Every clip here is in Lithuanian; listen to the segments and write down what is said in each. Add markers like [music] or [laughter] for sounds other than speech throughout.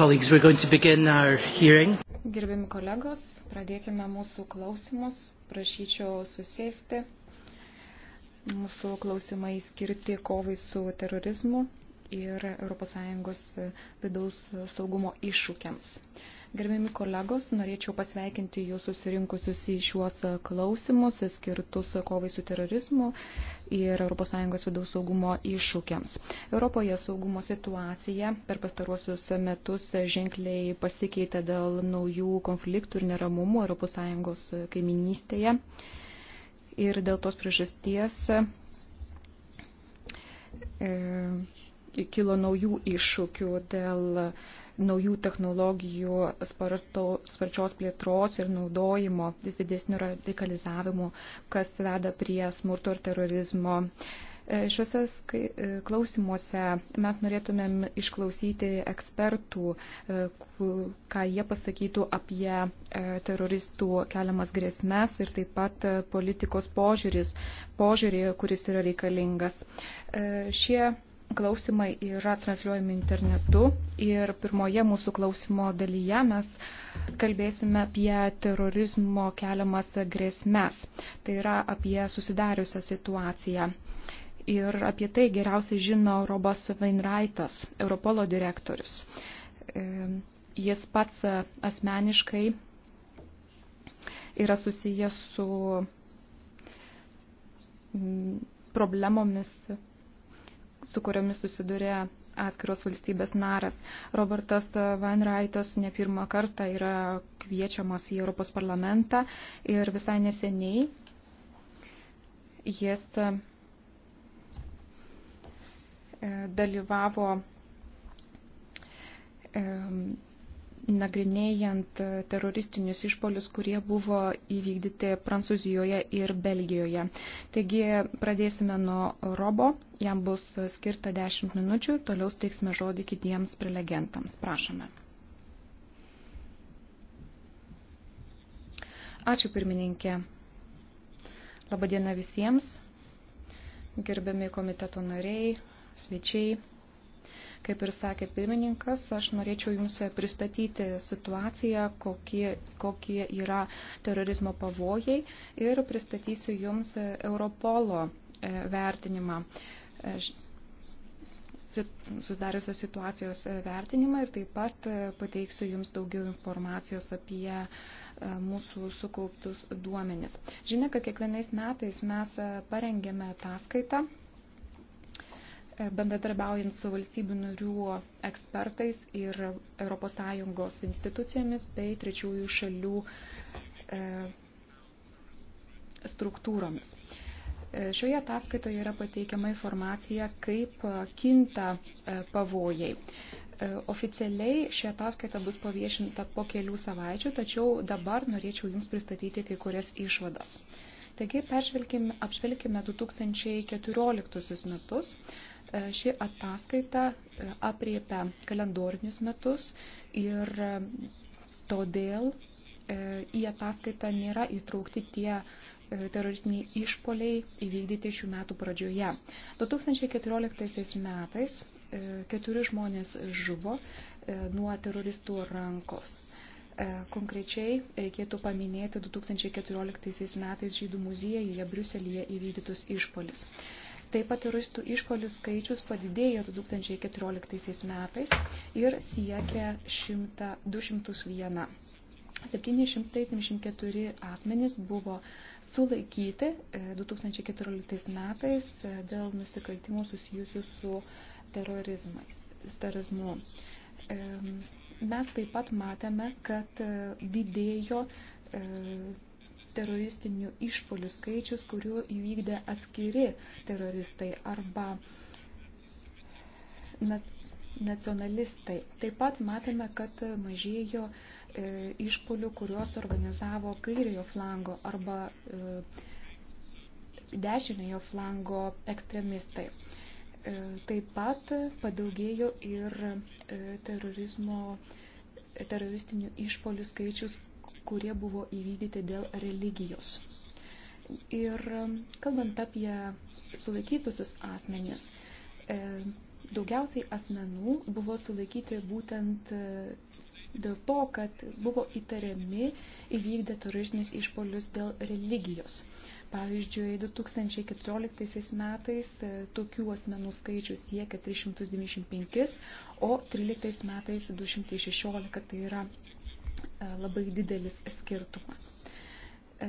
colleagues, we're going to begin our hearing. Gerbiami kolegos, pradėkime mūsų klausimus. Prašyčiau susėsti. Mūsų klausimai skirti kovai su terorizmu ir ES vidaus saugumo iššūkiams. Gerbiami kolegos, norėčiau pasveikinti jūs susirinkusius į šiuos klausimus skirtus kovai su terorizmu ir ES vidaus saugumo iššūkiams. Europoje saugumo situacija per pastaruosius metus ženkliai pasikeitė dėl naujų konfliktų ir neramumų ES kaiminystėje. Ir dėl tos priežasties e, kilo naujų iššūkių dėl e, naujų technologijų sparto, sparčios plėtros ir naudojimo, vis didesnių radikalizavimų, kas veda prie smurto ir terorizmo. E, šiuose e, klausimuose mes norėtumėm išklausyti ekspertų, e, ką jie pasakytų apie teroristų keliamas grėsmes ir taip pat politikos požiūris, požiūrį, kuris yra reikalingas. Šie klausimai yra transliuojami internetu ir pirmoje mūsų klausimo dalyje mes kalbėsime apie terorizmo keliamas grėsmes, tai yra apie susidariusią situaciją. Ir apie tai geriausiai žino Robas Weinreitas, Europolo direktorius. E, jis pats asmeniškai yra susijęs su problemomis su kuriomis susiduria atskiros valstybės naras. Robertas Weinreitas ne pirmą kartą yra kviečiamas į Europos parlamentą ir visai neseniai jis e, dalyvavo e, nagrinėjant teroristinius išpolius, kurie buvo įvykdyti Prancūzijoje ir Belgijoje. Taigi pradėsime nuo Robo, jam bus skirta 10 minučių, toliau steiksime žodį kitiems prelegentams. Prašome. Ačiū pirmininkė. Labadiena visiems, gerbiami komiteto nariai, svečiai. Kaip ir sakė pirmininkas, aš norėčiau Jums pristatyti situaciją, kokie, kokie yra terorizmo pavojai ir pristatysiu Jums Europolo e, vertinimą e, susidariusios situacijos e, vertinimą ir taip pat pateiksiu Jums daugiau informacijos apie mūsų sukauptus duomenis. Žinia, kad kiekvienais metais mes parengėme ataskaitą E, bendradarbiaujant su valstybių narių ekspertais ir ES institucijomis bei trečiųjų šalių e, struktūromis. E, šioje ataskaitoje yra pateikiama informacija, kaip kinta pavojai. Oficialiai ši ataskaita bus paviešinta po kelių savaičių, tačiau dabar norėčiau Jums pristatyti kai kurias išvadas. Taigi, apžvelgime 2014 metus. E, ši ataskaita e, apriepia kalendorinius metus ir e, todėl į ataskaitą nėra įtraukti tie teroristiniai išpoliai įvykdyti šių metų pradžioje. 2014 metais keturi žmonės žuvo nuo teroristų rankos. Konkrečiai reikėtų paminėti 2014 metais žydų muziejuje Briuselėje įvykdytus išpolius. Taip pat turistų išpolių skaičius padidėjo 2014 metais ir siekia 100, 201. 774 asmenys buvo sulaikyti 2014 e, metais e, dėl nusikaltimų susijusių su terorizmu. E, mes taip pat matėme, kad didėjo teroristinių išpolių skaičius, kurių įvykdė atskiri teroristai arba nacionalistai. Taip pat matėme, kad mažėjo e, išpolių, kuriuos organizavo kairiojo flango arba e, dešiniojo flango ekstremistai. E, taip pat padaugėjo ir e, terorizmo teroristinių išpolių skaičius, kurie buvo įvykdyti dėl religijos. Ir um, kalbant apie sulaikytusius asmenys, e, daugiausiai asmenų buvo sulaikyti būtent e, dėl to, kad buvo įtariami įvykdę teroristinius išpolius dėl religijos. Pavyzdžiui, 2014 metais e, tokių asmenų skaičius siekia 395, o 13 metais 216, tai yra E, labai didelis skirtumas. E,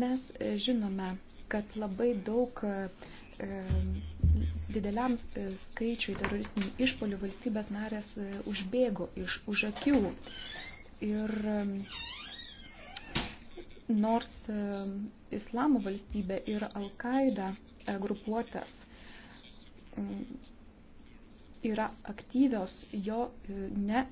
mes žinome, kad labai daug e, dideliam skaičiui teroristinių išpolių valstybės narės užbėgo iš už akių. Ir nors islamo valstybė ir Al-Qaeda grupuotas yra aktyvios jo e, ne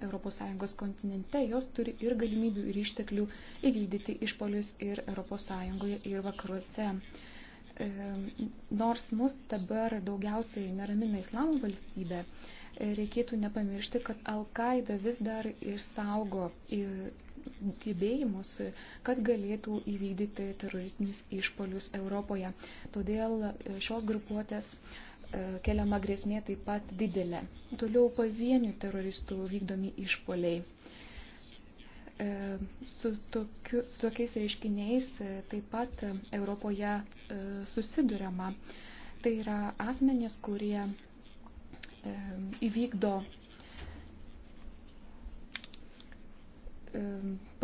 ES kontinente, jos turi ir galimybių ir išteklių įvykdyti išpolius ir ES ir vakaruose. E, nors mus dabar daugiausiai neramina islamo valstybė, e, reikėtų nepamiršti, kad Al-Qaida vis dar išsaugo gebėjimus, kad galėtų įvykdyti teroristinius išpolius Europoje. Todėl šios grupuotės uh, E, keliama grėsmė taip pat didelė. Toliau pavienių teroristų vykdomi išpoliai. E, su tokiu, tokiais reiškiniais e, taip pat Europoje susiduriama. Tai yra asmenės, kurie įvykdo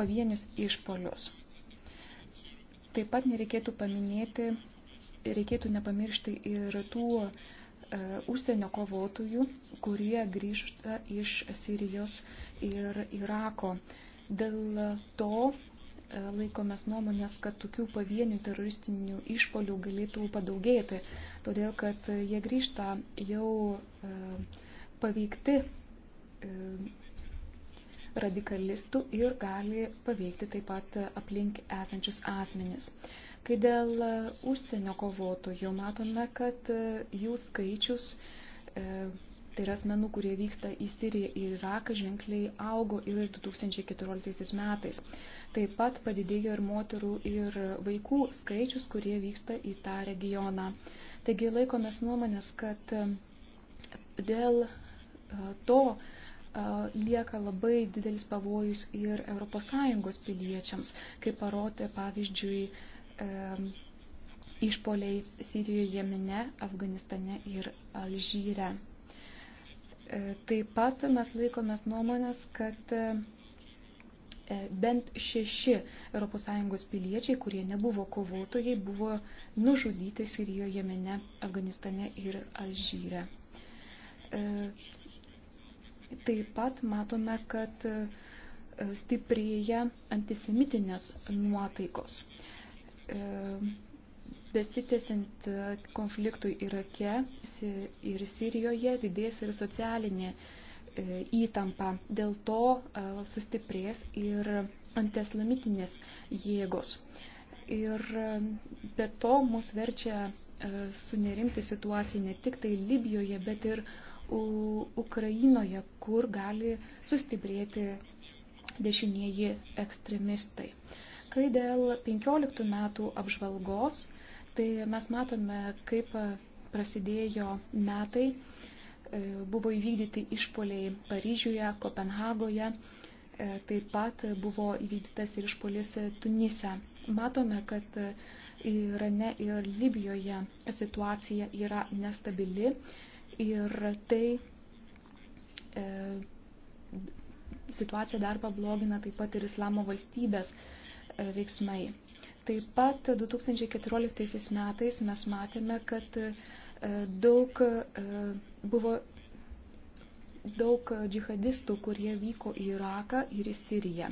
pavienius išpolius. Taip pat nereikėtų paminėti reikėtų nepamiršti ir tų e, užsienio kovotojų, kurie grįžta iš Sirijos ir Irako. Dėl to e, laikomės nuomonės, kad tokių pavienių teroristinių išpolių galėtų padaugėti, todėl kad jie grįžta jau e, paveikti radikalistų ir gali paveikti taip pat aplink esančius asmenis. Kai dėl e, užsienio kovotojų matome, kad e, jų skaičius, e, tai yra asmenų, kurie vyksta į Siriją ir Iraką, ženkliai augo ir 2014 metais. Taip pat padidėjo ir moterų ir vaikų skaičius, kurie vyksta į tą regioną. Taigi laikomės nuomonės, kad dėl to, lieka labai didelis pavojus ir ES piliečiams, kaip parodė pavyzdžiui E, išpoliai Sirijoje, Jemene, Afganistane ir Alžyre. E, taip pat mes laikomės nuomonės, kad e, bent šeši ES piliečiai, kurie nebuvo kovotojai, buvo nužudyti Sirijoje, Jemene, Afganistane ir Alžyre. Taip pat matome, kad stiprėja antisemitinės nuotaikos. E, besitėsiant e, konfliktui Irake ir Sirijoje didės ir socialinė e, įtampa. Dėl to sustiprės ir antislamitinės jėgos. Ir be to mus verčia sunerimti situaciją ne tik tai Libijoje, bet ir Ukrainoje, kur gali sustiprėti dešinieji ekstremistai. Uh, Kai dėl 15 metų apžvalgos, tai mes matome, kaip prasidėjo metai, e, buvo įvykdyti išpoliai Paryžiuje, Kopenhagoje, e, taip pat buvo įvykdytas ir išpolis Tunise. Matome, kad Irane ir Libijoje situacija yra nestabili ir tai e, situaciją dar pablogina taip pat ir islamo valstybės veiksmai. Taip pat 2014 metais mes matėme, kad e, daug e, buvo daug džihadistų, kurie vyko į Iraką ir į Siriją.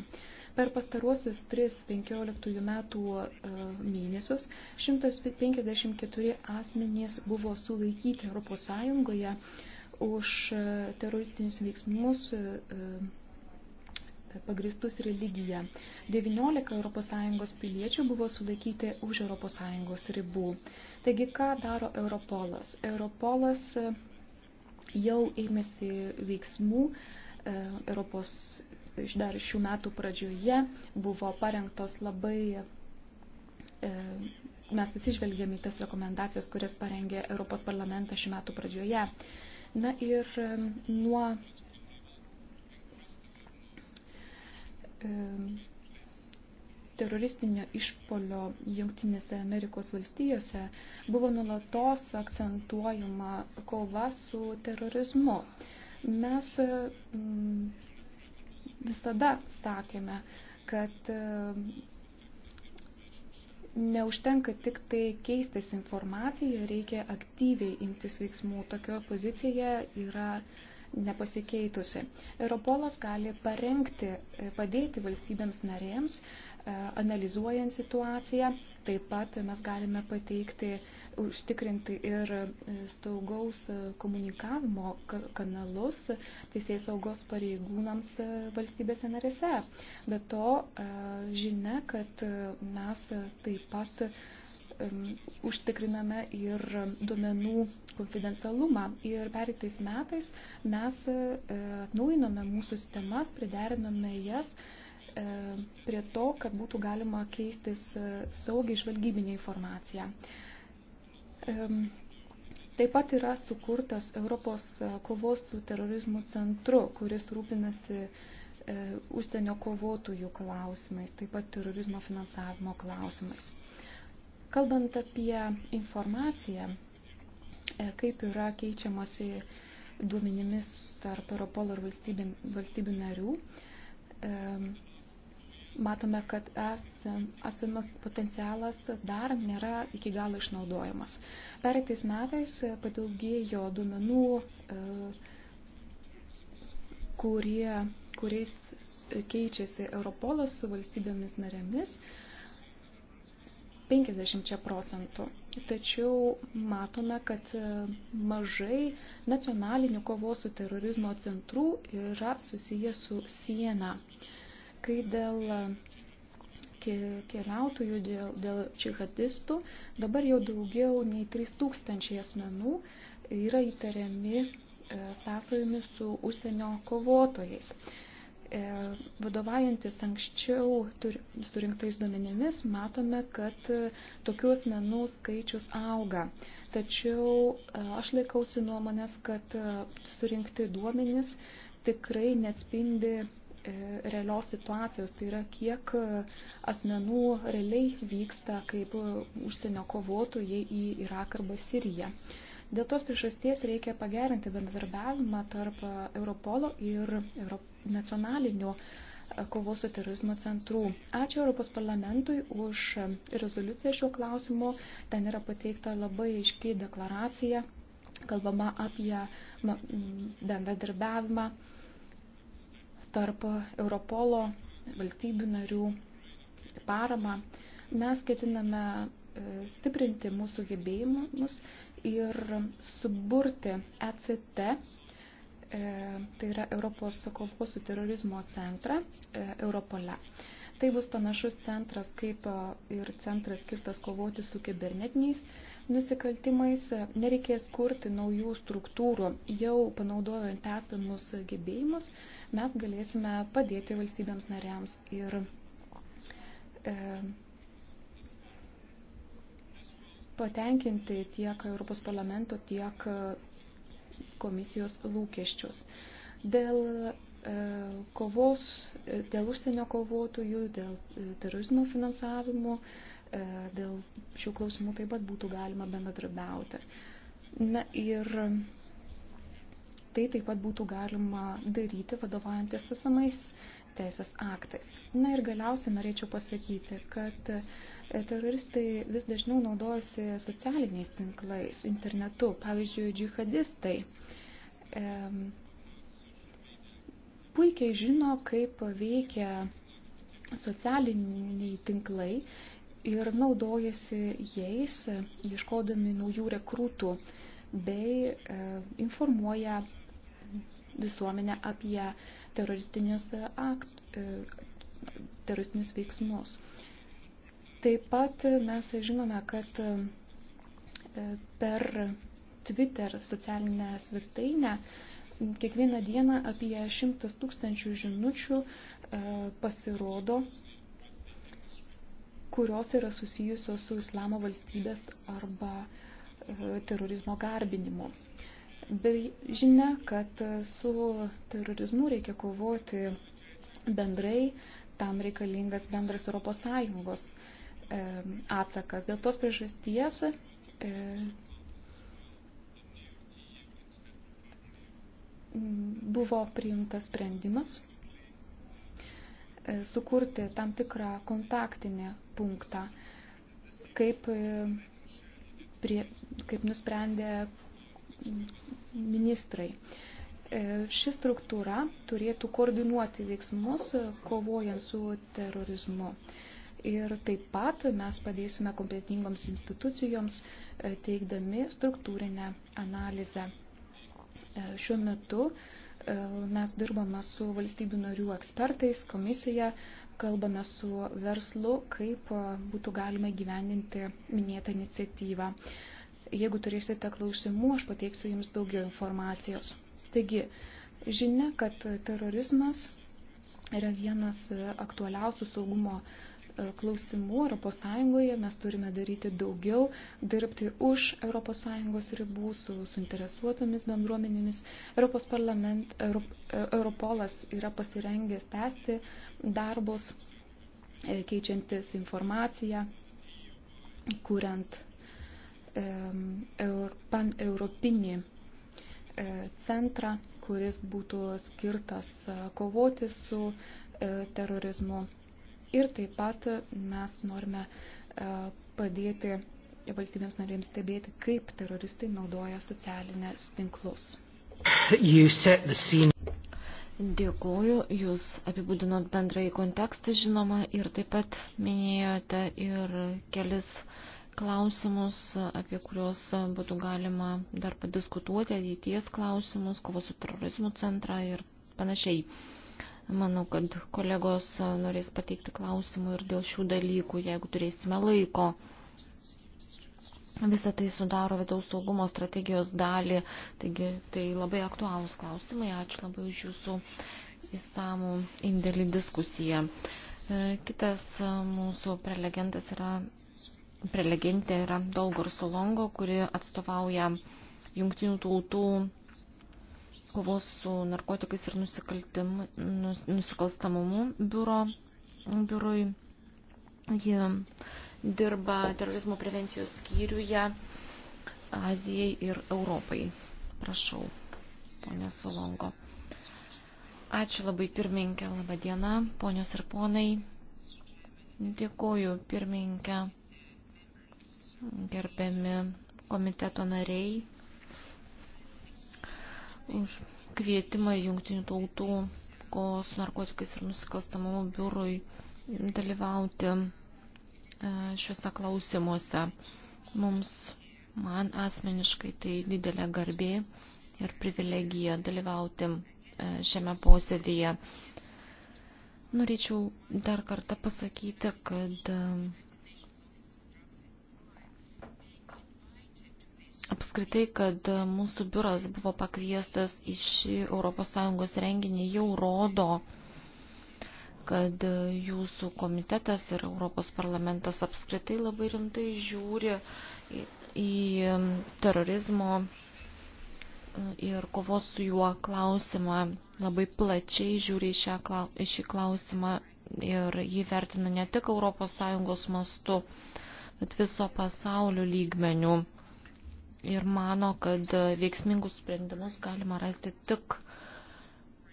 Per pastaruosius 3-15 metų e, mėnesius 154 asmenys buvo sulaikyti ES už teroristinius veiksmus pagristus religiją. 19 ES piliečių buvo sulaikyti už ES ribų. Taigi, ką daro Europolas? Europolas e, jau ėmėsi veiksmų e, Europos dar šių metų pradžioje buvo parengtos labai e, mes atsižvelgėme į tas rekomendacijas, kurias parengė Europos parlamentas šių metų pradžioje. Na ir nuo teroristinio išpolio Junktinėse Amerikos valstijose buvo nulatos akcentuojama kova su terorizmu. Mes visada sakėme, kad neužtenka tik tai keistis informaciją, reikia aktyviai imtis veiksmų. Tokioje pozicijoje yra uh, nepasikeitusi. Europolas gali parengti, e, padėti valstybėms narėms, e, analizuojant situaciją. Taip pat mes galime pateikti, užtikrinti ir e, staugaus komunikavimo kanalus teisės saugos pareigūnams valstybėse narėse. Be to žinia, kad mes taip pat užtikriname ir duomenų konfidencialumą. Ir pereitais metais mes e, atnaujinome mūsų sistemas, priderinome jas e, prie to, kad būtų galima keistis e, saugiai žvalgybinė informacija. Taip pat yra sukurtas Europos kovos su terorizmu centru, kuris rūpinasi užsienio kovotojų klausimais, taip pat terorizmo finansavimo klausimais. Kalbant apie informaciją, e, kaip yra keičiamasi duomenimis tarp Europol ir valstybių, valstybių narių, e, matome, kad esamas potencialas dar nėra iki galo išnaudojamas. Pereitais metais padaugėjo duomenų, e, kurie, kuriais keičiasi Europolas su valstybėmis narėmis, 50 procentų. Tačiau matome, kad e, mažai nacionalinių kovos su terorizmo centrų yra susiję su siena. Kai dėl e, keliautojų, dėl, dėl džihadistų, dabar jau daugiau nei 3000 asmenų yra įtariami e, sąsajomis su užsienio kovotojais. E, vadovaujantis anksčiau surinktais duomenimis matome, kad e, tokių asmenų skaičius auga. Tačiau e, aš laikausi nuomonės, kad surinkti duomenys tikrai neatspindi realios situacijos, tai yra kiek asmenų realiai vyksta kaip užsienio kovotojai į Iraką arba Siriją. Dėl tos priežasties reikia pagerinti bendradarbiavimą tarp Europolo ir nacionalinių e, kovos su terorizmo centrų. Ačiū Europos parlamentui už rezoliuciją šiuo klausimu. Ten yra pateikta labai aiškiai deklaracija, kalbama apie bendradarbiavimą tarp Europolo valstybių narių paramą. Mes ketiname e, stiprinti mūsų gebėjimus ir suburti ECT, e, tai yra Europos kovos su terorizmo centrą e, Europole. Tai bus panašus centras kaip e, ir centras skirtas kovoti su kibernetiniais nusikaltimais. Nereikės kurti naujų struktūrų. Jau panaudojant esamus gebėjimus mes galėsime padėti valstybėms nariams ir e, patenkinti tiek Europos parlamento, tiek e, komisijos lūkesčius. Dėl e, kovos, e, dėl užsienio kovotojų, dėl terorizmo finansavimo, dėl šių klausimų taip pat būtų galima bendradarbiauti. Na ir tai taip pat būtų galima daryti vadovaujantis esamais teisės aktais. Na ir galiausiai norėčiau pasakyti, kad e, teroristai vis dažniau naudojasi socialiniais tinklais, internetu, pavyzdžiui, džihadistai. E, puikiai žino, kaip veikia socialiniai tinklai ir naudojasi jais, ieškodami naujų rekrūtų bei e, informuoja visuomenę apie e, teroristinius, akt, e, teroristinius veiksmus. Taip pat mes žinome, kad e, per Twitter socialinę svetainę kiekvieną dieną apie šimtas tūkstančių žinučių e, pasirodo, kurios yra susijusios su islamo valstybės arba terorizmo garbinimu. Be žinia, kad e, su terorizmu reikia kovoti bendrai, tam reikalingas bendras ES e, atsakas. Dėl tos priežasties e, buvo priimtas sprendimas sukurti tam tikrą kontaktinį punktą, kaip, prie, kaip nusprendė ministrai. E, ši struktūra turėtų koordinuoti veiksmus, e, kovojant su terorizmu. Ir taip pat mes padėsime kompetingoms institucijoms e, teikdami struktūrinę analizę. Šiuo metu mes dirbame su valstybių narių ekspertais, komisija, kalbame su verslu, kaip būtų galima gyveninti minėtą iniciatyvą jeigu turėsite klausimų, aš pateiksiu jums daugiau informacijos. Taigi, žinia, kad terorizmas yra vienas aktualiausių saugumo e, klausimų ES, mes turime daryti daugiau, dirbti už ES ribų su suinteresuotomis bendruomenėmis. Europos parlament, Europ, e, Europolas yra pasirengęs tęsti darbus, e, keičiantis informaciją, kuriant paneuropinį e, centrą, kuris būtų skirtas e, kovoti su e, terorizmu. Ir taip pat mes norime padėti valstybėms narėms stebėti, kaip teroristai naudoja socialinės tinklus. Dėkuoju, jūs apibūdinot bendrąjį kontekstą, žinoma, ir taip pat minėjote ir kelis uh, klausimus, apie kuriuos būtų galima dar padiskutuoti, ateities klausimus, kovos su terorizmu centrą ir panašiai. Manau, kad kolegos norės pateikti klausimų ir dėl šių dalykų, jeigu turėsime laiko. Visą tai sudaro vidaus saugumo strategijos dalį, taigi tai labai aktualūs klausimai. Ačiū labai už jūsų įsamų indėlį diskusiją. Kitas mūsų prelegentas yra prelegentė yra Dolgor Solongo, kuri atstovauja jungtinių tautų kovos su narkotikais ir nus, nusikalstamumu biuro, biurui. Ji dirba terorizmo prevencijos skyriuje Azijai ir Europai. Prašau, ponė Solongo. Ačiū labai pirmininkė, laba diena, ponios ir ponai. Dėkuoju pirmininkė gerbiami komiteto nariai, už kvietimą jungtinių tautų kovos su narkotikais ir nusikalstamumo biurui dalyvauti e, šiuose klausimuose. Mums, man asmeniškai, tai didelė garbė ir privilegija dalyvauti e, šiame posėdėje. Norėčiau dar kartą pasakyti, kad apskritai, kad mūsų biuras buvo pakviestas į šį ES renginį, jau rodo, kad jūsų komitetas ir Europos parlamentas apskritai labai rimtai žiūri į terorizmo ir kovos su juo klausimą, labai plačiai žiūri į šį klausimą ir jį vertina ne tik ES mastu, bet viso pasaulio lygmenių ir mano, kad veiksmingus sprendimus galima rasti tik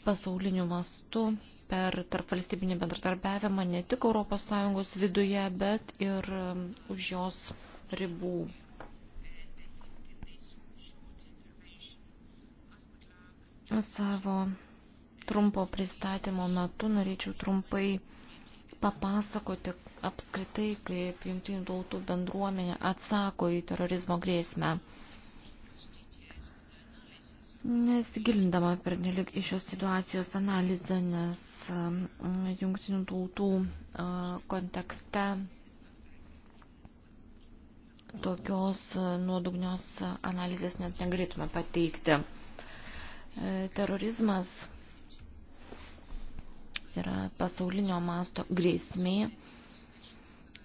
pasauliniu mastu per tarpvalstybinį bendradarbiavimą ne tik ES viduje, bet ir um, už jos ribų. Savo trumpo pristatymo metu norėčiau trumpai papasakoti, apskritai, kaip jungtinių tautų bendruomenė atsako į terorizmo grėsmę. Nesigilindama per nelik iš šios situacijos analizę, nes mm, jungtinių tautų kontekste tokios nuodugnios analizės net negalėtume pateikti. E, terorizmas yra pasaulinio masto grėsmė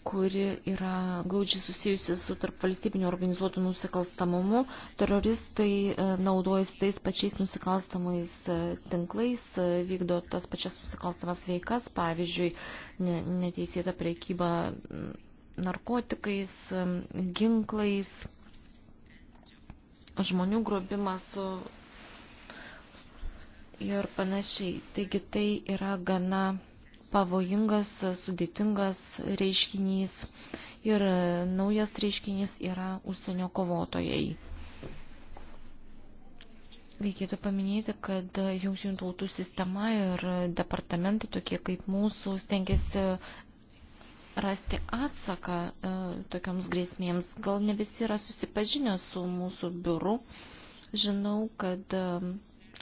kuri yra glaudžiai susijusi su tarpvalstybiniu organizuotu nusikalstamumu. Teroristai e, naudojasi tais pačiais nusikalstamais e, tinklais, e, vykdo tas pačias nusikalstamas veikas, pavyzdžiui, neteisėta priekyba narkotikais, ginklais, žmonių grobimas ir panašiai. Taigi tai yra gana pavojingas, sudėtingas reiškinys ir naujas reiškinys yra užsienio kovotojai. Reikėtų paminėti, kad jungtinių tautų sistema ir departamentai tokie kaip mūsų stengiasi rasti atsaką e, tokioms grėsmėms. Gal ne visi yra susipažinę su mūsų biuru. Žinau, kad e,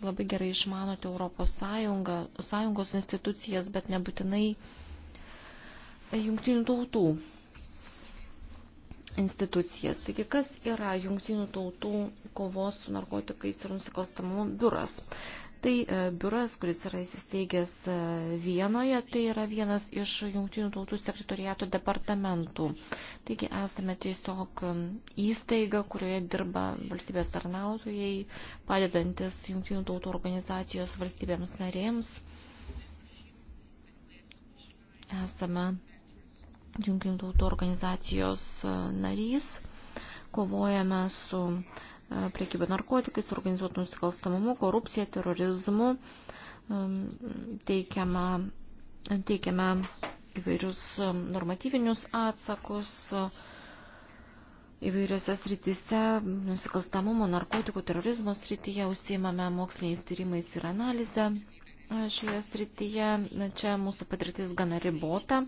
labai gerai išmanote Europos Sąjungą, Sąjungos institucijas, bet nebūtinai jungtinių tautų institucijas. Taigi, kas yra jungtinių tautų kovos su narkotikais ir nusikalstamumu biuras? Tai e, biuras, kuris yra įsisteigęs e, Vienoje, tai yra vienas iš Jungtinių tautų sekretoriato departamentų. Taigi esame tiesiog įstaiga, kurioje dirba valstybės tarnautojai, padedantis Jungtinių tautų organizacijos valstybėms narėms. Esame Jungtinių tautų organizacijos e, narys, kovojame su uh, priekybą narkotikais, organizuotų nusikalstamumu, korupcija, terorizmu. Um, teikiama, teikiame įvairius um, normatyvinius atsakus uh, įvairiose srityse, nusikalstamumo, narkotikų, terorizmo srityje, užsiemame moksliniais tyrimais ir analizę šioje srityje. Čia mūsų patirtis gana ribota.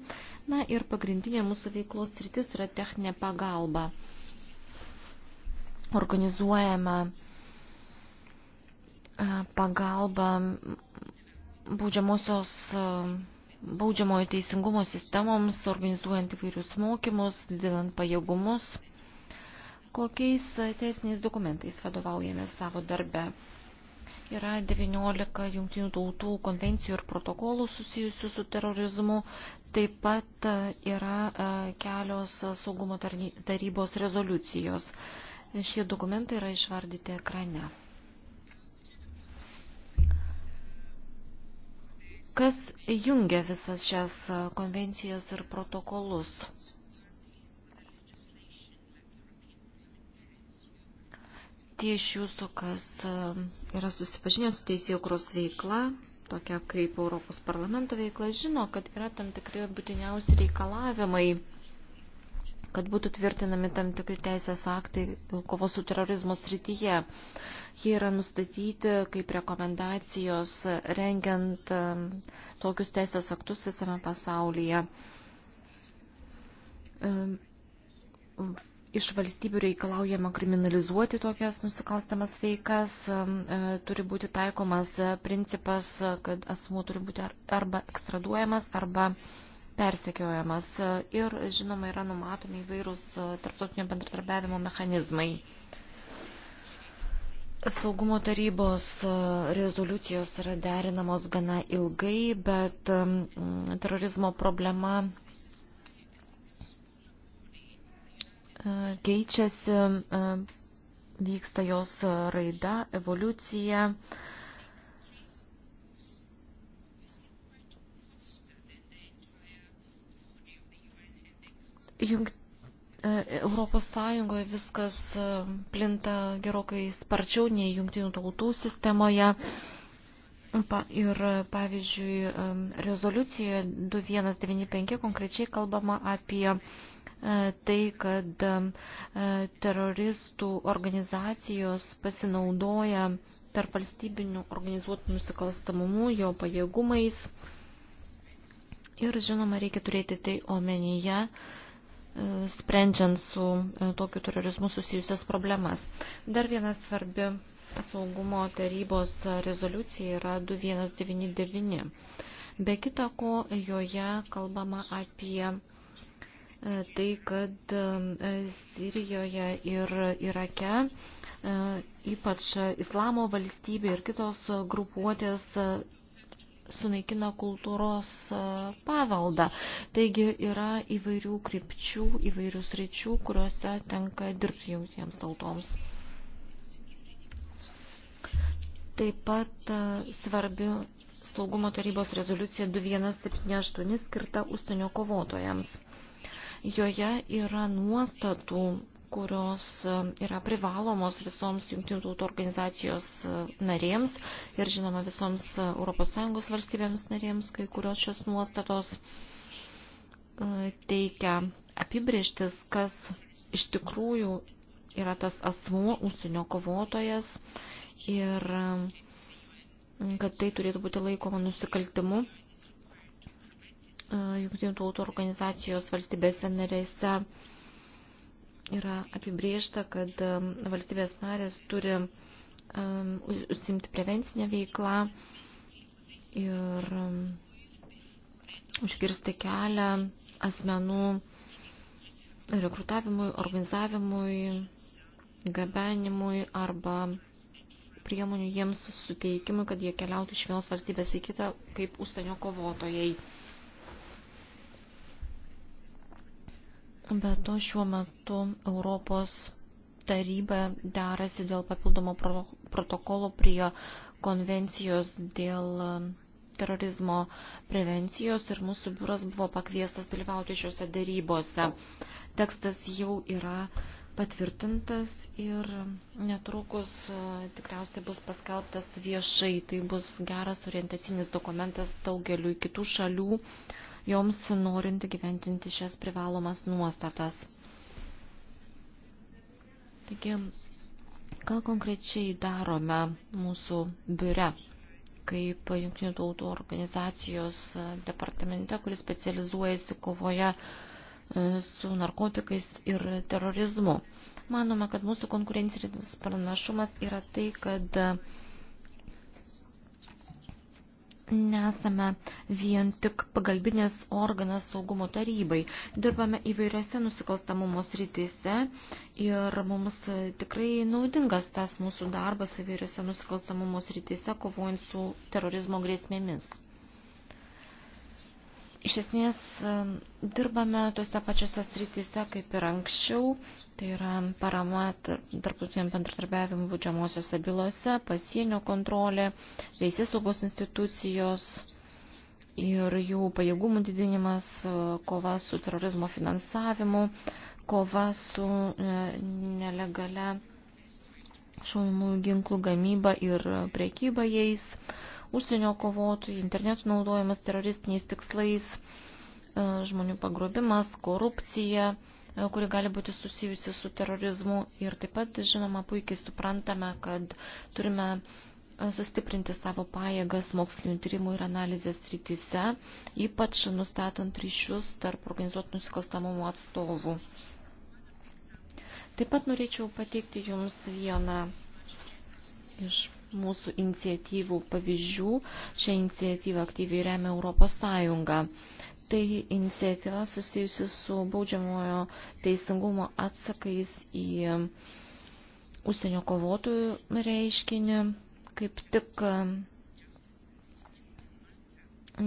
Na ir pagrindinė mūsų veiklos sritis yra techninė pagalba organizuojame e, pagalbą baudžiamosios e, baudžiamojo teisingumo sistemoms, organizuojant įvairius mokymus, didinant pajėgumus. Kokiais teisiniais dokumentais vadovaujame savo darbę? Yra 19 jungtinių tautų konvencijų ir protokolų susijusių su terorizmu, taip pat yra e, kelios saugumo tarybos rezoliucijos. Šie dokumentai yra išvardyti ekrane. Kas jungia visas šias konvencijas ir protokolus? Tie iš jūsų, kas e, yra susipažinę su teisėkros veikla, tokia kaip Europos parlamento veikla, žino, kad yra tam tikri būtiniausi reikalavimai kad būtų tvirtinami tam tikri teisės aktai kovos su terorizmo srityje. Jie yra nustatyti kaip rekomendacijos rengiant um, tokius teisės aktus visame pasaulyje um, iš valstybių reikalaujama kriminalizuoti tokias nusikalstamas veikas, um, e, turi būti taikomas principas, kad asmuo turi būti arba ekstraduojamas, arba persekiojamas ir, žinoma, yra numatomi įvairūs e, tarptautinio bendradarbiavimo mechanizmai. Saugumo tarybos e, rezoliucijos yra derinamos gana ilgai, bet e, terorizmo problema keičiasi, vyksta jos raida, evoliucija. Jungt e, Europos Sąjungoje viskas e, plinta gerokai sparčiau nei jungtinių tautų sistemoje. Ir e, pavyzdžiui, rezoliucijoje 2195 konkrečiai kalbama apie tai, kad teroristų organizacijos pasinaudoja tarp valstybinių organizuotų nusikalstamumų jo pajėgumais. Ir žinoma, reikia turėti tai omenyje. Ja, sprendžiant su e, tokiu terorizmu susijusias problemas. Dar viena svarbi saugumo tarybos rezoliucija yra 2199. Be kita ko, joje kalbama apie e, tai, kad e, Sirijoje ir Irake ypač Islamo valstybė ir kitos grupuotės sunaikina kultūros e, pavaldą. Taigi yra įvairių krypčių, įvairių sričių, kuriuose tenka dirbti jungtiems tautoms. Taip pat e, svarbi saugumo tarybos rezoliucija 2178 skirta užsienio kovotojams. Joje yra nuostatų kurios e, yra privalomos visoms jungtinių tautų organizacijos e, narėms ir žinoma visoms e, ES valstybėms narėms, kai kurios šios nuostatos teikia apibrieštis, kas iš tikrųjų yra tas asmuo, užsienio kovotojas ir kad tai turėtų būti laikoma nusikaltimu Jungtinių tautų organizacijos valstybėse narėse yra apibriežta, kad um, valstybės narės turi um, užsimti prevencinę veiklą ir um, užkirsti kelią asmenų rekrutavimui, organizavimui, gabenimui arba priemonių jiems suteikimui, kad jie keliautų iš vienos valstybės į kitą kaip užsienio kovotojai. Be to šiuo metu Europos taryba derasi dėl papildomo protokolo prie konvencijos dėl um, terorizmo prevencijos ir mūsų biuras buvo pakviestas dalyvauti šiuose darybose. Tekstas jau yra patvirtintas ir netrukus uh, tikriausiai bus paskelbtas viešai. Tai bus geras orientacinis dokumentas daugeliu kitų šalių, joms norint gyventinti šias privalomas nuostatas. Taigi, ką konkrečiai darome mūsų biure? kaip Junktinių tautų organizacijos departamente, kuris specializuojasi kovoje e, su narkotikais ir terorizmu. Manome, kad mūsų konkurencinis pranašumas yra tai, kad nesame vien tik pagalbinės organas saugumo tarybai. Dirbame įvairiose nusikalstamumo srityse ir mums tikrai naudingas tas mūsų darbas įvairiose nusikalstamumo srityse, kovojant su terorizmo grėsmėmis. Iš esmės dirbame tose pačiose srityse kaip ir anksčiau, tai yra parama tarptautiniam bendradarbiavimui būdžiamosiose bylose, pasienio kontrolė, teisės saugos institucijos ir jų pajėgumų didinimas, e, kova su terorizmo finansavimu, kova su e, nelegale šaunimų ginklų gamyba ir prekyba jais, užsienio kovotojai, internetų naudojimas teroristiniais tikslais, e, žmonių pagrobimas, korupcija, e, kuri gali būti susijusi su terorizmu. Ir taip pat, žinoma, puikiai suprantame, kad turime e, sustiprinti savo pajėgas mokslinių tyrimų ir analizės rytise, ypač nustatant ryšius tarp organizuotų nusikalstamumo atstovų. Taip pat norėčiau pateikti Jums vieną iš mūsų iniciatyvų pavyzdžių. Šią iniciatyvą aktyviai remia Europos Sąjunga. Tai iniciatyva susijusi su baudžiamojo teisingumo atsakais į užsienio kovotojų reiškinį. Kaip tik um,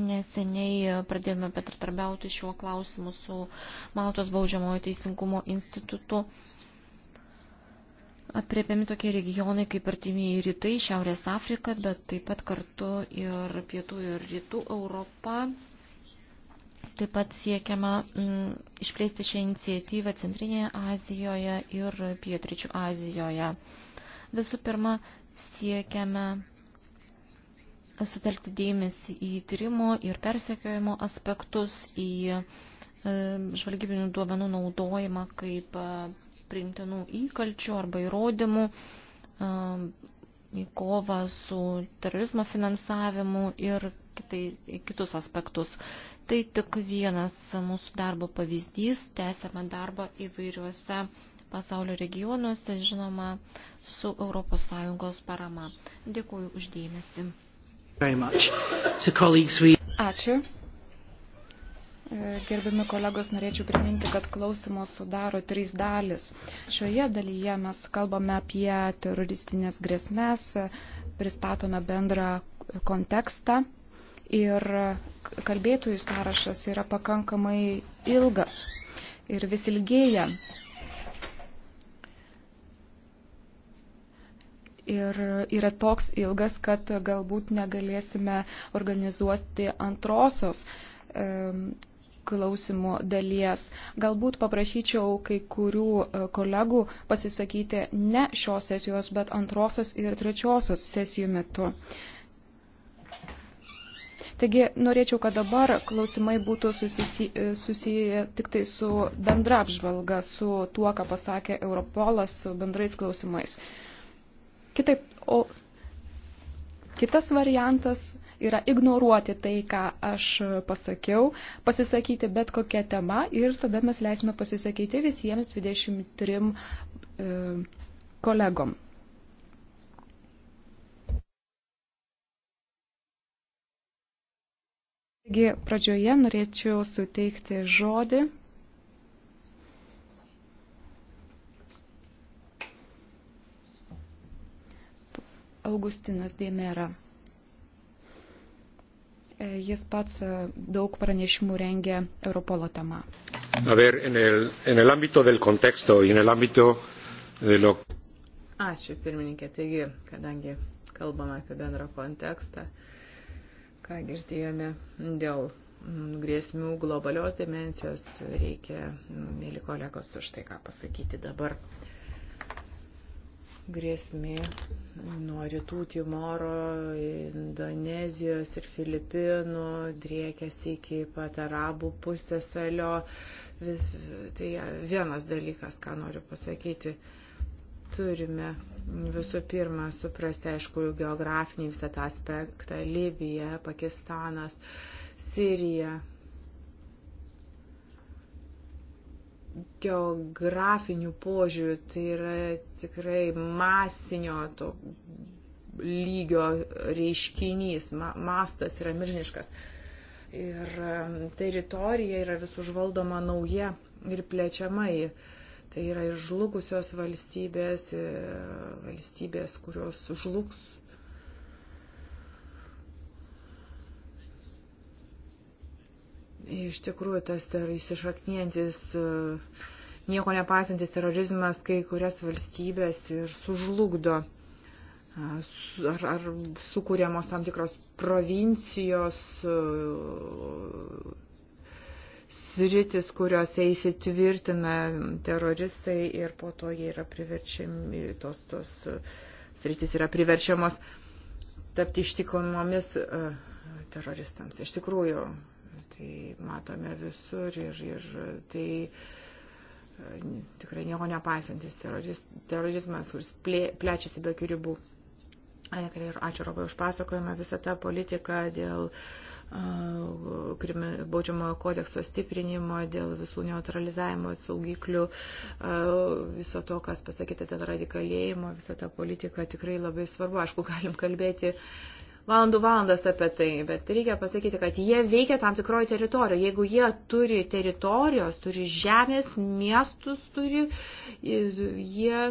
neseniai pradėjome patratarbiauti šiuo klausimu su Maltos baudžiamojo teisingumo institutu apriepiami tokie regionai kaip artimieji rytai, Šiaurės Afrika, bet taip pat kartu ir pietų ir rytų Europa. Taip pat siekiama m, mm, išplėsti šią iniciatyvą Centrinėje Azijoje ir Pietričių Azijoje. Visų pirma, siekiame sutelkti dėmesį į tyrimo ir persekiojimo aspektus, į e, žvalgybinių duomenų naudojimą kaip e, priimtinų įkalčių arba įrodymų į kovą su terorizmo finansavimu ir kitai, kitus aspektus. Tai tik vienas mūsų darbo pavyzdys. Tęsiame darbą įvairiuose pasaulio regionuose, žinoma, su ES parama. Dėkuoju uždėmesi. Ačiū. E, gerbiami kolegos, norėčiau priminti, kad klausimo sudaro trys dalis. Šioje dalyje mes kalbame apie teroristinės grėsmės, pristatome bendrą kontekstą ir kalbėtojų sąrašas yra pakankamai ilgas ir vis ilgėja. ir yra toks ilgas, kad galbūt negalėsime organizuoti antrosios klausimų dalies. Galbūt paprašyčiau kai kurių e, kolegų pasisakyti ne šios sesijos, bet antrosios ir trečiosios sesijų metu. Taigi norėčiau, kad dabar klausimai būtų e, susiję tik tai su bendra apžvalga, su tuo, ką pasakė Europolas, su bendrais klausimais. Kitaip, o kitas variantas yra ignoruoti tai, ką aš pasakiau, pasisakyti bet kokią temą ir tada mes leisime pasisakyti visiems 23 e, kolegom. Taigi pradžioje norėčiau suteikti žodį Augustinas Dėmera. E, jis pats e, daug pranešimų rengia Europolo tema. A ver, en el, en el ámbito del contexto y en el ámbito de lo... Ačiū, pirmininkė. Taigi, kadangi kalbame apie bendrą kontekstą, ką girdėjome dėl mm, grėsmių globalios dimensijos, reikia, mėly mm, kolegos, už tai ką pasakyti dabar. Uh, grėsmė nuo rytų Timoro, Indonezijos ir Filipinų, driekiasi iki pat arabų pusėsalio. Vis, tai vienas dalykas, ką noriu pasakyti. Turime visų pirma suprasti, aišku, geografinį visą tą aspektą - Libija, Pakistanas, Sirija, geografinių požiūrių, tai yra tikrai masinio to lygio reiškinys, ma, mastas yra milžiniškas. Ir teritorija yra vis užvaldoma nauja ir plečiamai. Tai yra ir žlugusios valstybės, e, valstybės, kurios žlugs Iš tikrųjų, tas įsišaknyjantis, e, nieko nepasantis terorizmas kai kurias valstybės ir sužlugdo ar, ar sukūriamos tam tikros provincijos e, sritis, kuriuose įsitvirtina teroristai ir po to jie yra priverčiami, tos, tos e, sritis yra priverčiamos tapti ištikomomis teroristams. Iš tikrųjų, Tai matome visur ir, ir tai e, tikrai nieko nepaisantis terorizmas, kuris plečiasi be jokių ribų. Ir ačiū labai už pasakojimą visą tą politiką dėl e, baudžiamojo kodekso stiprinimo, dėl visų neutralizavimo saugiklių, e, viso to, kas pasakyta dėl radikalėjimo, visą tą politiką tikrai labai svarbu. Aišku, galim kalbėti uh, valandų valandas apie tai, bet reikia pasakyti, kad jie veikia tam tikroje teritorijoje. Jeigu jie turi teritorijos, turi žemės, miestus, turi, jie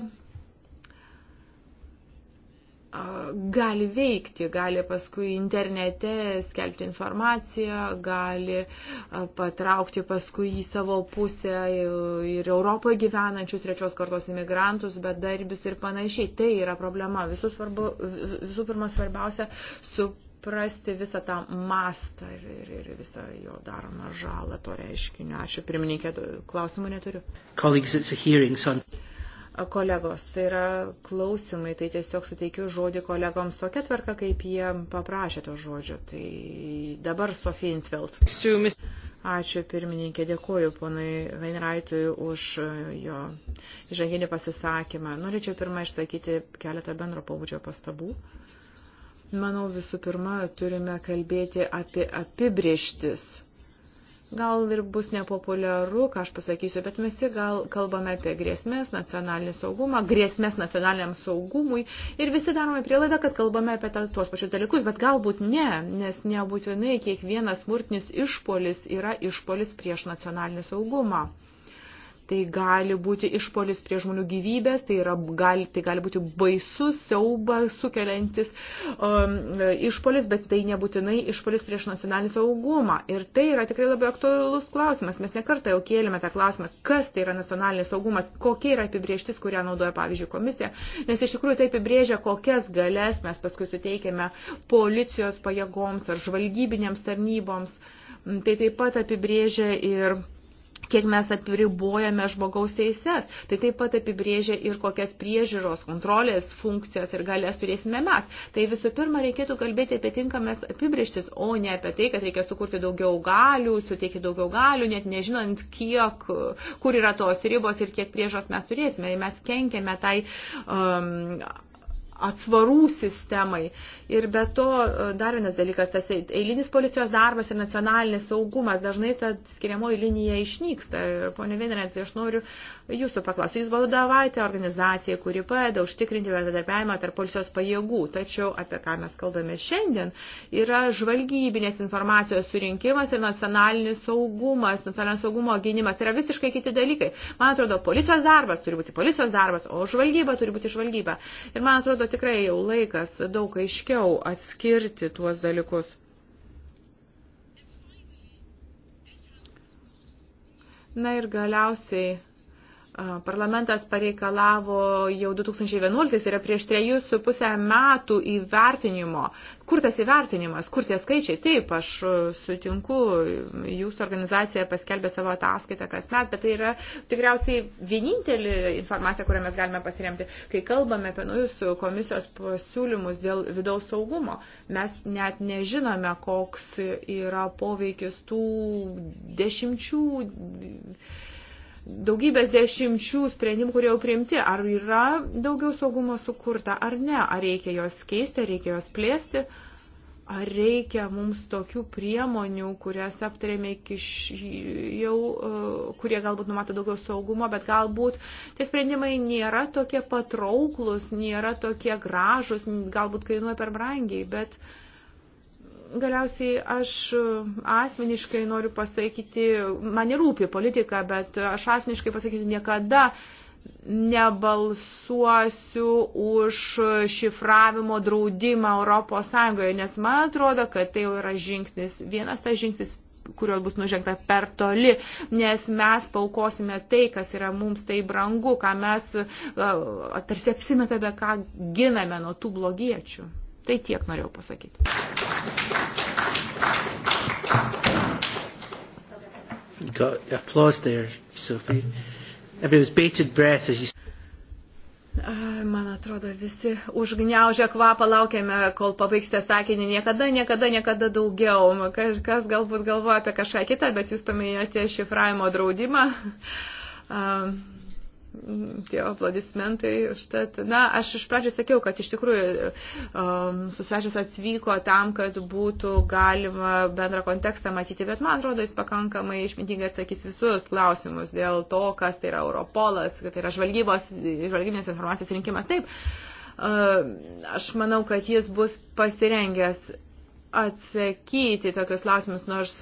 gali veikti, gali paskui internete skelbti informaciją, gali patraukti paskui į savo pusę ir Europoje gyvenančius trečios kartos imigrantus, bedarbius ir panašiai. Tai yra problema. Visų, svarbu, visų pirma, svarbiausia suprasti visą tą mastą ir, ir, ir visą jo daromą žalą to reiškinio. Ačiū, pirmininkė, klausimų neturiu. Colleagues, it's a hearing, son kolegos, tai yra klausimai, tai tiesiog suteikiu žodį kolegoms tokia tvarka, kaip jie paprašė to žodžio. Tai dabar Sofija Intveld. Ačiū pirmininkė, dėkuoju ponui Vainraitui už jo įžanginį pasisakymą. Norėčiau pirmą išsakyti keletą bendro pobūdžio pastabų. Manau, visų pirma, turime kalbėti apie apibrieštis Gal ir bus nepopuliaru, ką aš pasakysiu, bet mes gal kalbame apie grėsmės nacionalinį saugumą, grėsmės nacionaliniam saugumui ir visi darome prielaidą, kad kalbame apie ta, tuos pačius dalykus, bet galbūt ne, nes nebūtinai kiekvienas smurtinis išpolis yra išpolis prieš nacionalinį saugumą. Tai gali būti išpolis prie žmonių gyvybės, tai, yra, gali, tai gali būti baisus, siauba sukeliantis um, išpolis, bet tai nebūtinai išpolis prieš nacionalinį saugumą. Ir tai yra tikrai labai aktualus klausimas. Mes nekartą jau kėlėme tą klausimą, kas tai yra nacionalinis saugumas, kokia yra apibrieštis, kurią naudoja, pavyzdžiui, komisija. Nes iš tikrųjų tai apibrėžia, kokias galės mes paskui suteikėme policijos pajėgoms ar žvalgybinėms tarnyboms. Tai taip pat apibrėžia ir kiek mes apribojame žmogaus teises. Tai taip pat apibrėžia ir kokias priežiūros, kontrolės funkcijas ir galės turėsime mes. Tai visų pirma, reikėtų kalbėti apie tinkamas apibrieštis, o ne apie tai, kad reikia sukurti daugiau galių, suteikti daugiau galių, net nežinant, kiek, kur yra tos ribos ir kiek priežos mes turėsime. Ir mes kenkiame tai um, atsvarų sistemai. Ir be to, e, dar vienas dalykas, tas eilinis policijos darbas ir nacionalinis saugumas, dažnai ta skiriamoji linija išnyksta. Ir ponė Vienrencija, aš noriu jūsų paklausyti, jūs vadovavote organizacijai, kuri padeda užtikrinti bendradarbiavimą tarp policijos pajėgų. Tačiau apie ką mes kalbame šiandien, yra žvalgybinės informacijos surinkimas ir nacionalinis saugumas, nacionalinio saugumo gynimas. Tai yra visiškai kiti dalykai. Man atrodo, policijos darbas turi būti policijos darbas, o žvalgyba turi būti žvalgyba. Ir man atrodo, tikrai jau laikas daug aiškiau atskirti tuos dalykus. Na ir galiausiai Parlamentas pareikalavo jau 2011, yra prieš trejus su pusę metų įvertinimo. Kur tas įvertinimas, kur tie skaičiai? Taip, aš e, sutinku, jūsų organizacija paskelbė savo ataskaitą kasmet, bet tai yra tikriausiai vienintelė informacija, kurią mes galime pasiremti. Kai kalbame apie naujus komisijos pasiūlymus dėl vidaus saugumo, mes net nežinome, koks yra poveikis tų dešimčių daugybės dešimčių sprendimų, kurie jau priimti. Ar yra daugiau saugumo sukurta, ar ne? Ar reikia jos keisti, ar reikia jos plėsti? Ar reikia mums tokių priemonių, kurias aptarėme iki jau, e, kurie galbūt numato daugiau saugumo, bet galbūt tie sprendimai nėra tokie patrauklus, nėra tokie gražus, galbūt kainuoja per brangiai, bet uh, Galiausiai aš e, asmeniškai noriu pasakyti, man rūpi politika, bet aš asmeniškai pasakysiu, niekada nebalsuosiu už šifravimo draudimą Europos Sąjungoje, nes man atrodo, kad tai jau yra žingsnis, vienas tas žingsnis kurios bus nužengta per toli, nes mes paukosime tai, kas yra mums tai brangu, ką mes e, tarsi apsimetame, ką giname nuo tų blogiečių. Tai tiek norėjau pasakyti. Got applause there, Sophie. Everyone's bated breath as you Man atrodo, visi užgniaužę kvapą laukiame, kol pabaigsite sakinį. Niekada, niekada, niekada daugiau. Kas galbūt galvoja apie kažką kitą, bet jūs paminėjote šifravimo draudimą. Uh, tie aplodismentai. Štat, na, aš iš pradžio sakiau, kad iš tikrųjų um, susvečias atvyko tam, kad būtų galima bendrą kontekstą matyti, bet man atrodo, jis pakankamai išmintingai atsakys visus klausimus dėl to, kas tai yra Europolas, kad tai yra žvalgybos, žvalgybinės informacijos rinkimas. Taip, uh, aš manau, kad jis bus pasirengęs atsakyti tokius klausimus, nors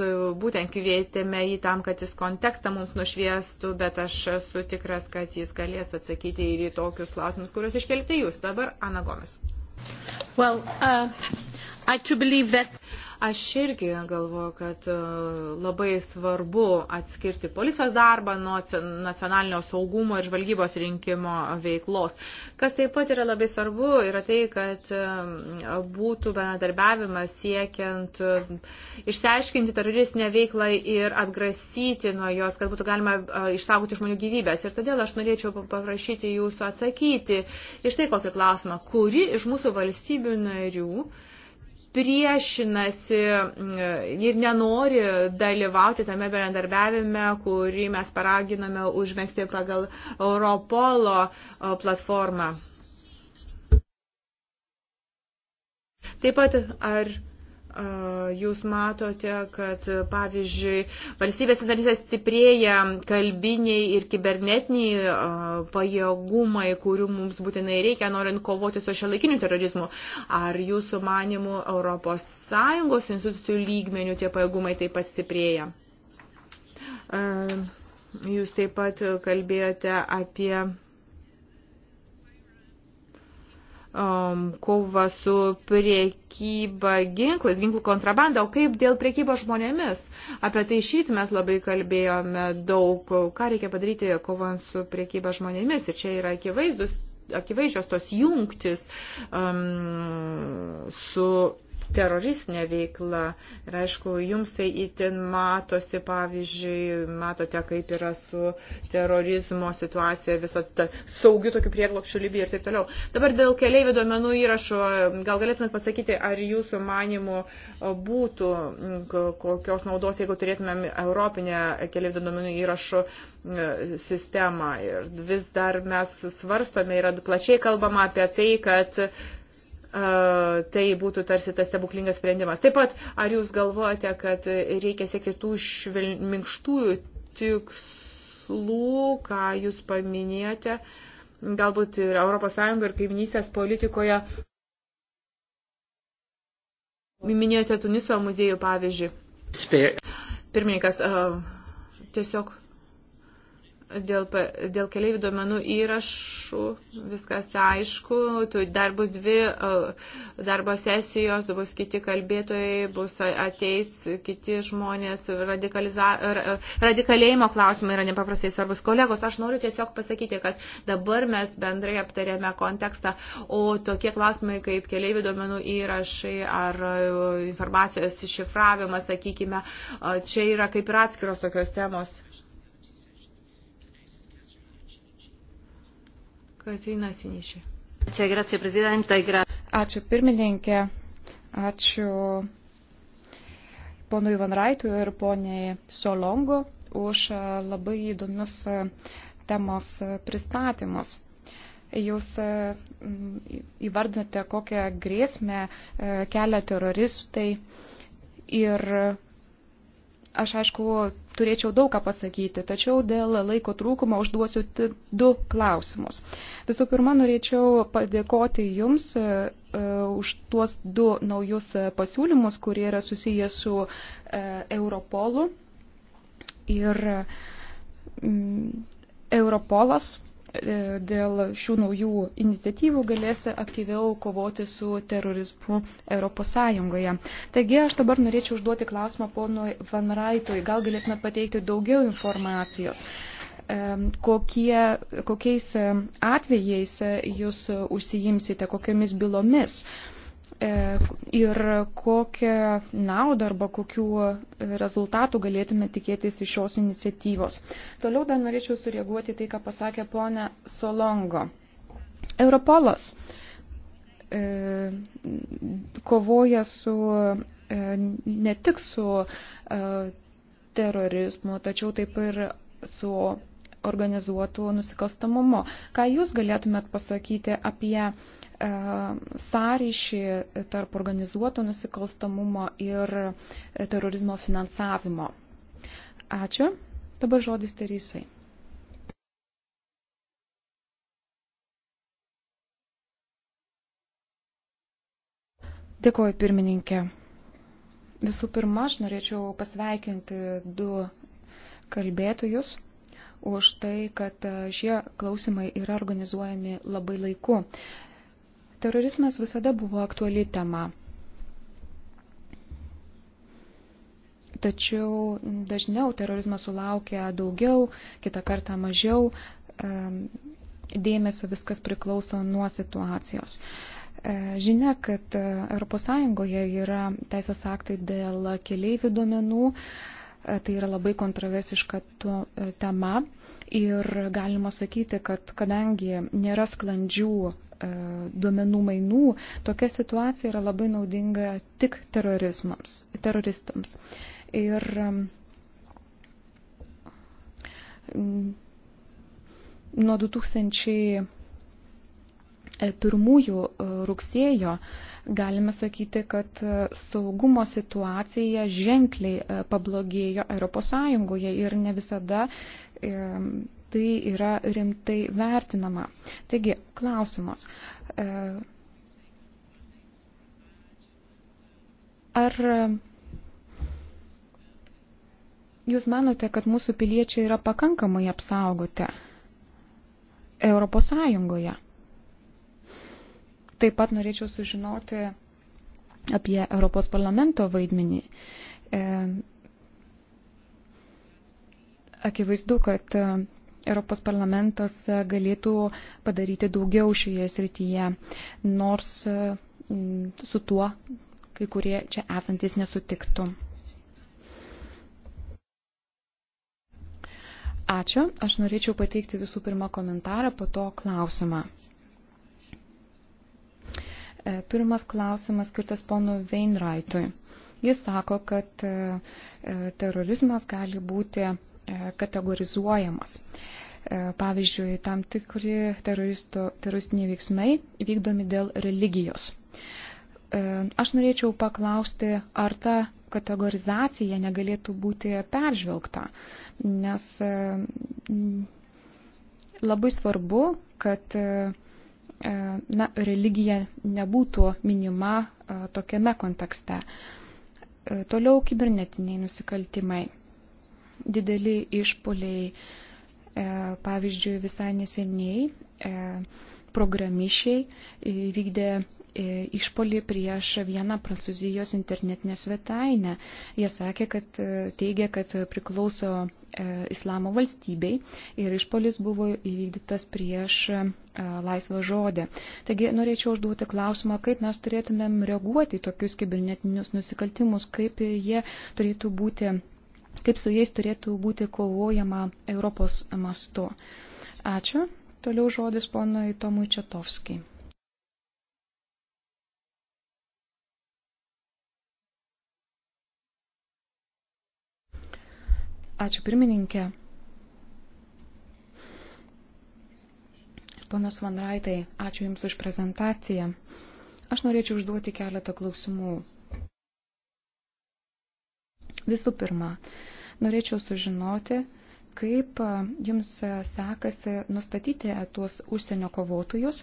būtent kvietėme jį tam, kad jis kontekstą mums nušviestų, bet aš esu tikras, kad jis galės atsakyti ir į tokius klausimus, kuriuos iškelti jūs dabar, Ana Gomes. Well, uh, I to believe that Aš irgi galvoju, kad e, labai svarbu atskirti policijos darbą nuo nacionalinio saugumo ir žvalgybos rinkimo veiklos. Kas taip pat yra labai svarbu, yra tai, kad e, būtų bendradarbiavimas siekiant e, išsiaiškinti teroristinę veiklą ir atgrasyti nuo jos, kad būtų galima išsaugoti žmonių gyvybės. Ir todėl aš norėčiau paprašyti jūsų atsakyti iš tai kokį klausimą, kuri iš mūsų valstybių narių priešinasi mm, ir nenori dalyvauti tame bendradarbiavime, kurį mes paraginame užmėgsti pagal Europolo e, platformą. Taip pat ar Jūs matote, kad pavyzdžiui, valstybės narysės stiprėja kalbiniai ir kibernetiniai pajėgumai, kurių mums būtinai reikia, norint kovoti su šiolaikiniu terorizmu. Ar jūsų manimų ES institucijų lygmenių tie pajėgumai taip pat stiprėja? Jūs taip pat kalbėjote apie um, kova su priekyba ginklais, ginklų kontrabanda, o kaip dėl priekybo žmonėmis. Apie tai šit mes labai kalbėjome daug, ką reikia padaryti kovant su priekyba žmonėmis. Ir čia yra akivaizdus, akivaizdžios tos jungtis um, su teroristinė veikla. Ir aišku, jums tai itin matosi, pavyzdžiui, matote, kaip yra su terorizmo situacija, viso ta, saugiu tokiu prieglopšiu Libija ir taip toliau. Dabar dėl keliaivių duomenų įrašo, gal galėtumėt pasakyti, ar jūsų manimų būtų kokios naudos, jeigu turėtumėm Europinę keliaivių duomenų įrašo sistemą. Ir vis dar mes svarstome ir plačiai kalbama apie tai, kad tai būtų tarsi tas stebuklingas sprendimas. Taip pat, ar jūs galvojate, kad reikia siekti tų švil... minkštųjų tikslų, ką jūs paminėjote, galbūt ir ES ir kaiminysės politikoje? Minėjote Tuniso muziejų pavyzdžiui. Pirmininkas, tiesiog dėl, dėl keliaivių duomenų įrašų viskas aišku, tu, dar bus dvi darbo sesijos, bus kiti kalbėtojai, bus ateis kiti žmonės, radikalėjimo klausimai yra nepaprastai svarbus. Kolegos, aš noriu tiesiog pasakyti, kad dabar mes bendrai aptarėme kontekstą, o tokie klausimai kaip keliaivių duomenų įrašai ar informacijos šifravimas, sakykime, čia yra kaip ir atskiros tokios temos. Katrina Sinišė. Čia, grazie, prezidentą. Ačiū pirmininkė, ačiū ponui Van Raitui ir poniai Solongo už e, labai įdomius e, temos e, pristatymus. Jūs įvardinate, kokią grėsmę kelia teroristai ir Aš aišku, turėčiau daug ką pasakyti, tačiau dėl laiko trūkumo užduosiu tik du klausimus. Visų pirma, norėčiau padėkoti Jums uh, už tuos du naujus pasiūlymus, kurie yra susiję su uh, Europolu. Ir um, Europolas E, dėl šių naujų iniciatyvų galės aktyviau kovoti su terorizmu Europos Sąjungoje. Taigi aš dabar norėčiau užduoti klausimą ponui Van Raitui. Gal galėtume pateikti daugiau informacijos? E, kokie, kokiais atvejais jūs užsijimsite, kokiomis bylomis? E, ir kokią naudą arba kokių rezultatų galėtume tikėtis iš šios iniciatyvos. Toliau dar norėčiau sureaguoti tai, ką pasakė ponė Solongo. Europolas e, kovoja su e, ne tik su terorizmu, tačiau taip ir su organizuotų nusikalstamumu. Ką Jūs galėtumėt pasakyti apie E, sąryšį tarp organizuoto nusikalstamumo ir terorizmo finansavimo. Ačiū. Dabar žodis terysai. Dėkoju pirmininkė. Visų pirma, aš norėčiau pasveikinti du kalbėtojus už tai, kad šie klausimai yra organizuojami labai laiku. Terorizmas visada buvo aktuali tema. Tačiau dažniau terorizmas sulaukia daugiau, kitą kartą mažiau. Dėmesio viskas priklauso nuo situacijos. E, žinia, kad ES yra teisės aktai dėl keleivių duomenų, e, tai yra labai kontroversiška e, tema ir galima sakyti, kad kadangi nėra sklandžių E, duomenų mainų, tokia situacija yra labai naudinga tik teroristams. Ir mm, nuo 2001 e, rugsėjo galime sakyti, kad e, saugumo situacija ženkliai pablogėjo ES ir ne visada tai yra rimtai vertinama. Taigi, klausimas. E, ar jūs manote, kad mūsų piliečiai yra pakankamai apsaugoti Europos Sąjungoje? Taip pat norėčiau sužinoti apie Europos parlamento vaidmenį. E, akivaizdu, kad Europos parlamentas e, galėtų padaryti daugiau šioje srityje, nors e, su tuo kai kurie čia esantis nesutiktų. Ačiū. Aš norėčiau pateikti visų pirma komentarą, po to klausimą. E, pirmas klausimas skirtas ponu Veinraitui. Jis sako, kad terorizmas gali būti E, kategorizuojamas. E, pavyzdžiui, tam tikri teroristiniai veiksmai vykdomi dėl religijos. E, aš norėčiau paklausti, ar ta kategorizacija negalėtų būti peržvelgta, nes labai svarbu, kad na, religija nebūtų minima tokiame kontekste. Toliau kibernetiniai nusikaltimai dideli išpoliai. E, pavyzdžiui, visai neseniai e, programišiai vykdė e, išpolį prieš vieną Prancūzijos internetinę svetainę. Jie sakė, kad teigia, kad priklauso islamo valstybei ir išpolis buvo įvykdytas prieš laisvą žodę. Taigi norėčiau užduoti klausimą, kaip mes turėtumėm reaguoti į tokius kibernetinius nusikaltimus, kaip jie turėtų būti kaip su jais turėtų būti kovojama Europos mastu. Ačiū. Toliau žodis ponui Tomui Četovskijai. Ačiū pirmininkė. Ponas Vanraitai, ačiū Jums už prezentaciją. Aš norėčiau užduoti keletą klausimų. Visų pirma, Norėčiau sužinoti, kaip jums sekasi nustatyti tuos užsienio kovotojus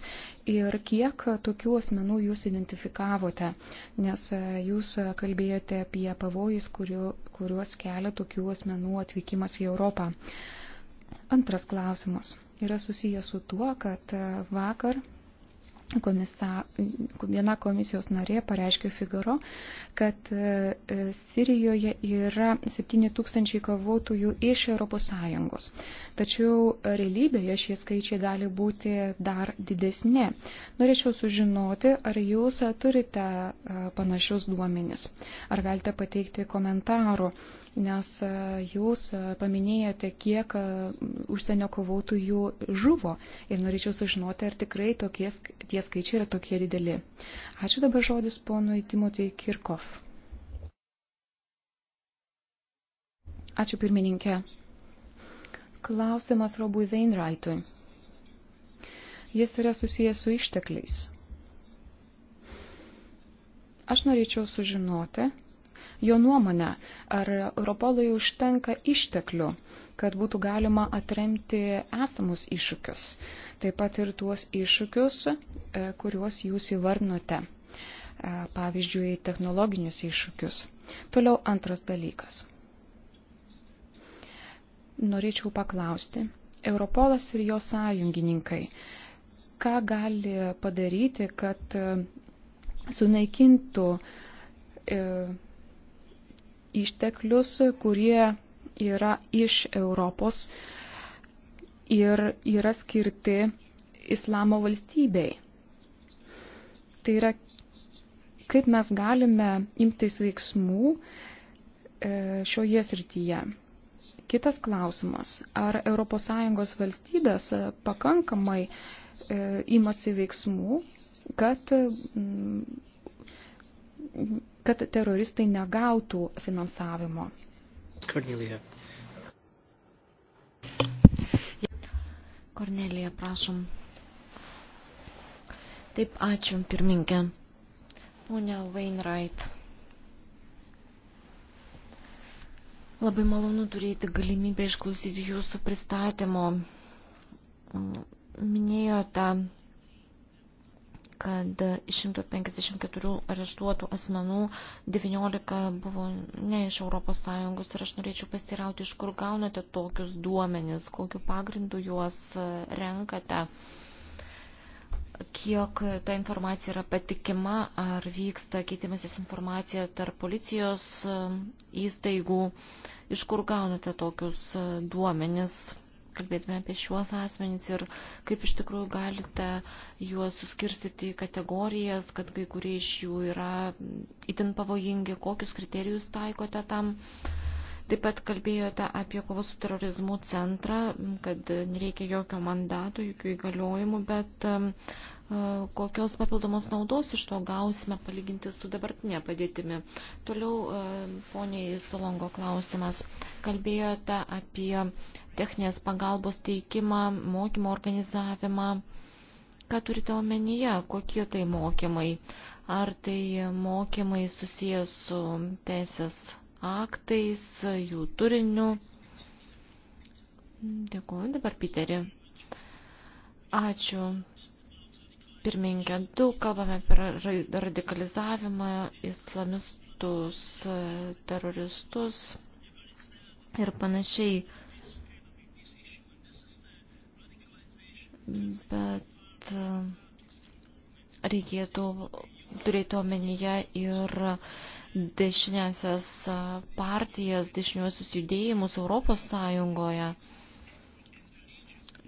ir kiek tokių asmenų jūs identifikavote, nes jūs kalbėjote apie pavojus, kuriu, kuriuos kelia tokių asmenų atvykimas į Europą. Antras klausimas yra susijęs su tuo, kad vakar komisa, viena komisijos narė pareiškė Figaro, kad e, e, Sirijoje yra 7000 kovotojų iš ES. Tačiau realybėje šie skaičiai gali būti dar didesni. Norėčiau sužinoti, ar jūs turite e, panašius duomenis, ar galite pateikti komentarų nes e, jūs e, paminėjote, kiek e, užsienio kovotojų žuvo ir norėčiau sužinoti, ar tikrai tokie, tie skaičiai yra tokie dideli. Ačiū dabar žodis ponui Timotei Kirkov. Ačiū pirmininkė. Klausimas Robui Veinraitui. Jis yra susijęs su ištekliais. Aš norėčiau sužinoti, Jo nuomonė, ar Europolui užtenka išteklių, kad būtų galima atremti esamus iššūkius, taip pat ir tuos iššūkius, e, kuriuos jūs įvardinote, e, pavyzdžiui, technologinius iššūkius. Toliau antras dalykas. Norėčiau paklausti, Europolas ir jo sąjungininkai, ką gali padaryti, kad e, sunaikintų išteklius, kurie yra iš Europos ir yra skirti islamo valstybei. Tai yra, kaip mes galime imtis veiksmų e, šioje srityje. Kitas klausimas, ar ES valstybės pakankamai e, imasi veiksmų, kad kad teroristai negautų finansavimo. Kornelija. Kornelija, prašom. Taip, ačiū, pirminkė. Pone Wainwright. Labai malonu turėti galimybę išklausyti jūsų pristatymo. Minėjote kad 154 areštuotų asmenų 19 buvo ne iš ES ir aš norėčiau pasirauti, iš kur gaunate tokius duomenis, kokiu pagrindu juos renkate, kiek ta informacija yra patikima, ar vyksta keitimasis informacija tarp policijos įstaigų, iš kur gaunate tokius duomenis kalbėtume apie šiuos asmenys ir kaip iš tikrųjų galite juos suskirstyti į kategorijas, kad kai kurie iš jų yra itin pavojingi, kokius kriterijus taikote tam. Taip pat kalbėjote apie kovos su terorizmu centrą, kad nereikia jokio mandato, jokių įgaliojimų, bet kokios papildomos naudos iš to gausime palyginti su dabartinė padėtimi. Toliau, poniai Solongo klausimas, kalbėjote apie techninės pagalbos teikimą, mokymo organizavimą. Ką turite omenyje, kokie tai mokymai? Ar tai mokymai susijęs su teisės aktais, jų turiniu? Dėkuoju dabar, Piterį. Ačiū. Pirmininkė, daug kalbame apie radikalizavimą, islamistus, teroristus ir panašiai. Bet e, reikėtų turėti omenyje ir dešinėsias e, partijas, dešiniuosius judėjimus Europos Sąjungoje.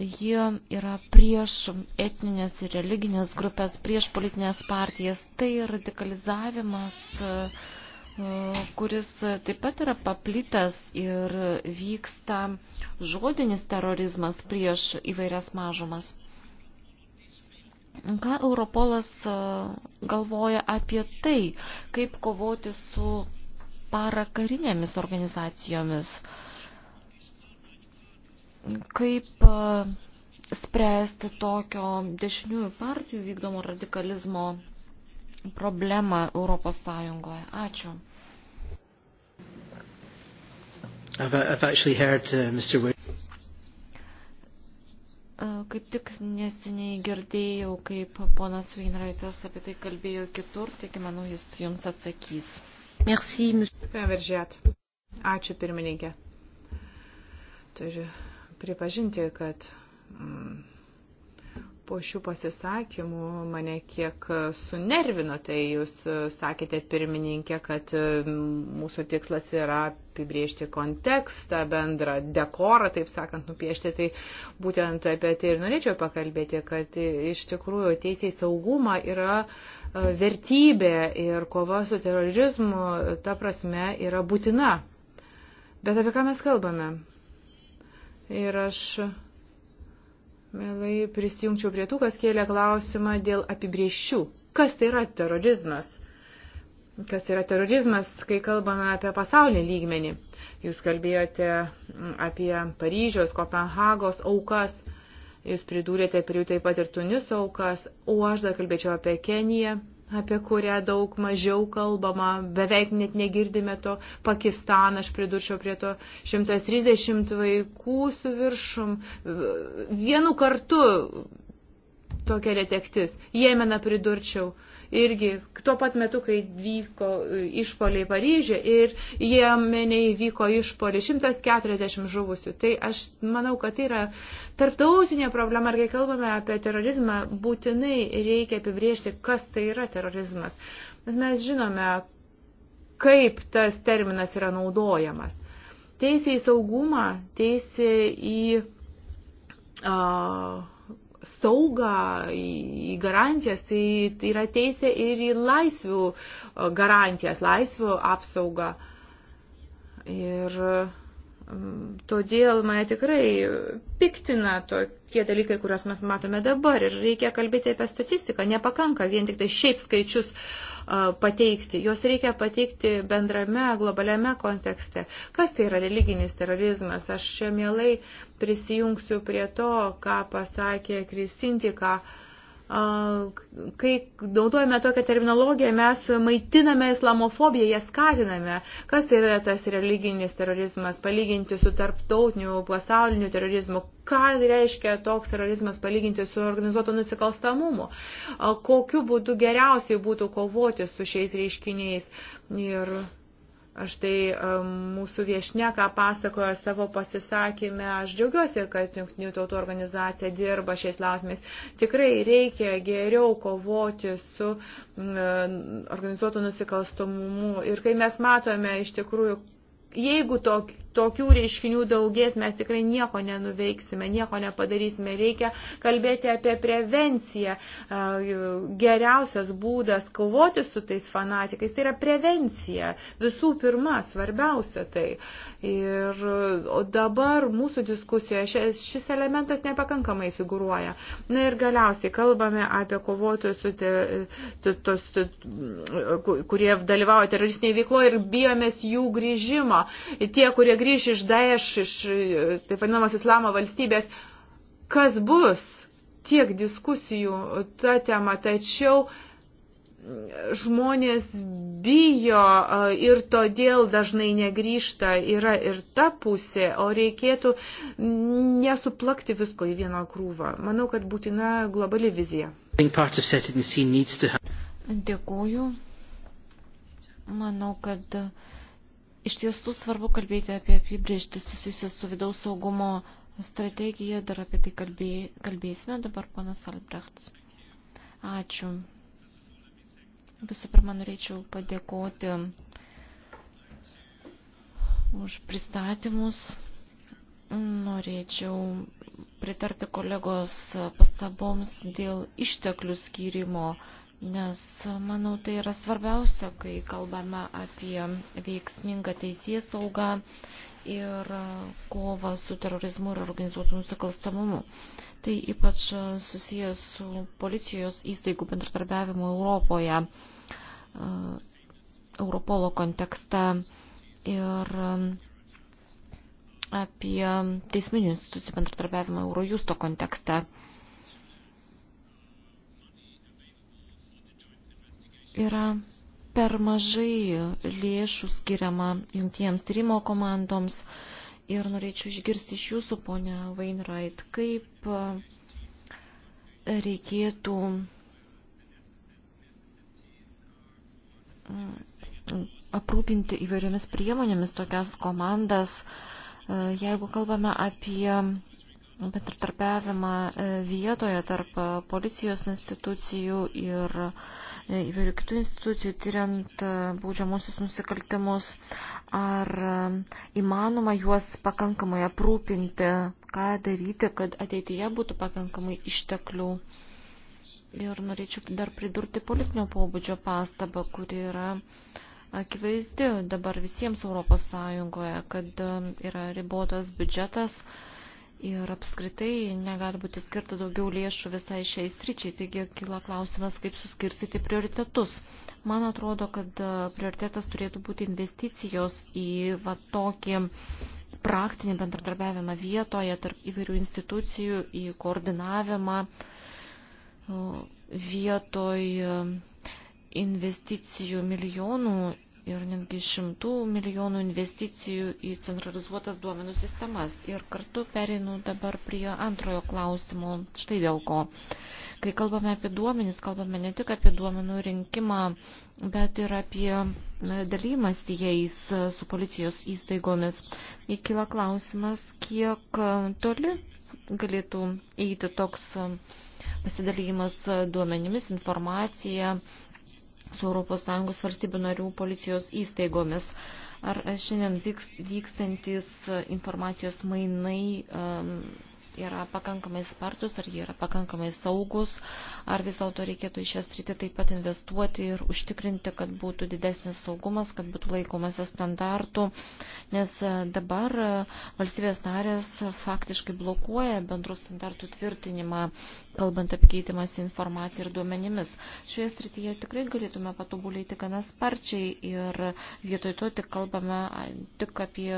Jie yra prieš etninės ir religinės grupės, prieš politinės partijas. Tai radikalizavimas, e, kuris taip pat yra paplitas ir vyksta žodinis terorizmas prieš įvairias mažumas. Ką Europolas e, galvoja apie tai, kaip kovoti su parakarinėmis organizacijomis? Uh, Kaip e, spręsti tokio dešiniųjų partijų vykdomo radikalizmo problemą Europos Sąjungoje? Ačiū. I've, I've actually heard uh, Mr. Williams. E, kaip tik neseniai girdėjau, kaip ponas Vainraitas apie tai kalbėjo kitur, taigi manau, jis jums atsakys. Merci, monsieur. Ačiū, pirmininkė. Turiu pripažinti, kad mm, po šių pasisakymų mane kiek sunervino, tai jūs e, sakėte pirmininkė, kad e, mūsų tikslas yra apibriežti kontekstą, bendrą dekorą, taip sakant, nupiešti, tai būtent apie tai ir norėčiau pakalbėti, kad e, iš tikrųjų teisė į saugumą yra vertybė ir kova su terorizmu ta prasme yra būtina. Bet apie ką mes kalbame? ir aš mielai prisijungčiau prie tų, kas kėlė klausimą dėl apibrieščių. Kas tai yra terorizmas? Kas tai yra terorizmas, kai kalbame apie pasaulį lygmenį? Jūs kalbėjote apie Paryžiaus, Kopenhagos aukas, jūs pridūrėte prie jų taip pat ir Tuniso aukas, o aš dar kalbėčiau apie Keniją, apie kurią daug mažiau kalbama, beveik net negirdime to Pakistaną, aš pridurčiau prie to 130 vaikų su viršum, vienu kartu tokia netektis, Jemeną pridurčiau. Uh, irgi tuo pat metu, kai vyko e, išpoliai Paryžė ir Jemeniai vyko išpoliai 140 žuvusių. Tai aš manau, kad tai yra tarptautinė problema ir kai kalbame apie terorizmą, būtinai reikia apibriežti, kas tai yra terorizmas. Nes mes žinome, kaip tas terminas yra naudojamas. Teisė į saugumą, teisė į uh, saugą, į garantijas, tai, tai yra teisė ir į laisvių e, garantijas, laisvių apsaugą. Ir mm, todėl mane tikrai piktina tokie dalykai, kuriuos mes matome dabar. Ir reikia kalbėti apie statistiką. Nepakanka vien tik tai šiaip skaičius uh, pateikti. Jos reikia pateikti bendrame, globaliame kontekste. Kas tai yra religinis terorizmas? Aš čia mielai prisijungsiu prie to, ką pasakė Kristinti, ką uh, kai naudojame tokią terminologiją, mes maitiname islamofobiją, ją skatiname. Kas tai yra tas religinis terorizmas, palyginti su tarptautiniu pasauliniu terorizmu, ką reiškia toks terorizmas palyginti su organizuoto nusikalstamumu, kokiu būdu geriausiai būtų kovoti su šiais reiškiniais. Ir Štai e, mūsų viešne, ką pasakojo savo pasisakymę, aš džiaugiuosi, kad Junktinių tautų organizacija dirba šiais lausmės. Tikrai reikia geriau kovoti su e, organizuotu nusikalstamumu. Ir kai mes matome iš tikrųjų, jeigu tok, tokių reiškinių daugės, mes tikrai nieko nenuveiksime, nieko nepadarysime. Reikia kalbėti apie prevenciją. Geriausias būdas kovoti su tais fanatikais tai yra prevencija. Visų pirma, svarbiausia tai. Ir dabar mūsų diskusijoje šis elementas nepakankamai figuruoja. Na ir galiausiai kalbame apie kovotojus, su te, te, tos, te, kurie dalyvauja teroristinėje veikloje ir bijomės jų grįžimo. Tie, kurie grįž iš Daesh, iš e, taip vadinamos islamo valstybės, kas bus tiek diskusijų tą temą, tačiau mm, žmonės bijo e, ir todėl dažnai negrįžta, yra ir ta pusė, o reikėtų mm, nesuplakti visko į vieną krūvą. Manau, kad būtina globali vizija. Dėkuoju. Manau, kad uh, Iš tiesų svarbu kalbėti apie apibrėžtį susijusią su vidaus saugumo strategija, dar apie tai kalbė, kalbėsime dabar panas Albrechts. Ačiū. Visų pirma, norėčiau padėkoti už pristatymus. Norėčiau pritarti kolegos pastaboms dėl išteklių skyrimo nes manau tai yra svarbiausia, kai kalbame apie veiksmingą teisės saugą ir kovą su terorizmu ir organizuotų nusikalstamumu. Tai ypač susijęs su policijos įstaigų bendradarbiavimu Europoje, Europolo kontekste ir apie teisminių institucijų bendradarbiavimą Eurojusto kontekste. yra per mažai lėšų skiriama jungtiems tyrimo komandoms ir norėčiau išgirsti iš jūsų, ponia Wainwright, kaip e, reikėtų aprūpinti įvairiomis priemonėmis tokias komandas, e, jeigu kalbame apie bendratarpiavimą e, vietoje tarp e, policijos institucijų ir e, įvairių kitų institucijų tyriant baudžiamusius nusikaltimus, ar įmanoma juos pakankamai aprūpinti, ką daryti, kad ateityje būtų pakankamai išteklių. Ir norėčiau dar pridurti politinio pobūdžio pastabą, kuri yra akivaizdi dabar visiems Europos Sąjungoje, kad yra ribotas biudžetas, ir apskritai negali būti skirta daugiau lėšų visai šiai sričiai, taigi kyla klausimas, kaip suskirstyti prioritetus. Man atrodo, kad prioritetas turėtų būti investicijos į va, tokį praktinį bendradarbiavimą vietoje tarp įvairių institucijų, į koordinavimą vietoj investicijų milijonų ir netgi šimtų milijonų investicijų į centralizuotas duomenų sistemas. Ir kartu pereinu dabar prie antrojo klausimo, štai dėl ko. Kai kalbame apie duomenis, kalbame ne tik apie duomenų rinkimą, bet ir apie dalymas jais su policijos įstaigomis. Įkyla klausimas, kiek toli galėtų eiti toks pasidalymas duomenimis, informacija, su ES valstybių narių policijos įstaigomis. Ar e, šiandien vyks, vykstantis e, informacijos mainai um, yra pakankamai spartus, ar jie yra pakankamai saugus, ar vis dėlto reikėtų į šią sritį taip pat investuoti ir užtikrinti, kad būtų didesnis saugumas, kad būtų laikomasi standartų, nes e, dabar valstybės narės faktiškai blokuoja bendrų standartų tvirtinimą kalbant apie keitimas informaciją ir duomenimis. Šioje srityje tikrai galėtume patobulėti gana sparčiai ir vietoj to tik kalbame tik apie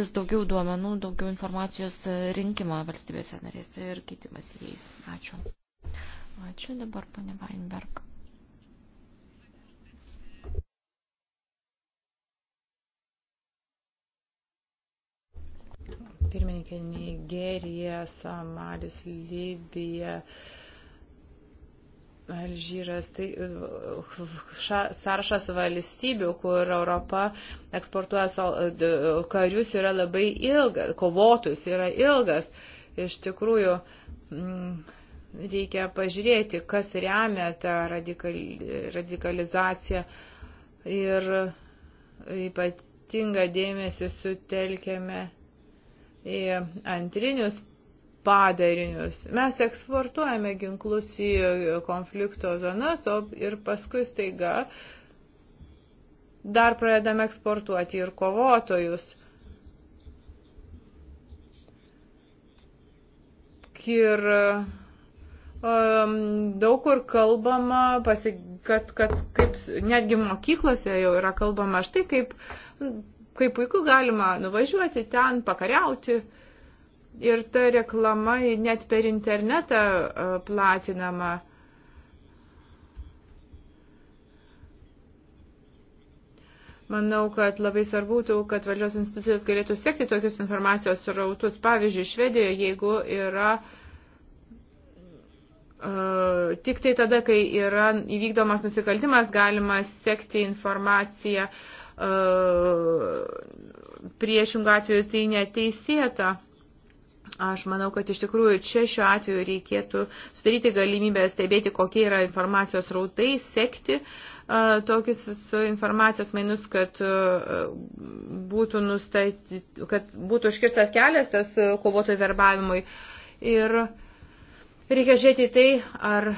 vis daugiau duomenų, daugiau informacijos rinkimą valstybėse narėse ir keitimas jais. Ačiū. Ačiū dabar, pane Weinberg. Pirmininkė Nigerija, Somalis, Libija. Alžyras, tai uh, ša, sąrašas valstybių, kur Europa eksportuoja so, karius yra labai ilgas, kovotus yra ilgas. Iš tikrųjų, mm, reikia pažiūrėti, kas remia tą radikal, radikalizaciją ir ypatingą dėmesį sutelkėme į antrinius padarinius. Mes eksportuojame ginklus į konflikto zonas ir paskui staiga dar pradedame eksportuoti ir kovotojus. Ir um, daug kur kalbama, pasi, kad, kad kaip netgi mokyklose jau yra kalbama štai kaip Kaip puiku galima nuvažiuoti ten, pakariauti. Ir ta reklama net per internetą e, platinama. Manau, kad labai svarbu, kad valdžios institucijos galėtų sekti tokius informacijos rautus. Pavyzdžiui, Švedijoje, jeigu yra uh, tik tai tada, kai yra įvykdomas nusikaltimas, galima sekti informaciją uh, E, priešingų atveju tai neteisėta. Aš manau, kad iš tikrųjų čia šiuo atveju reikėtų sudaryti galimybę stebėti, kokie yra informacijos rautai, sekti uh, tokius informacijos mainus, kad, uh, būtų nustatyti, kad būtų užkirstas kelias tas kovotojų verbavimui. Ir reikia žiūrėti tai, ar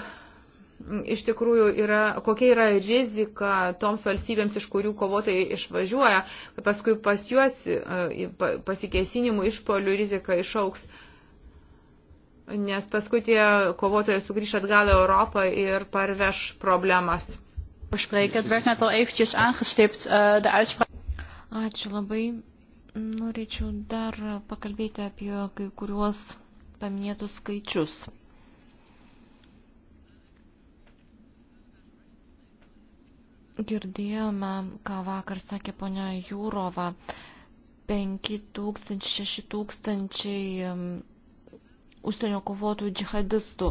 iš tikrųjų yra, kokia yra rizika toms valstybėms, iš kurių kovotojai išvažiuoja, paskui pas juos e, pasikesinimų išpolių rizika išauks, nes paskui tie kovotojai sugrįž atgal į Europą ir parveš problemas. Eh, Ačiū labai. Norėčiau dar pakalbėti apie kai kuriuos paminėtus skaičius. Girdėjome, ką vakar sakė ponia Jūrova. 5000-6000 tūkstančiai užsienio kovotojų džihadistų.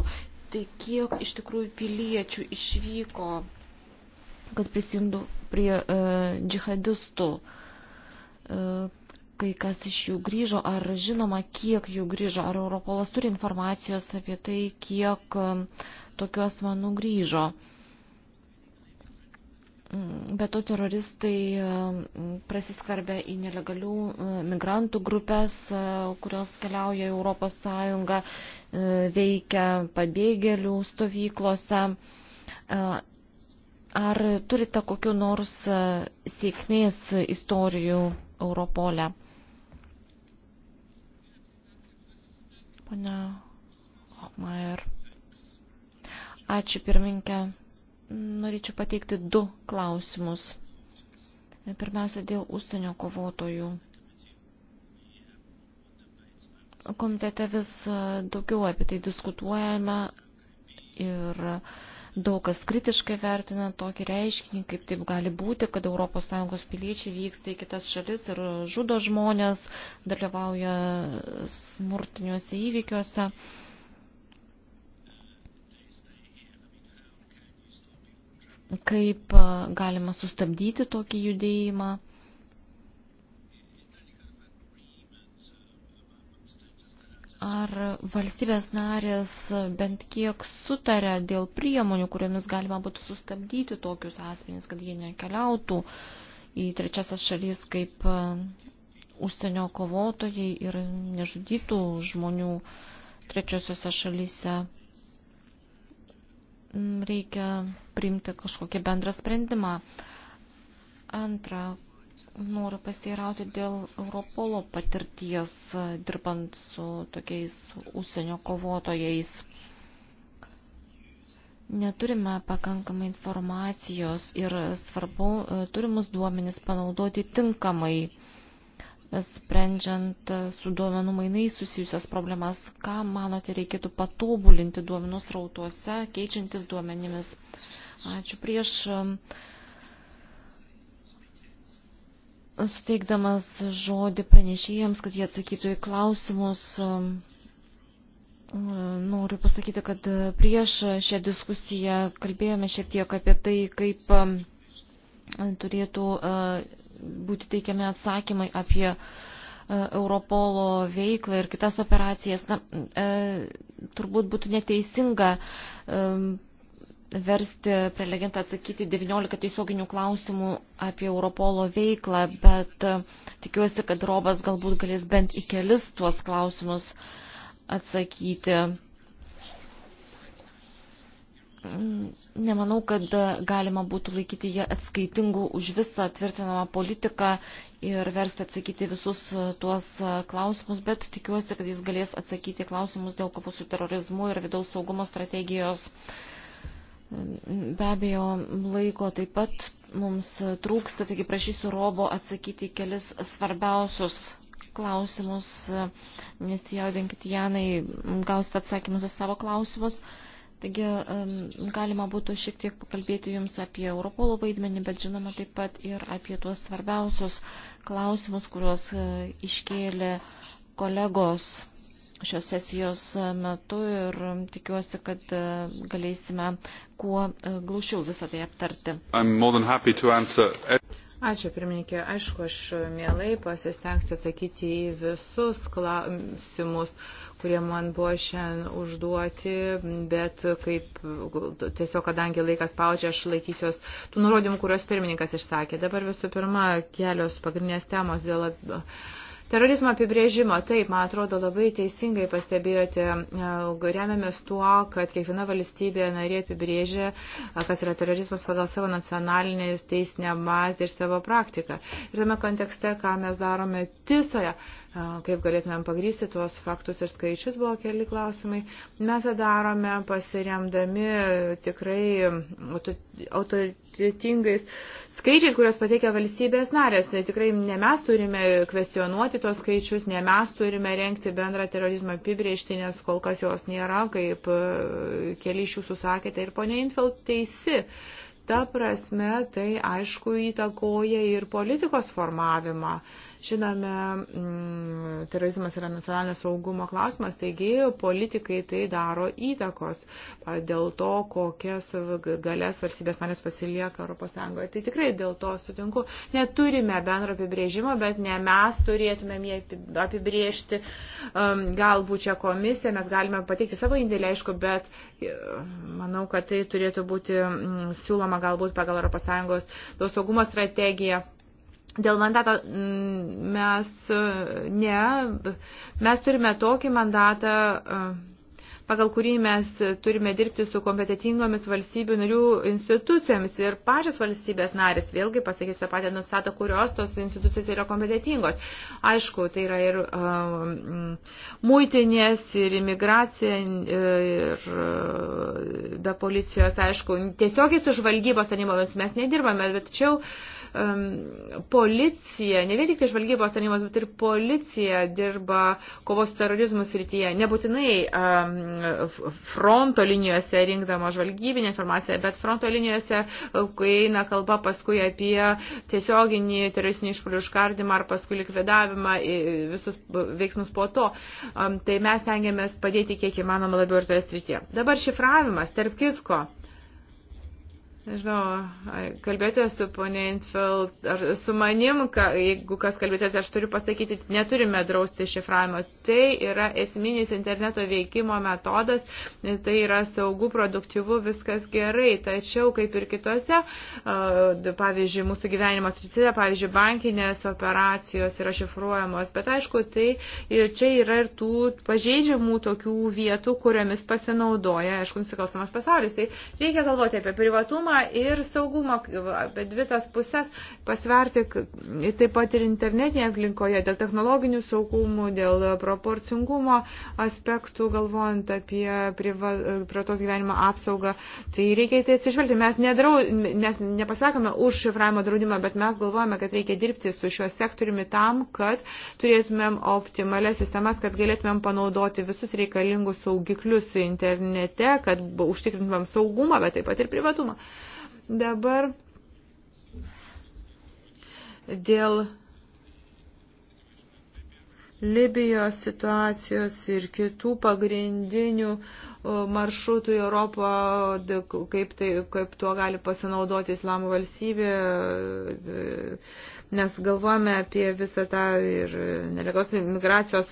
Tai kiek iš tikrųjų piliečių išvyko, kad prisijungtų prie e, džihadistų? E, kai kas iš jų grįžo, ar žinoma, kiek jų grįžo, ar Europolas turi informacijos apie tai, kiek tokių asmenų grįžo. E, Mm, Bet to teroristai mm, prasiskarbia į nelegalių mm, migrantų grupės, kurios keliauja į Europos Sąjungą, veikia pabėgėlių stovyklose. Ar turite kokiu nors sėkmės istorijų Europolė? Pane Hochmeier. Ačiū pirminkė norėčiau pateikti du klausimus. Pirmiausia, dėl užsienio kovotojų. Komitete vis daugiau apie tai diskutuojame ir daug kas kritiškai vertina tokį reiškinį, kaip taip gali būti, kad ES piliečiai vyksta į kitas šalis ir žudo žmonės, dalyvauja smurtiniuose įvykiuose. kaip galima sustabdyti tokį judėjimą. Ar valstybės narės bent kiek sutarė dėl priemonių, kuriomis galima būtų sustabdyti tokius asmenys, kad jie nekeliautų į trečiasias šalis kaip užsienio kovotojai ir nežudytų žmonių trečiosiuose šalyse reikia priimti kažkokį bendrą sprendimą. Antra, noriu pasirauti dėl Europolo patirties, e, dirbant su tokiais užsienio kovotojais. Neturime pakankamai informacijos ir svarbu e, turimus duomenis panaudoti tinkamai sprendžiant su duomenų mainais susijusias problemas, ką manote reikėtų patobulinti duomenų srautuose, keičiantis duomenimis. Ačiū prieš um, suteikdamas žodį pranešėjams, kad jie atsakytų į klausimus. Um, noriu pasakyti, kad prieš šią diskusiją kalbėjome šiek tiek apie tai, kaip um, turėtų e, būti teikiami atsakymai apie e, Europolo veiklą ir kitas operacijas. Na, e, turbūt būtų neteisinga versti prelegentą atsakyti 19 tiesioginių klausimų apie Europolo veiklą, bet tikiuosi, kad Robas galbūt galės bent į kelis tuos klausimus atsakyti. Mm, nemanau, kad e, galima būtų laikyti jie atskaitingų už visą tvirtinamą politiką ir versti atsakyti visus e, tuos e, klausimus, bet tikiuosi, kad jis galės atsakyti klausimus dėl kovos su terorizmu ir vidaus saugumo strategijos. Mm, be abejo, laiko taip pat mums trūksta, taigi prašysiu Robo atsakyti kelis svarbiausius klausimus, nesijaudinkit Janai, gausite atsakymus į savo klausimus. Uh, Taigi galima būtų šiek tiek pakalbėti Jums apie Europolo vaidmenį, bet žinoma taip pat ir apie tuos svarbiausius klausimus, kuriuos e, iškėlė kolegos šios sesijos e, metu ir tikiuosi, kad e, galėsime kuo glaušiau visą tai aptarti. Ačiū, pirmininkė. Aišku, aš mielai pasistengsiu atsakyti į visus klausimus, kurie man buvo šiandien užduoti, bet kaip tiesiog, kadangi laikas paučia, aš laikysiuos tų nurodymų, kuriuos pirmininkas išsakė. Dabar visų pirma, kelios pagrindinės temos dėl. At Terorizmo apibrėžimo, taip, man atrodo, labai teisingai pastebėjote, e, remiamės tuo, kad kiekviena valstybė narė apibrėžia, e, kas yra terorizmas pagal savo nacionalinį teisinę bazę ir savo praktiką. Ir tame kontekste, ką mes darome tisoje, kaip galėtumėm pagrysti tuos faktus ir skaičius, buvo keli klausimai. Mes tą darome pasiremdami tikrai autoritetingais skaičiais, kurios pateikia valstybės narės. Tai tikrai ne mes turime kvestionuoti tuos skaičius, ne mes turime renkti bendrą terorizmą apibriežti, nes kol kas jos nėra, kaip e, keli iš jūsų sakėte. Ir ponia Infeld teisi. Ta prasme, tai aišku įtakoja ir politikos formavimą. Uh, Žinome, mm, terorizmas yra nacionalinio saugumo klausimas, taigi politikai tai daro įtakos dėl to, kokias galės valstybės narės pasilieka ES. Tai tikrai dėl to sutinku. Neturime bendro apibrėžimo, bet ne mes turėtumėm jį apibrėžti. Galbūt čia komisija, mes galime pateikti savo indėlį, aišku, bet e, manau, kad tai turėtų būti siūloma galbūt pagal ES saugumo strategiją Dėl mandato mm, mes e, ne, mes turime tokį mandatą, e, pagal kurį mes turime dirbti su kompetitingomis valstybių narių institucijomis ir pačios valstybės narės, vėlgi pasakysiu patį, nustato, kurios tos institucijos yra kompetitingos. Aišku, tai yra ir um, muitinės, ir imigracija, ir be policijos, aišku, tiesiogiai su žvalgybos tarnybomis mes nedirbame, bet čia jau um, policija, ne vien tik tai žvalgybos tarnybos, bet ir policija dirba kovos terorizmų srityje, nebūtinai um, fronto linijose rinkdama žvalgybinę informaciją, bet fronto linijose, e, kai eina kalba paskui apie tiesioginį teroristinį išpolių užkardimą ar paskui likvidavimą, visus veiksmus po to, um, tai mes tengiamės padėti kiek įmanoma labiau ir toje srityje. Dabar šifravimas, tarp kitko. Nežinau, kalbėjote su ponė Intfeld, ar su manim, ka, jeigu kas kalbėtės, aš turiu pasakyti, neturime drausti šifravimo. Tai yra esminis interneto veikimo metodas, tai yra saugų, produktyvų, viskas gerai. Tačiau, kaip ir kitose, pavyzdžiui, mūsų gyvenimo srityse, pavyzdžiui, bankinės operacijos yra šifruojamos. Bet aišku, tai čia yra ir tų pažeidžiamų tokių vietų, kuriomis pasinaudoja, aišku, nusikalstamas pasaulis. Tai reikia galvoti apie privatumą saugumą ir saugumo, apie dvi tas pusės pasverti taip pat ir internetinėje aplinkoje dėl technologinių saugumų, dėl proporcingumo aspektų, galvojant apie priva, prietos gyvenimo apsaugą. Tai reikia į tai atsižvelgti. Mes, nedrau, mes nepasakome už šifravimo draudimą, bet mes galvojame, kad reikia dirbti su šiuo sektoriumi tam, kad turėtumėm optimalias sistemas, kad galėtumėm panaudoti visus reikalingus saugiklius internete, kad užtikrintumėm saugumą, bet taip pat ir privatumą. Dabar dėl Libijos situacijos ir kitų pagrindinių maršrutų į Europą, kaip, tai, kaip tuo gali pasinaudoti Islamo valstybė, nes galvojame apie visą tą ir nelegos migracijos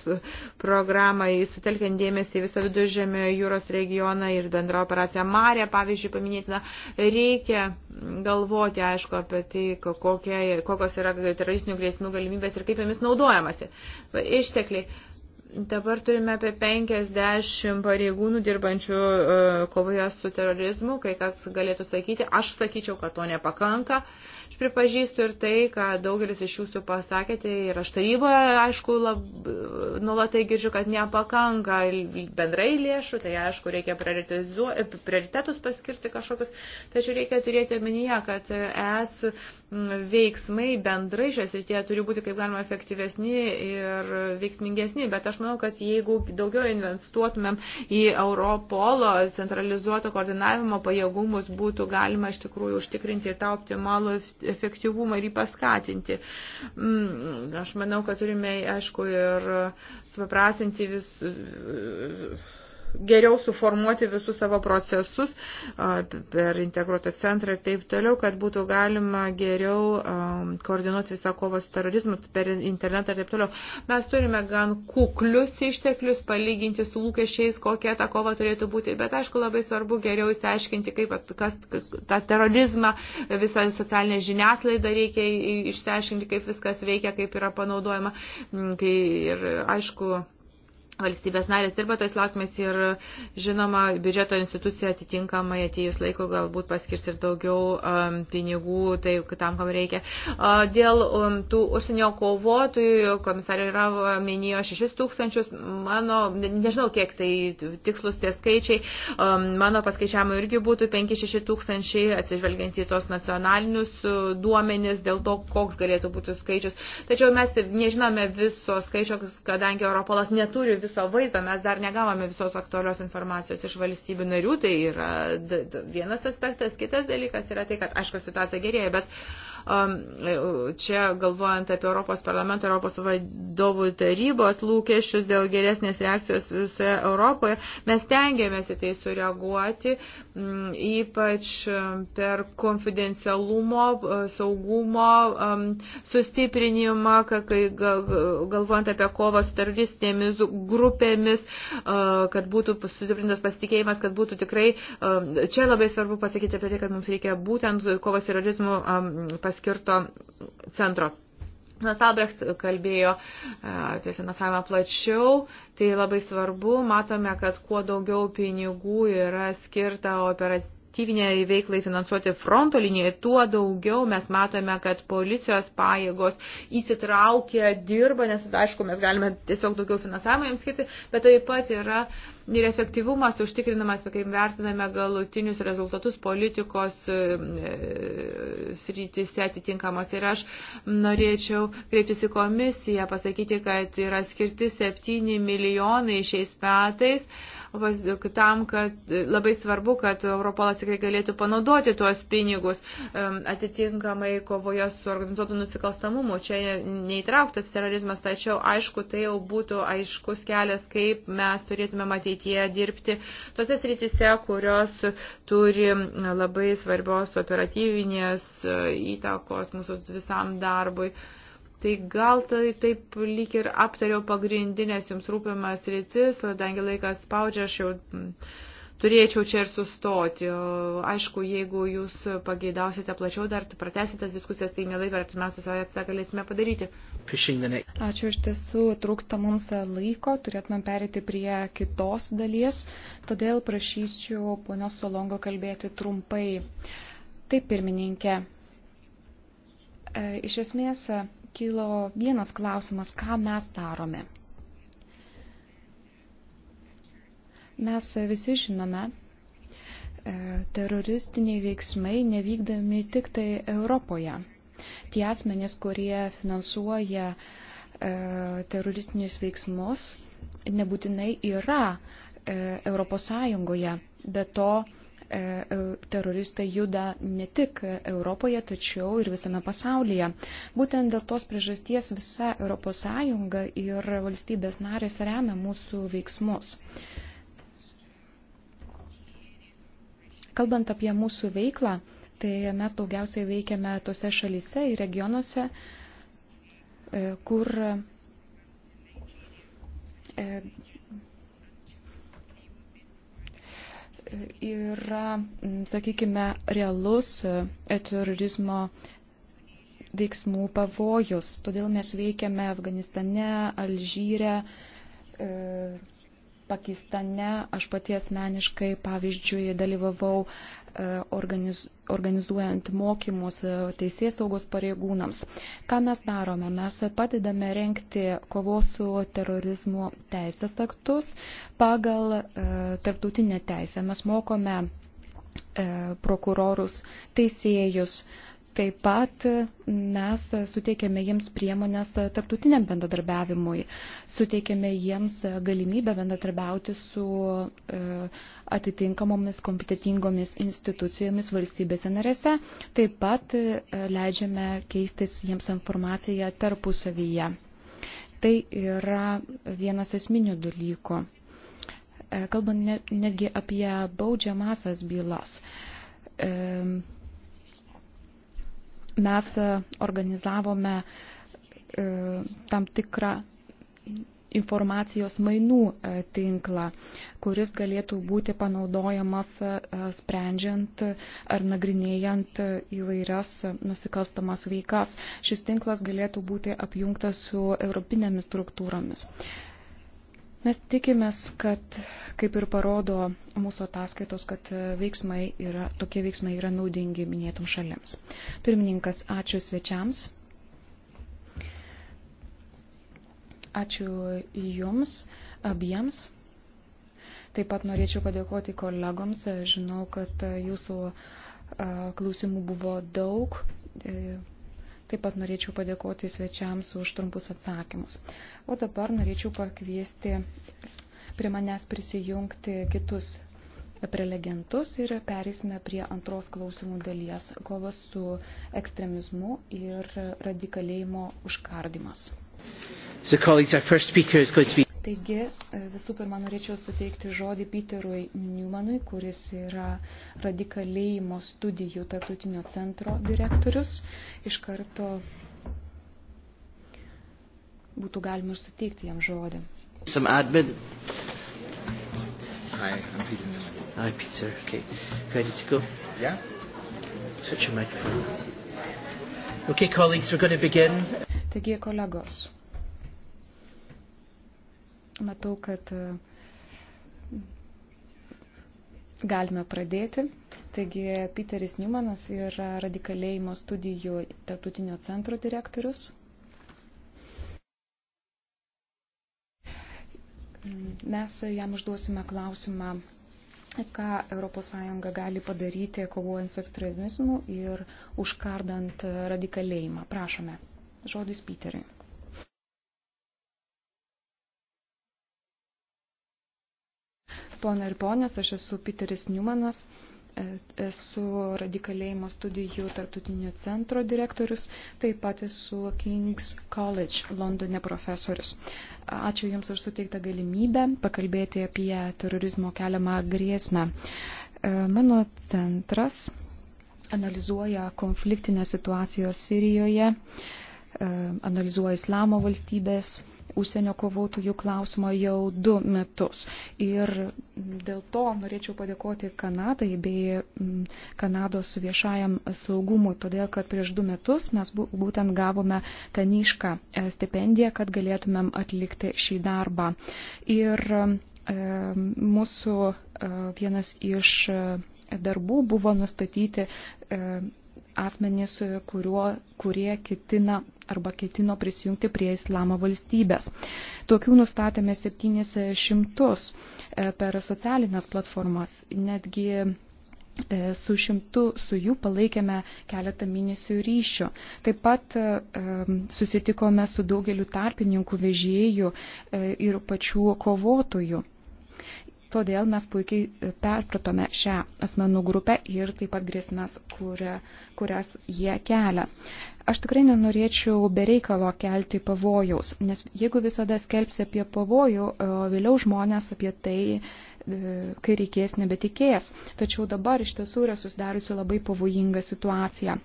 programą, sutelkiant dėmesį į visą viduržėmio jūros regioną ir bendrą operaciją Marė, pavyzdžiui, paminėtina, reikia galvoti, aišku, apie tai, kokie, kokios yra teroristinių grėsmių galimybės ir kaip jomis naudojamasi. Ištekliai. Dabar turime apie 50 pareigūnų dirbančių e, kovoje su terorizmu, kai kas galėtų sakyti, aš sakyčiau, kad to nepakanka. Uh, pripažįstu ir tai, ką daugelis iš jūsų pasakėte ir aš taryboje, aišku, lab, nulatai girdžiu, kad nepakanka bendrai lėšų, tai aišku, reikia prioritetus paskirti kažkokius, tačiau reikia turėti omenyje, kad es veiksmai bendrai šios ir tie turi būti kaip galima efektyvesni ir veiksmingesni, bet aš manau, kad jeigu daugiau investuotumėm į Europolo centralizuoto koordinavimo pajėgumus, būtų galima iš tikrųjų užtikrinti ir tą optimalų efektyvumą ir jį paskatinti. Mm, aš manau, kad turime, aišku, ir supaprastinti vis geriau suformuoti visus savo procesus per integruotą centrą ir taip toliau, kad būtų galima geriau koordinuoti visą kovą su terorizmu per internetą ir taip toliau. Mes turime gan kuklius išteklius palyginti su lūkesčiais, kokia ta kova turėtų būti, bet aišku labai svarbu geriau įsiaiškinti, kaip kas, tą terorizmą, visą socialinę žiniaslaidą reikia išsiaiškinti, kaip viskas veikia, kaip yra panaudojama. Mm, kai ir aišku, valstybės narės dirba tais klausimais ir, žinoma, biudžeto institucija atitinkamai atėjus laiko galbūt paskirs ir daugiau um, pinigų, tai tam, kam reikia. Uh, dėl um, tų užsienio kovotojų, komisarė yra minėjo 6 tūkstančius, mano, nežinau, kiek tai tikslus tie skaičiai, um, mano paskaičiavimui irgi būtų 5-6 tūkstančiai, atsižvelgiant į tos nacionalinius uh, duomenis, dėl to, koks galėtų būti skaičius. Tačiau mes nežinome viso skaičio, kadangi Europolas neturi viso viso vaizdo, mes dar negavome visos aktualios informacijos iš valstybių narių, tai yra vienas aspektas, kitas dalykas yra tai, kad aišku situacija gerėja, bet uh, Čia galvojant apie Europos parlamento, Europos vadovų tarybos lūkesčius dėl geresnės reakcijos visoje Europoje, mes tengiamės į tai sureaguoti, ypač per konfidencialumo, saugumo sustiprinimą, kai galvojant apie kovą su teroristinėmis grupėmis, kad būtų sustiprintas pasitikėjimas, kad būtų tikrai, čia labai svarbu pasakyti apie tai, kad mums reikia būtent kovas terorizmų pasitikėjimas skirto centro. Nas Albrecht kalbėjo e, apie finansavimą plačiau, tai labai svarbu, matome, kad kuo daugiau pinigų yra skirta operacijai operatyviniai veiklai finansuoti fronto linijoje, tuo daugiau mes matome, kad policijos pajėgos įsitraukia, dirba, nes, aišku, mes galime tiesiog daugiau finansavimo jiems skirti, bet taip pat yra ir efektyvumas užtikrinamas, kai vertiname galutinius rezultatus politikos e, srityse atitinkamos. Ir aš norėčiau kreiptis į komisiją, pasakyti, kad yra skirti 7 milijonai šiais metais tam, kad labai svarbu, kad Europolas tikrai galėtų panaudoti tuos pinigus atitinkamai kovoje su organizuotu nusikalstamumu. Čia neįtrauktas terorizmas, tačiau aišku, tai jau būtų aiškus kelias, kaip mes turėtume ateityje dirbti tose srityse, kurios turi labai svarbios operatyvinės e, įtakos mūsų visam darbui. Tai gal tai taip lyg ir aptariau pagrindinės jums rūpimas rytis, kadangi laikas spaudžia, aš jau mm, turėčiau čia ir sustoti. Aišku, jeigu jūs pageidausite plačiau dar, pratesite tas diskusijas, tai mielai per artimiausią savaitę galėsime padaryti. Ačiū iš tiesų, trūksta mums laiko, turėtumėm perėti prie kitos dalies, todėl prašyčiau ponios Solongo kalbėti trumpai. Taip, pirmininkė. E, iš esmės, kilo vienas klausimas, ką mes darome. Mes visi žinome, e, teroristiniai veiksmai nevykdami tik tai Europoje. Tie asmenys, kurie finansuoja e, teroristinius veiksmus, nebūtinai yra e, Europos Sąjungoje, bet to E, e, teroristai juda ne tik Europoje, tačiau ir visame pasaulyje. Būtent dėl tos priežasties visa ES ir valstybės narės remia mūsų veiksmus. Kalbant apie mūsų veiklą, tai mes daugiausiai veikiame tose šalyse ir regionuose, e, kur yra, sakykime, realus e, terorizmo veiksmų pavojus. Todėl mes veikiame Afganistane, Alžyre, e, Pakistane aš pati asmeniškai, pavyzdžiui, dalyvavau e, organiz, organizuojant mokymus e, teisės saugos pareigūnams. Ką mes darome? Mes padedame renkti kovos su terorizmu teisės aktus pagal e, tarptautinę teisę. Mes mokome prokurorus, teisėjus, Taip pat mes suteikėme jiems priemonės tarptautiniam bendradarbiavimui, suteikėme jiems galimybę bendradarbiauti su e, atitinkamomis kompetitingomis institucijomis valstybėse narėse, taip pat e, leidžiame keistis jiems informaciją tarpusavyje. Tai yra vienas esminių dalykų. E, kalbant netgi apie baudžiamasias bylas. E, mes e, organizavome e, tam tikrą informacijos mainų e, tinklą, kuris galėtų būti panaudojamas sprendžiant ar nagrinėjant įvairias nusikalstamas veikas. Šis tinklas galėtų būti apjungtas su europinėmis struktūromis. Mes tikimės, kad, kaip ir parodo mūsų ataskaitos, kad veiksmai yra, tokie veiksmai yra naudingi minėtum šalims. Pirmininkas, ačiū svečiams. Ačiū jums abiems. Taip pat norėčiau padėkoti kolegoms. Žinau, kad jūsų klausimų buvo daug. E, Taip pat norėčiau padėkoti svečiams už trumpus atsakymus. O dabar norėčiau pakviesti prie manęs prisijungti kitus prelegentus ir perėsime prie antros klausimų dalies - kovas su ekstremizmu ir radikalėjimo užkardimas. So colleagues, our first speaker is going to be Taigi e, visų pirma norėčiau suteikti žodį Peterui Newmanui, kuris yra radikalėjimo studijų tarptautinio centro direktorius. Iš karto būtų galima ir suteikti jam žodį. Some admin. Hi, I'm Peter Newman. Hi, Peter. Okay. Ready to go? Yeah. Switch your microphone. Okay, colleagues, we're going to begin. Taigi, kolegos, Matau, kad e, galime pradėti. Taigi, Peteris Newmanas yra radikalėjimo studijų tarptautinio centro direktorius. Mes jam užduosime klausimą, ką ES gali padaryti, kovojant su ekstremizmu ir užkardant radikalėjimą. Prašome. Žodis Peteriui. Pona ir ponės, aš esu Piteris Newmanas, e, esu radikalėjimo studijų tarptautinio centro direktorius, taip pat esu King's College Londone profesorius. Ačiū Jums už suteiktą galimybę pakalbėti apie terorizmo keliamą grėsmę. E, mano centras analizuoja konfliktinę situaciją Sirijoje E, analizuoja islamo valstybės užsienio kovotojų klausimą jau du metus. Ir dėl to norėčiau padėkoti Kanadai bei Kanados viešajam saugumui, todėl kad prieš du metus mes būtent gavome kanišką e, stipendiją, kad galėtumėm atlikti šį darbą. Ir e, mūsų vienas iš darbų buvo nustatyti asmenys, kuriuo, kurie ketina arba ketino prisijungti prie islamo valstybės. Tokių nustatėme 700 e, per socialinės platformas. Netgi e, su šimtu su jų palaikėme keletą mėnesių ryšio. Taip pat e, susitikome su daugeliu tarpininkų vežėjų ir pačių kovotojų. Todėl mes puikiai e, perpratome šią asmenų grupę ir taip pat grėsmės, kuria, kurias jie kelia. Aš tikrai nenorėčiau bereikalo kelti pavojaus, nes jeigu visada skelbsi apie pavojų, vėliau žmonės apie tai, e, kai reikės, nebetikės. Tačiau dabar iš tiesų yra susidariusi labai pavojinga situacija.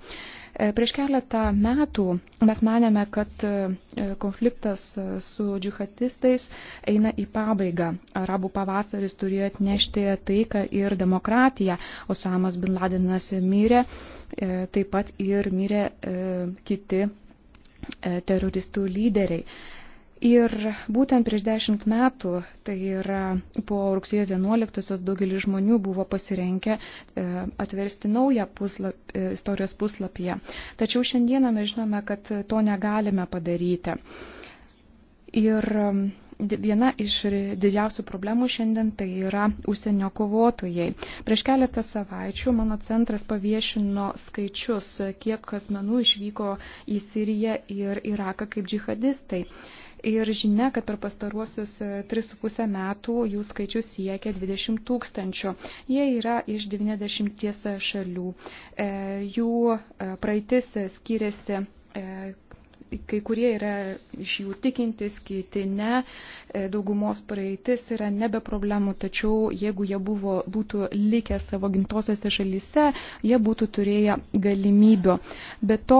E, prieš keletą metų mes manėme, kad e, konfliktas e, su džihadistais eina į pabaigą. Arabų pavasaris turėjo atnešti taiką ir demokratiją. Osamas bin Ladinas mirė, taip pat ir mirė kiti teroristų lyderiai. Ir būtent prieš dešimt metų, tai yra po rugsėjo 11-osios daugelis žmonių buvo pasirenkę e, atversti naują puslap, e, istorijos puslapyje. Tačiau šiandieną mes žinome, kad to negalime padaryti. Ir e, viena iš didžiausių problemų šiandien tai yra užsienio kovotojai. Prieš keletą savaičių mano centras paviešino skaičius, kiek asmenų išvyko į Siriją ir Iraką kaip džihadistai. Ir žinia, kad per pastaruosius 3,5 e, metų jų skaičius siekia 20 tūkstančių. Jie yra iš 90 šalių. E, jų e, praeitis skiriasi kai kurie yra iš jų tikintis, kiti ne, daugumos praeitis yra nebe problemų, tačiau jeigu jie buvo, būtų likę savo gimtosiose šalyse, jie būtų turėję galimybių. Be to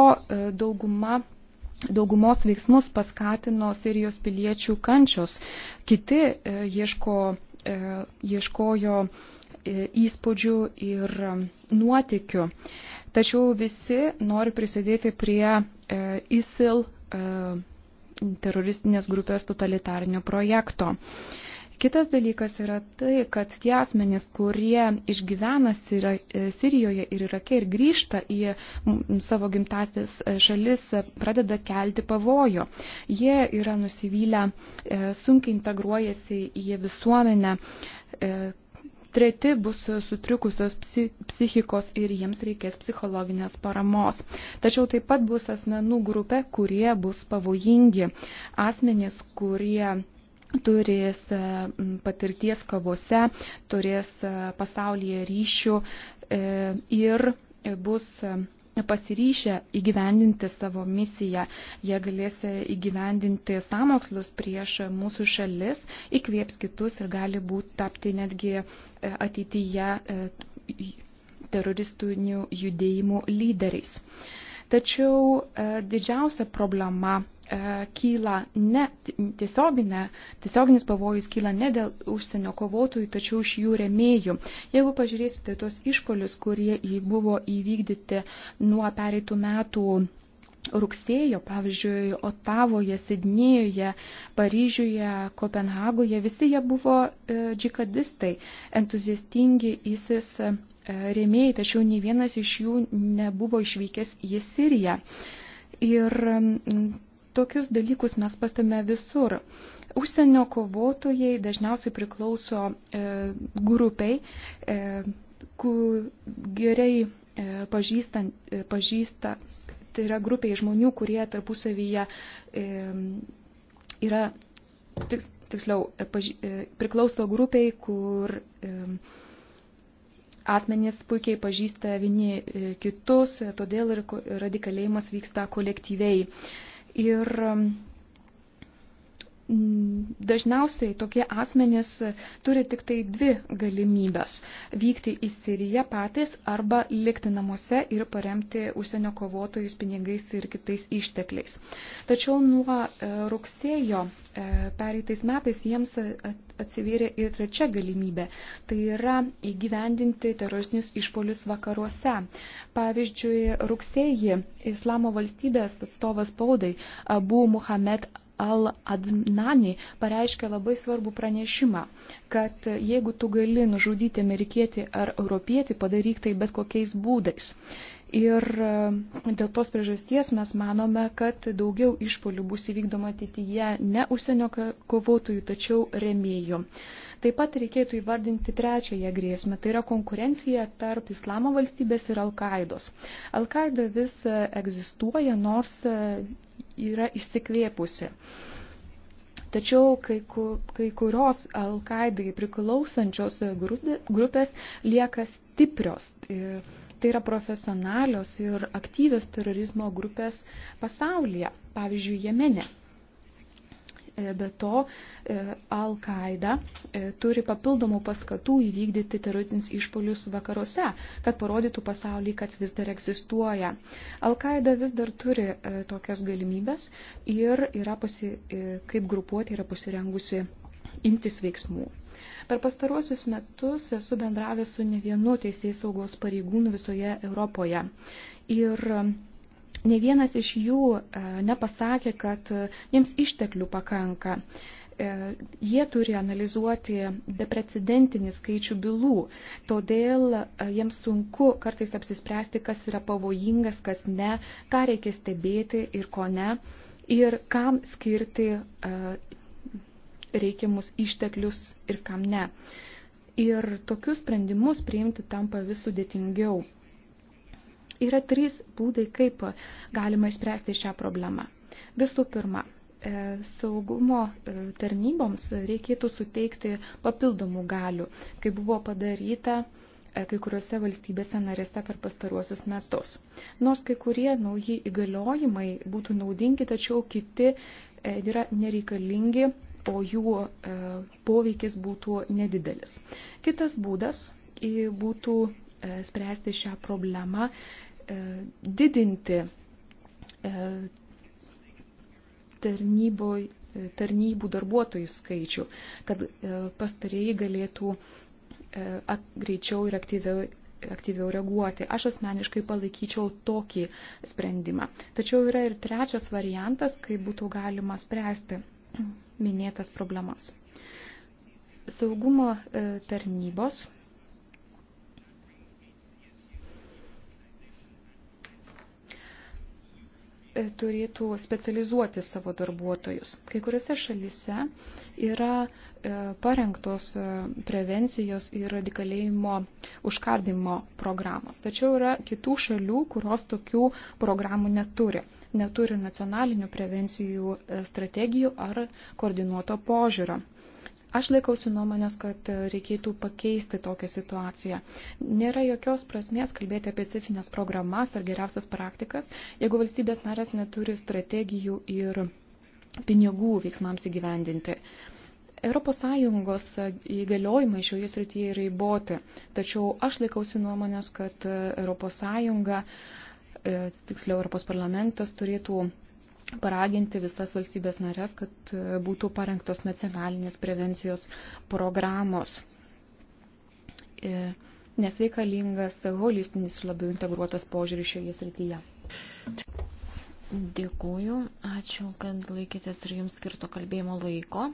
dauguma daugumos veiksmus paskatino Sirijos piliečių kančios. Kiti e, ieško, e, ieškojo e, įspūdžių ir nuotikių. Tačiau visi nori prisidėti prie ISIL teroristinės grupės totalitarnio projekto. Kitas dalykas yra tai, kad tie asmenys, kurie išgyvena e, Sirijoje ir Irake ir grįžta į savo gimtatės e, šalis, e, pradeda kelti pavojo. Jie yra nusivylę, sunkiai integruojasi į visuomenę. Treti bus sutrikusios psichikos ir jiems reikės psichologinės paramos. Tačiau taip pat bus asmenų grupė, kurie bus pavojingi. Asmenys, kurie turės patirties kavose, turės e, pasaulyje ryšių e, ir bus e, pasiryšę įgyvendinti savo misiją. Jie galės įgyvendinti samokslus prieš mūsų šalis, įkvėps kitus ir gali būti tapti netgi ateityje teroristinių judėjimų lyderiais. Tačiau didžiausia problema E, kyla ne tiesioginė, tiesioginis pavojus kyla ne dėl užsienio kovotojų, tačiau iš jų remėjų. Jeigu pažiūrėsite tos išpolius, kurie buvo įvykdyti nuo pereitų metų rugsėjo, pavyzdžiui, Otavoje, Sidnėjoje, Paryžiuje, Kopenhagoje, visi jie buvo e, džikadistai, entuziastingi įsis e, rėmėjai, tačiau nei vienas iš jų nebuvo išvykęs į Siriją. Ir tokius dalykus mes pastame visur. Užsienio kovotojai dažniausiai priklauso e, grupiai, e, kur gerai e, pažįstant, e, pažįsta, tai yra grupiai žmonių, kurie tarpusavyje e, yra, tiks, tiksliau, e, paži, e, priklauso grupiai, kur e, asmenys puikiai pažįsta vieni e, kitus, todėl ir radikalėjimas vyksta kolektyviai. E, ir um, Mm, dažniausiai tokie asmenys e, turi tik tai dvi galimybės - vykti į Siriją patys arba likti namuose ir paremti užsienio kovotojus pinigais ir kitais ištekliais. Tačiau nuo e, rugsėjo e, pereitais metais jiems atsivėrė ir trečia galimybė - tai yra įgyvendinti teroristinius išpolius vakaruose. Pavyzdžiui, rugsėjį Islamo valstybės atstovas spaudai Abu Muhammad Al-Adnani pareiškė labai svarbų pranešimą, kad jeigu tu gali nužudyti amerikietį ar europietį, padaryk tai bet kokiais būdais. Ir e, dėl tos priežasties mes manome, kad daugiau išpolių bus įvykdoma ateityje ne užsienio kovotojų, tačiau remėjų. Taip pat reikėtų įvardinti trečiąją grėsmę, tai yra konkurencija tarp Islamo valstybės ir Al-Qaidos. Al-Qaida vis e, egzistuoja, nors e, yra įsikvėpusi. Tačiau kai, kai kurios Al-Qaidai priklausančios grupės lieka stiprios. E, tai yra profesionalios ir aktyvios terorizmo grupės pasaulyje, pavyzdžiui, Jemene. E, be to, e, Al-Qaeda e, turi papildomų paskatų įvykdyti teroristinius išpolius vakaruose, kad parodytų pasaulį, kad vis dar egzistuoja. Al-Qaeda vis dar turi tokias galimybės ir yra pasi, kaip grupuotė yra pasirengusi imtis veiksmų. Per pastaruosius metus esu bendravęs su ne vienu teisėjai saugos pareigūnu visoje Europoje. Ir ne vienas iš jų e, nepasakė, kad e, jiems išteklių pakanka. E, jie turi analizuoti beprecedentinį skaičių bylų, todėl jiems sunku kartais apsispręsti, kas yra pavojingas, kas ne, ką reikia stebėti ir ko ne, ir kam skirti reikiamus išteklius ir kam ne. Ir tokius sprendimus priimti tampa vis sudėtingiau. Yra trys būdai, kaip galima išspręsti šią problemą. Visų pirma, e, saugumo e, tarnyboms reikėtų suteikti papildomų galių, kaip buvo padaryta e, kai kuriuose valstybėse narėse per pastaruosius metus. Nors kai kurie nauji įgaliojimai būtų naudingi, tačiau kiti yra nereikalingi, o jų poveikis būtų nedidelis. Kitas būdas būtų spręsti šią problemą E, didinti e, tarnyboj, e, tarnybų darbuotojų skaičių, kad pastarėjai galėtų greičiau ir aktyviau aktyviau reaguoti. Aš asmeniškai palaikyčiau tokį sprendimą. Tačiau yra ir trečias variantas, kaip būtų galima spręsti minėtas problemas. Saugumo tarnybos E, turėtų specializuoti savo darbuotojus. Kai kuriuose šalise yra e, parengtos e, prevencijos ir radikalėjimo užkardimo programos. Tačiau yra kitų šalių, kurios tokių programų neturi. Neturi nacionalinių prevencijų strategijų ar koordinuoto požiūrio. Aš laikausi nuomonės, kad reikėtų pakeisti tokią situaciją. Nėra jokios prasmės kalbėti apie specifines programas ar geriausias praktikas, jeigu valstybės narės neturi strategijų ir pinigų veiksmams įgyvendinti. ES įgaliojimai šioje srityje yra įboti, tačiau aš laikausi nuomonės, kad ES, e, tiksliau ES parlamentas turėtų paraginti visas valstybės narės, kad e, būtų parengtos nacionalinės prevencijos programos. E, nes reikalingas holistinis ir labiau integruotas požiūris šioje srityje. Dėkuoju, ačiū, kad laikytės ir jums skirto kalbėjimo laiko.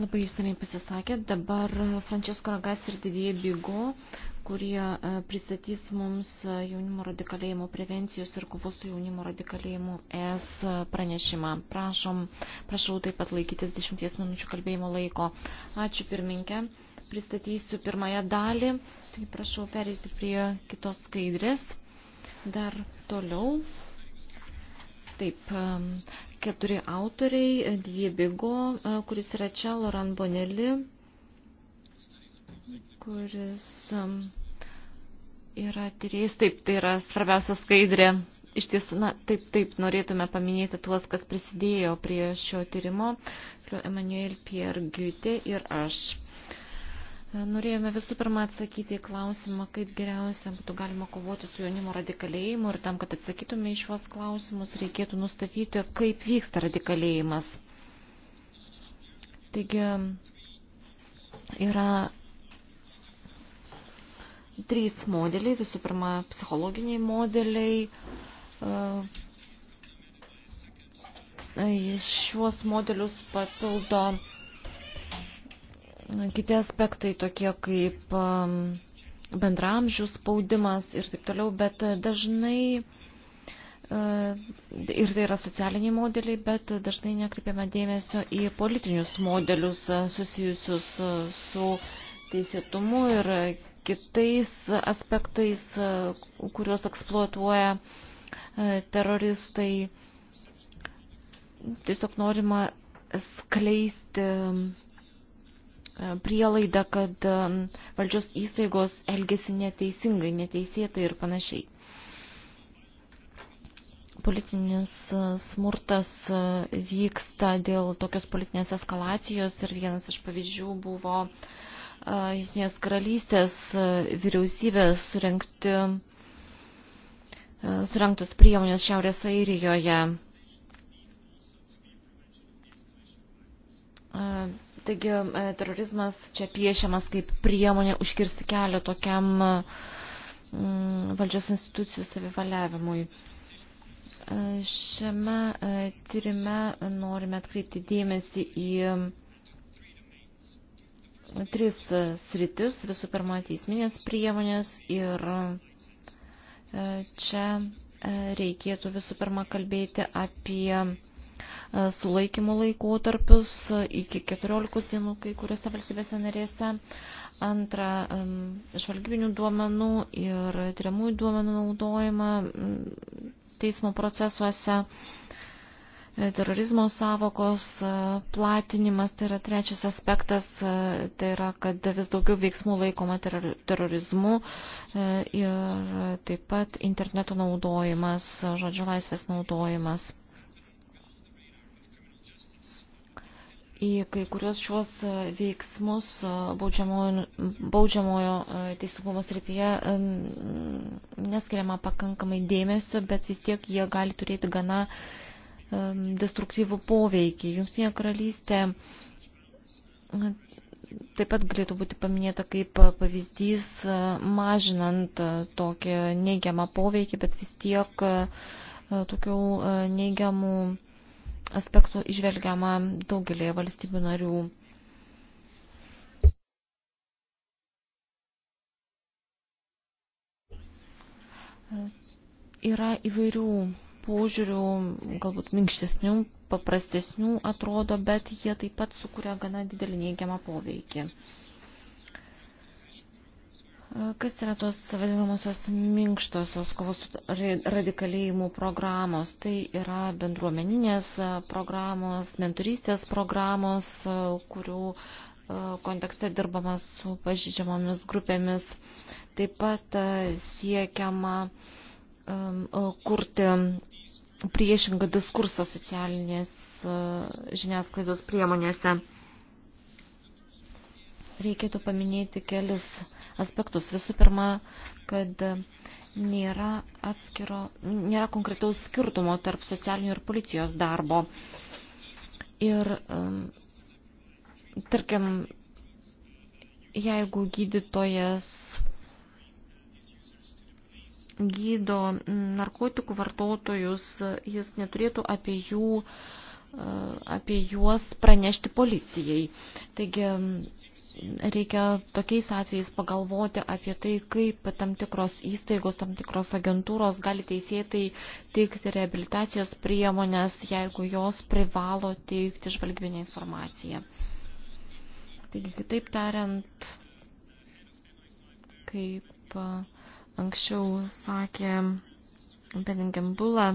Labai įsamiai pasisakė. Dabar Francesco Ragaz ir Didie Bigo kurie e, pristatys mums e, jaunimo radikalėjimo prevencijos ir kovos su jaunimo radikalėjimu ES e, pranešimą. Prašom, prašau taip pat laikytis 10 minučių kalbėjimo laiko. Ačiū pirminkė. Pristatysiu pirmąją dalį. Tai prašau pereiti prie kitos skaidrės. Dar toliau. Taip, keturi autoriai, Didier Bigo, kuris yra čia, Laurent Bonelli, kuris um, yra tyrėjas. Taip, tai yra svarbiausia skaidrė. Iš tiesų, na, taip, taip, norėtume paminėti tuos, kas prisidėjo prie šio tyrimo. Emanuel Pierre Gutė ir aš. Norėjome visų pirma atsakyti į klausimą, kaip geriausia būtų galima kovoti su jaunimo radikalėjimu ir tam, kad atsakytume į šiuos klausimus, reikėtų nustatyti, kaip vyksta radikalėjimas. Taigi yra trys modeliai. Visų pirma, psichologiniai modeliai. E, šiuos modelius papildo kiti aspektai tokie kaip e, bendramžių spaudimas ir taip toliau, bet dažnai e, ir tai yra socialiniai modeliai, bet dažnai nekreipiame dėmesio į politinius modelius susijusius su teisėtumu ir kitais aspektais, kuriuos eksploatuoja e, teroristai. Tiesiog norima skleisti e, prielaidą, kad e, valdžios įstaigos elgesi neteisingai, neteisėtai ir panašiai. Politinis smurtas vyksta dėl tokios politinės eskalacijos ir vienas iš pavyzdžių buvo uh, Jungtinės karalystės vyriausybės surinkti, surinktus priemonės Šiaurės Airijoje. Taigi terorizmas čia piešiamas kaip priemonė užkirsti kelią tokiam valdžios institucijų savivaliavimui. Šiame tyrime norime atkreipti dėmesį į tris e, sritis. Visų pirma, teisminės priemonės ir e, čia e, reikėtų visų pirma kalbėti apie sulaikymo laikotarpius iki 14 dienų kai kuriuose valstybėse narėse. Antra, žvalgybinių duomenų ir tyriamųjų duomenų naudojimą teismo procesuose terorizmo savokos e, platinimas, tai yra trečias aspektas, e, tai yra, kad vis daugiau veiksmų laikoma terorizmu e, ir taip pat interneto naudojimas, žodžio laisvės naudojimas. į kai kurios šios veiksmus baudžiamojo, baudžiamojo teisingumo srityje neskiriama pakankamai dėmesio, bet vis tiek jie gali turėti gana Um, destruktyvų poveikį. Jungtinė karalystė uh, taip pat galėtų būti paminėta kaip uh, pavyzdys, uh, mažinant tokį neigiamą poveikį, bet vis tiek tokių neigiamų aspektų išvelgiama daugelėje valstybių narių. Yra įvairių požiūrių, galbūt minkštesnių, paprastesnių atrodo, bet jie taip pat sukuria gana didelį neigiamą poveikį. Kas yra tos vadinamosios minkštosios kovos su radikalėjimu programos? Tai yra bendruomeninės programos, mentorystės programos, kurių e, kontekste dirbama su pažydžiamomis grupėmis. Taip pat e, siekiama uh, Um, kurti priešingą diskursą socialinės uh, žiniasklaidos priemonėse. Reikėtų paminėti kelis aspektus. Visų pirma, kad nėra, atskiro, nėra konkretaus skirtumo tarp socialinių ir policijos darbo. Ir, um, tarkim, jeigu gydytojas gydo narkotikų vartotojus, jis neturėtų apie, jų, e, apie juos pranešti policijai. Taigi reikia tokiais atvejais pagalvoti apie tai, kaip tam tikros įstaigos, tam tikros agentūros gali teisėtai teikti reabilitacijos priemonės, jeigu jos privalo teikti žvalgybinę informaciją. Taigi, kitaip tariant, kaip anksčiau sakė Beningembula,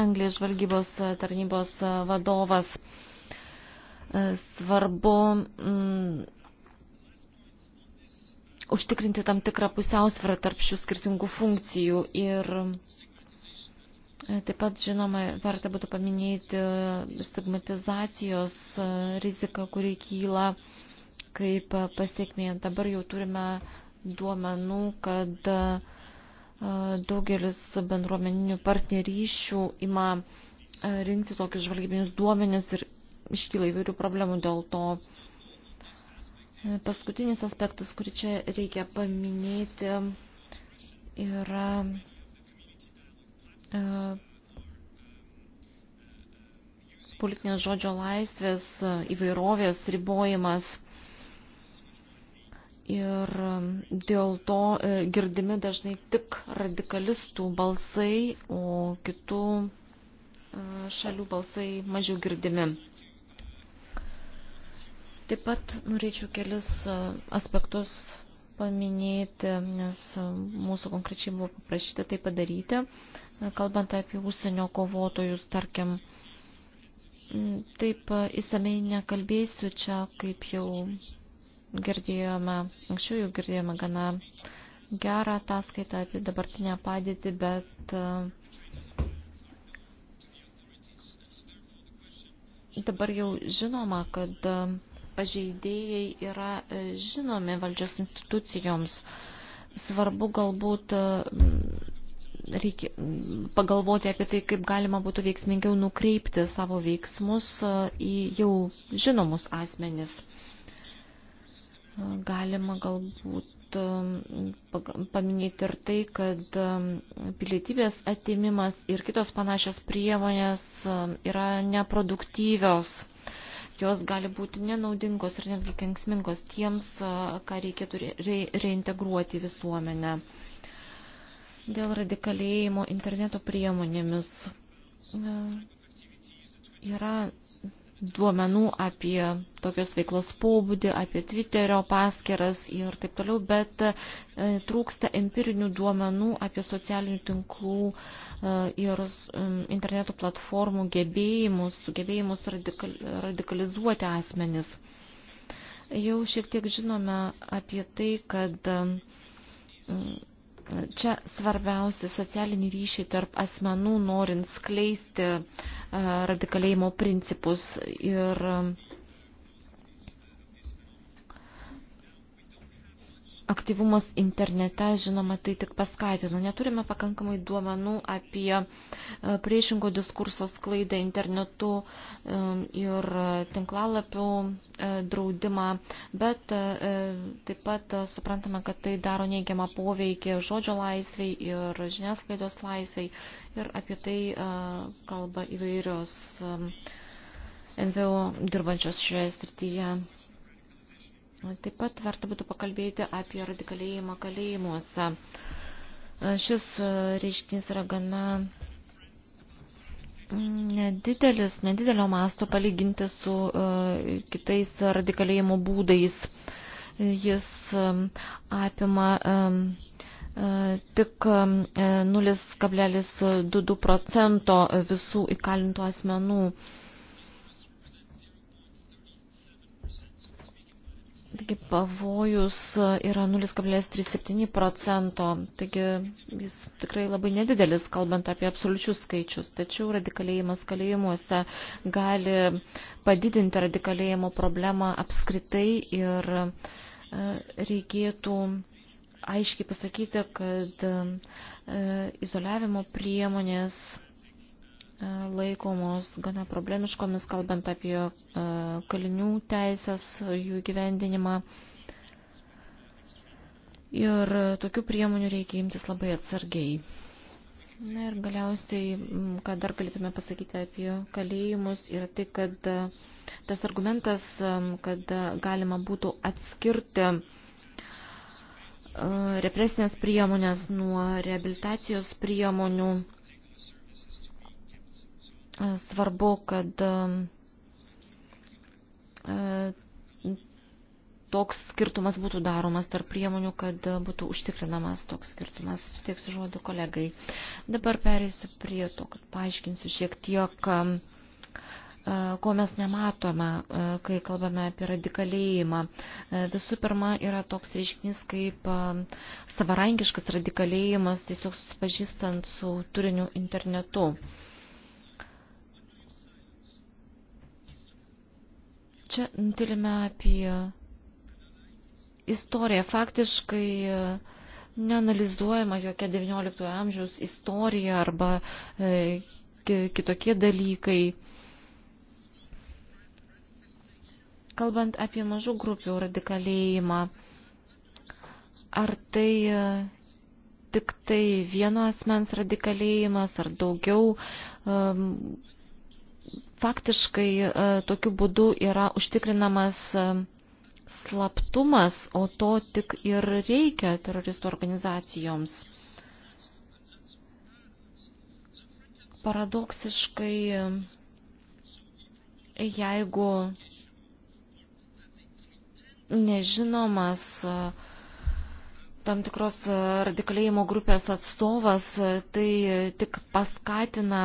Anglijos žvalgybos tarnybos vadovas, svarbu mm, užtikrinti tam tikrą pusiausvyrą tarp šių skirtingų funkcijų ir e, taip pat, žinoma, verta būtų paminėti stigmatizacijos e, riziką, kuri kyla mm, kaip pasiekmė. Dabar jau turime duomenų, kad daugelis bendruomeninių partnerysčių ima rinkti tokius žvalgybinius duomenis ir iškyla įvairių problemų dėl to. Paskutinis aspektas, kurį čia reikia paminėti, yra politinės žodžio laisvės įvairovės ribojimas. Ir um, dėl to e, girdimi dažnai tik radikalistų balsai, o kitų e, šalių balsai mažiau girdimi. Taip pat norėčiau kelis e, aspektus paminėti, nes mūsų konkrečiai buvo paprašyta tai padaryti. Kalbant apie užsienio kovotojus, tarkim, taip įsamei nekalbėsiu čia, kaip jau girdėjome, anksčiau jau girdėjome gana gerą ataskaitą apie dabartinę padėtį, bet e, dabar jau žinoma, kad e, pažeidėjai yra e, žinomi valdžios institucijoms. Svarbu galbūt reikia pagalvoti apie tai, kaip galima būtų veiksmingiau nukreipti savo veiksmus į jau žinomus asmenis. Galima galbūt um, paminėti ir tai, kad um, pilietybės atimimas ir kitos panašios priemonės um, yra neproduktyvios. Jos gali būti nenaudingos ir netgi kenksmingos tiems, uh, ką reikėtų reintegruoti visuomenę. Dėl radikalėjimo interneto priemonėmis uh, yra duomenų apie tokios veiklos pobūdį, apie Twitterio paskiras ir taip toliau, bet e, trūksta empirinių duomenų apie socialinių tinklų e, ir e, interneto platformų gebėjimus, sugebėjimus radikal, radikalizuoti asmenis. Jau šiek tiek žinome apie tai, kad Čia svarbiausi socialinių ryšiai tarp asmenų, norint skleisti e, radikalėjimo principus ir aktyvumas internete, žinoma, tai tik paskatino. Neturime pakankamai duomenų apie e, priešingo diskurso sklaidą internetu e, ir tinklalapių e, draudimą, bet taip pat suprantame, kad tai daro neigiamą poveikį žodžio laisvai ir žiniasklaidos laisvai ir apie tai kalba įvairios NVO dirbančios šioje srityje Taip pat verta būtų pakalbėti apie radikalėjimą kalėjimuose. Šis reiškinys yra gana mm, nedidelis, nedidelio masto palyginti su e, kitais radikalėjimo būdais. Jis e, apima e, tik 0,22 procento visų įkalintų asmenų. Taigi pavojus yra 0,37 procento, taigi jis tikrai labai nedidelis, kalbant apie absoliučius skaičius. Tačiau radikalėjimas kalėjimuose gali padidinti radikalėjimo problemą apskritai ir e, reikėtų aiškiai pasakyti, kad e, izoliavimo priemonės laikomos gana problemiškomis, kalbant apie e, kalinių teisės, jų gyvendinimą. Ir tokių priemonių reikia imtis labai atsargiai. Na ir galiausiai, ką dar galėtume pasakyti apie kalėjimus, yra tai, kad e, tas argumentas, kad galima būtų atskirti e, represinės priemonės nuo rehabilitacijos priemonių svarbu, kad um, e, toks skirtumas būtų daromas tarp priemonių, kad būtų užtikrinamas toks skirtumas. Suteiksiu žodį kolegai. Dabar perėsiu prie to, kad paaiškinsiu šiek tiek, um, e, ko mes nematome, e, kai kalbame apie radikalėjimą. Visų pirma, yra toks reiškinys kaip um, savarankiškas radikalėjimas, tiesiog susipažįstant su turiniu internetu. Čia nutilime apie istoriją. Faktiškai e, neanalizuojama jokia XIX amžiaus istorija arba e, kitokie dalykai. Kalbant apie mažų grupių radikalėjimą, ar tai e, tik tai vieno asmens radikalėjimas, ar daugiau um, faktiškai e, tokiu būdu yra užtikrinamas e, slaptumas, o to tik ir reikia teroristų organizacijoms. Paradoksiškai, e, jeigu nežinomas tam tikros radikalėjimo grupės atstovas, tai tik paskatina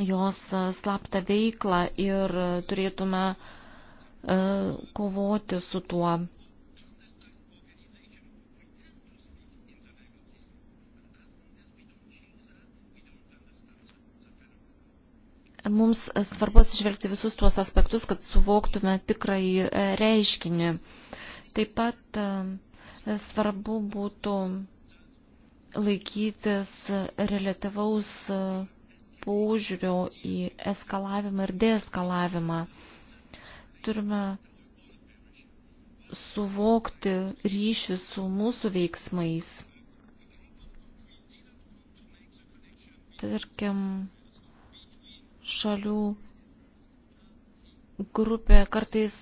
jos e, slaptą veiklą ir e, turėtume e, kovoti su tuo. Mums svarbu atsižvelgti visus tuos aspektus, kad suvoktume tikrai reiškinį. Taip pat svarbu būtų laikytis relativaus požiūrio į eskalavimą ir deeskalavimą. Turime suvokti ryšį su mūsų veiksmais. Tarkim, šalių grupė kartais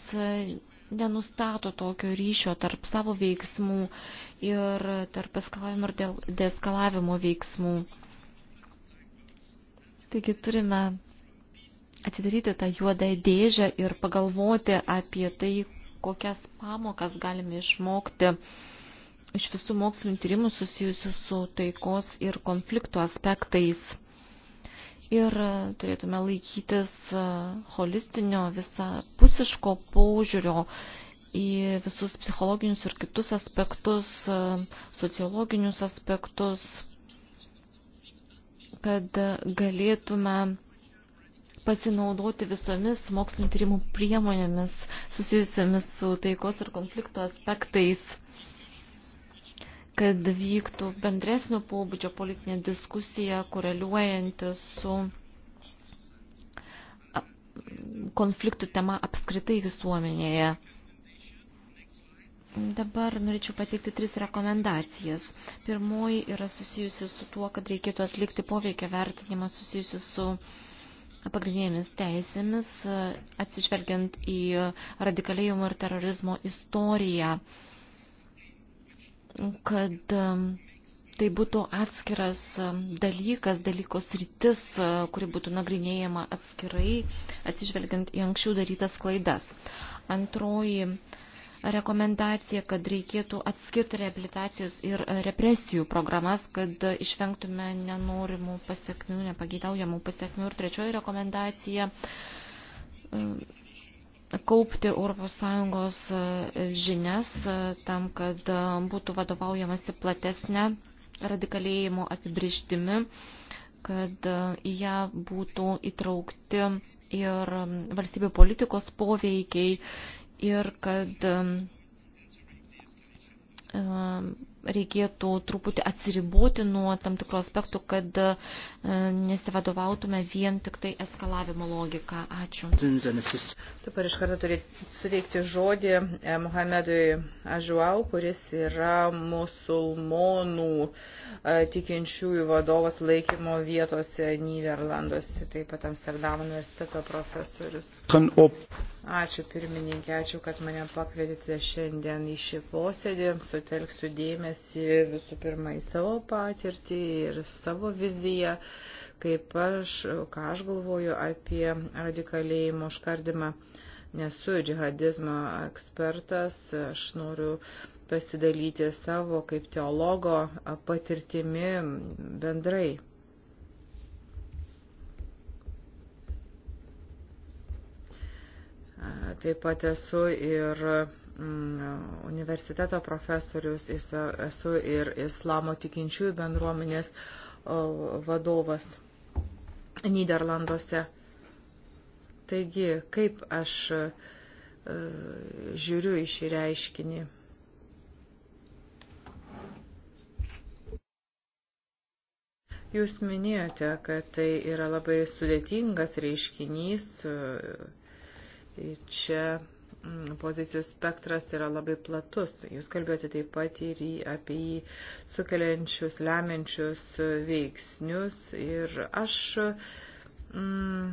nenustato tokio ryšio tarp savo veiksmų ir tarp eskalavimo ir deeskalavimo veiksmų. Taigi turime atidaryti tą juodą dėžę ir pagalvoti apie tai, kokias pamokas galime išmokti iš visų mokslinių tyrimų susijusių su taikos ir konfliktų aspektais. Ir turėtume laikytis e, holistinio, visapusiško paužiūrio į visus psichologinius ir kitus aspektus, e, sociologinius aspektus, kad galėtume pasinaudoti visomis mokslinio tyrimų priemonėmis susijusiamis su taikos ir konflikto aspektais, kad vyktų bendresnio pobūdžio politinė diskusija, koreliuojanti su konfliktų tema apskritai visuomenėje. Dabar norėčiau pateikti tris rekomendacijas. Pirmoji yra susijusi su tuo, kad reikėtų atlikti poveikio vertinimą susijusi su pagrindinėmis teisėmis, atsižvelgiant į radikalėjimo ir terorizmo istoriją, kad um, tai būtų atskiras um, dalykas, dalykos rytis, uh, kuri būtų nagrinėjama atskirai, atsižvelgiant į anksčiau darytas klaidas. Antroji rekomendacija, kad reikėtų atskirti rehabilitacijos ir e, represijų programas, kad e, išvengtume nenorimų pasiekmių, nepageidaujamų pasiekmių. Ir trečioji rekomendacija e, kaupti ES žinias tam, kad būtų vadovaujamasi platesnė radikalėjimo apibrieštimi, kad į ją būtų įtraukti ir valstybių politikos poveikiai ir kad reikėtų truputį atsiriboti nuo tam tikrų aspektų, kad e, nesivadovautume vien tik tai eskalavimo logiką. Ačiū. Dabar iš karto turėtų suteikti žodį e, Mohamedui Ažuau, kuris yra musulmonų e, tikinčiųjų vadovas laikymo vietose Niderlanduose, taip pat Amsterdamo universiteto profesorius. Ačiū pirmininkė, ačiū, kad mane pakvietėte šiandien į šį posėdį. Sutelksiu dėmesį visų pirma į savo patirtį ir savo viziją, kaip aš, ką aš galvoju apie radikalėjimo užkardimą. Nesu džihadizmo ekspertas, aš noriu pasidalyti savo kaip teologo patirtimi bendrai Taip pat esu ir mm, universiteto profesorius, esu ir islamo tikinčiųjų bendruomenės vadovas Niderlanduose. Taigi, kaip aš e, žiūriu į šį reiškinį? Jūs minėjote, kad tai yra labai sudėtingas reiškinys, e, Čia mm, pozicijų spektras yra labai platus. Jūs kalbėjote taip pat ir į, apie jį sukeliančius, lemiančius veiksnius. Ir aš mm,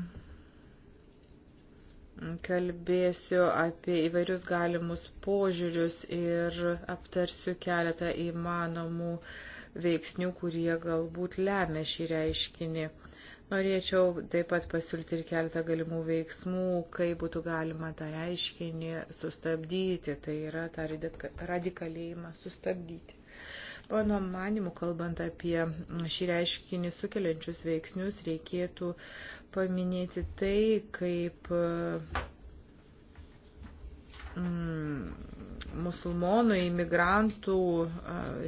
kalbėsiu apie įvairius galimus požiūrius ir aptarsiu keletą įmanomų veiksnių, kurie galbūt lemia šį reiškinį. Uh, Norėčiau taip pat pasiūlyti ir keletą galimų veiksmų, kaip būtų galima tą reiškinį sustabdyti, tai yra tą radikalėjimą sustabdyti. Pano manimu, kalbant apie šį reiškinį sukeliančius veiksnius, reikėtų paminėti tai, kaip mm, musulmonų, imigrantų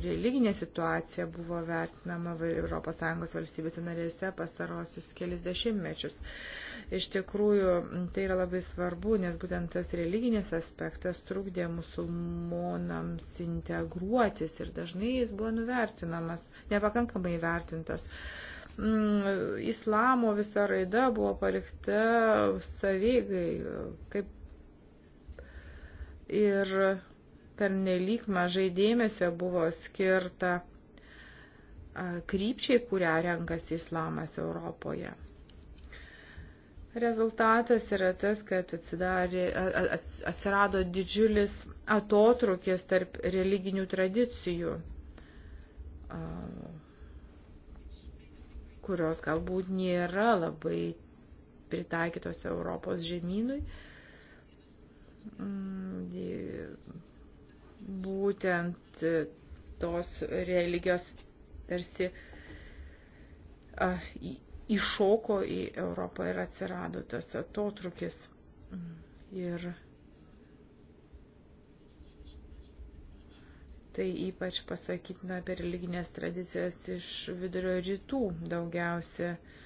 religinė situacija buvo vertinama ES valstybėse narėse pastarosius kelis dešimtmečius. Iš tikrųjų, tai yra labai svarbu, nes būtent tas religinis aspektas trukdė musulmonams integruotis ir dažnai jis buvo nuvertinamas, nepakankamai vertintas islamo visa raida buvo palikta savygai, kaip ir pernelyg mažai dėmesio buvo skirta krypčiai, kurią renkasi islamas Europoje. Rezultatas yra tas, kad atsidarė, atsirado didžiulis atotrukis tarp religinių tradicijų, kurios galbūt nėra labai pritaikytos Europos žemynui mm, būtent e, tos religijos tarsi iššoko į Europą ir atsirado tas atotrukis. Ir tai ypač pasakytina apie religinės tradicijas iš vidurio rytų daugiausia. Uh,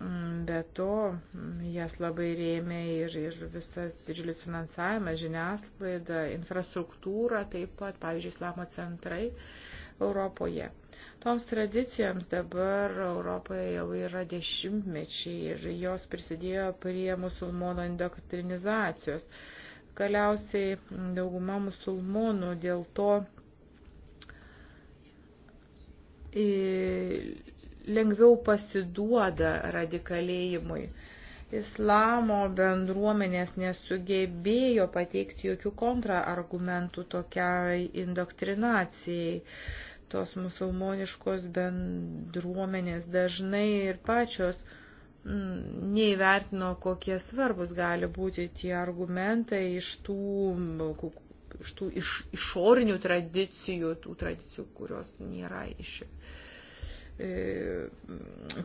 Mm, be to, mm, jas labai rėmė ir, ir visas didžiulis finansavimas, žiniasklaida, infrastruktūra, taip pat, pavyzdžiui, islamo centrai Europoje. Toms tradicijoms dabar Europoje jau yra dešimtmečiai ir jos prisidėjo prie musulmonų indoktrinizacijos. Galiausiai dauguma musulmonų dėl to. Ir lengviau pasiduoda radikalėjimui. Islamo bendruomenės nesugebėjo pateikti jokių kontraargumentų tokiai indoktrinacijai. Tos musulmoniškos bendruomenės dažnai ir pačios mm, neįvertino, kokie svarbus gali būti tie argumentai iš tų, iš tų iš, išorinių tradicijų, tų tradicijų, kurios nėra iš E,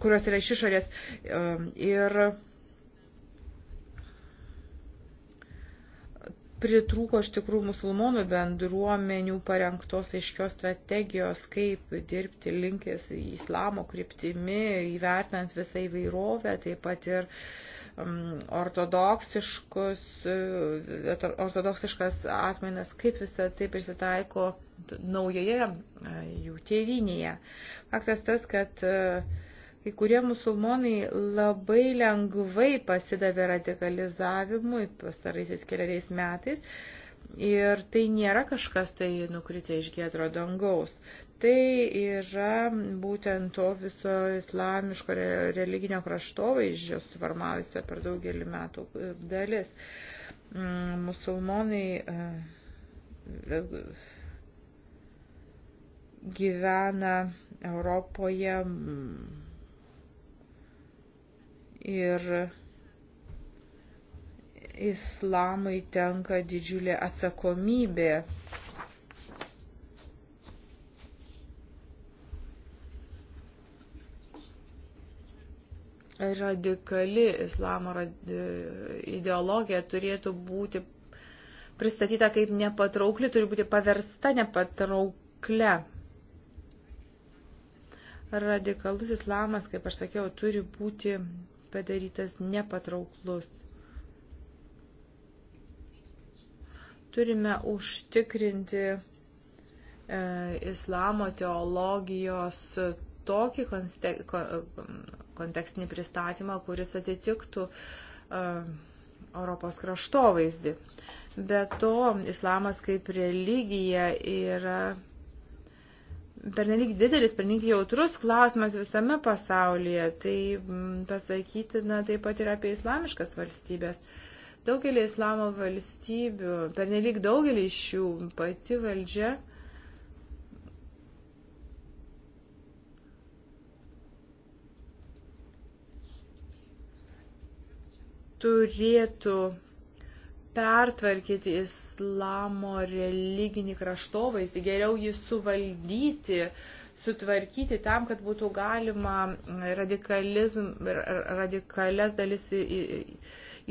kurios yra iš išorės. E, ir pritrūko iš tikrųjų musulmonų bendruomenių parengtos aiškios strategijos, kaip dirbti linkęs į islamo kryptimi, įvertinant visą įvairovę, taip pat ir uh, Mm, ortodoksiškus, e, ortodoksiškas atmainas, kaip visą tai prisitaiko naujoje e, jų tėvinėje. Faktas tas, kad e, kai kurie musulmonai labai lengvai pasidavė radikalizavimui pastaraisiais keliariais metais. Ir tai nėra kažkas tai nukritę iš gėdro dangaus tai yra būtent to viso islamiško religinio kraštovaizdžio suformavusio per daugelį metų e, dalis. Mm, musulmonai e, gyvena Europoje mm, ir islamui tenka didžiulė atsakomybė radikali islamo ideologija turėtų būti pristatyta kaip nepatraukli, turi būti paversta nepatrauklia. Radikalus islamas, kaip aš sakiau, turi būti padarytas nepatrauklus. Turime užtikrinti e, islamo teologijos tokį kontekstinį pristatymą, kuris atitiktų uh, Europos kraštovaizdį. Be to, islamas kaip religija yra pernelyg didelis, pernelyg jautrus klausimas visame pasaulyje. Tai pasakytina taip pat ir apie islamiškas valstybės. Daugelį islamo valstybių, pernelyg daugelį iš jų pati valdžia turėtų pertvarkyti islamo religinį kraštovaizdį, geriau jį suvaldyti, sutvarkyti tam, kad būtų galima radikalias dalis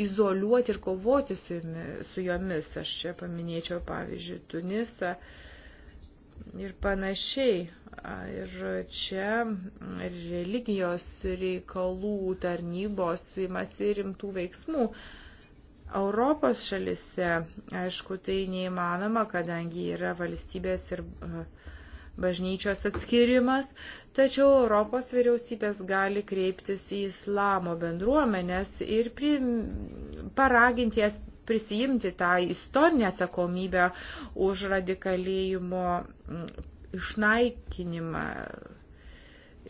izoliuoti ir kovoti su jomis. Aš čia paminėčiau, pavyzdžiui, Tunisą ir panašiai. Ir čia religijos reikalų tarnybos imasi rimtų veiksmų. Europos šalise, aišku, tai neįmanoma, kadangi yra valstybės ir bažnyčios atskirimas, tačiau Europos vyriausybės gali kreiptis į islamo bendruomenės ir paraginti jas prisijimti tą istorinę atsakomybę už radikalėjimo mm, išnaikinimą.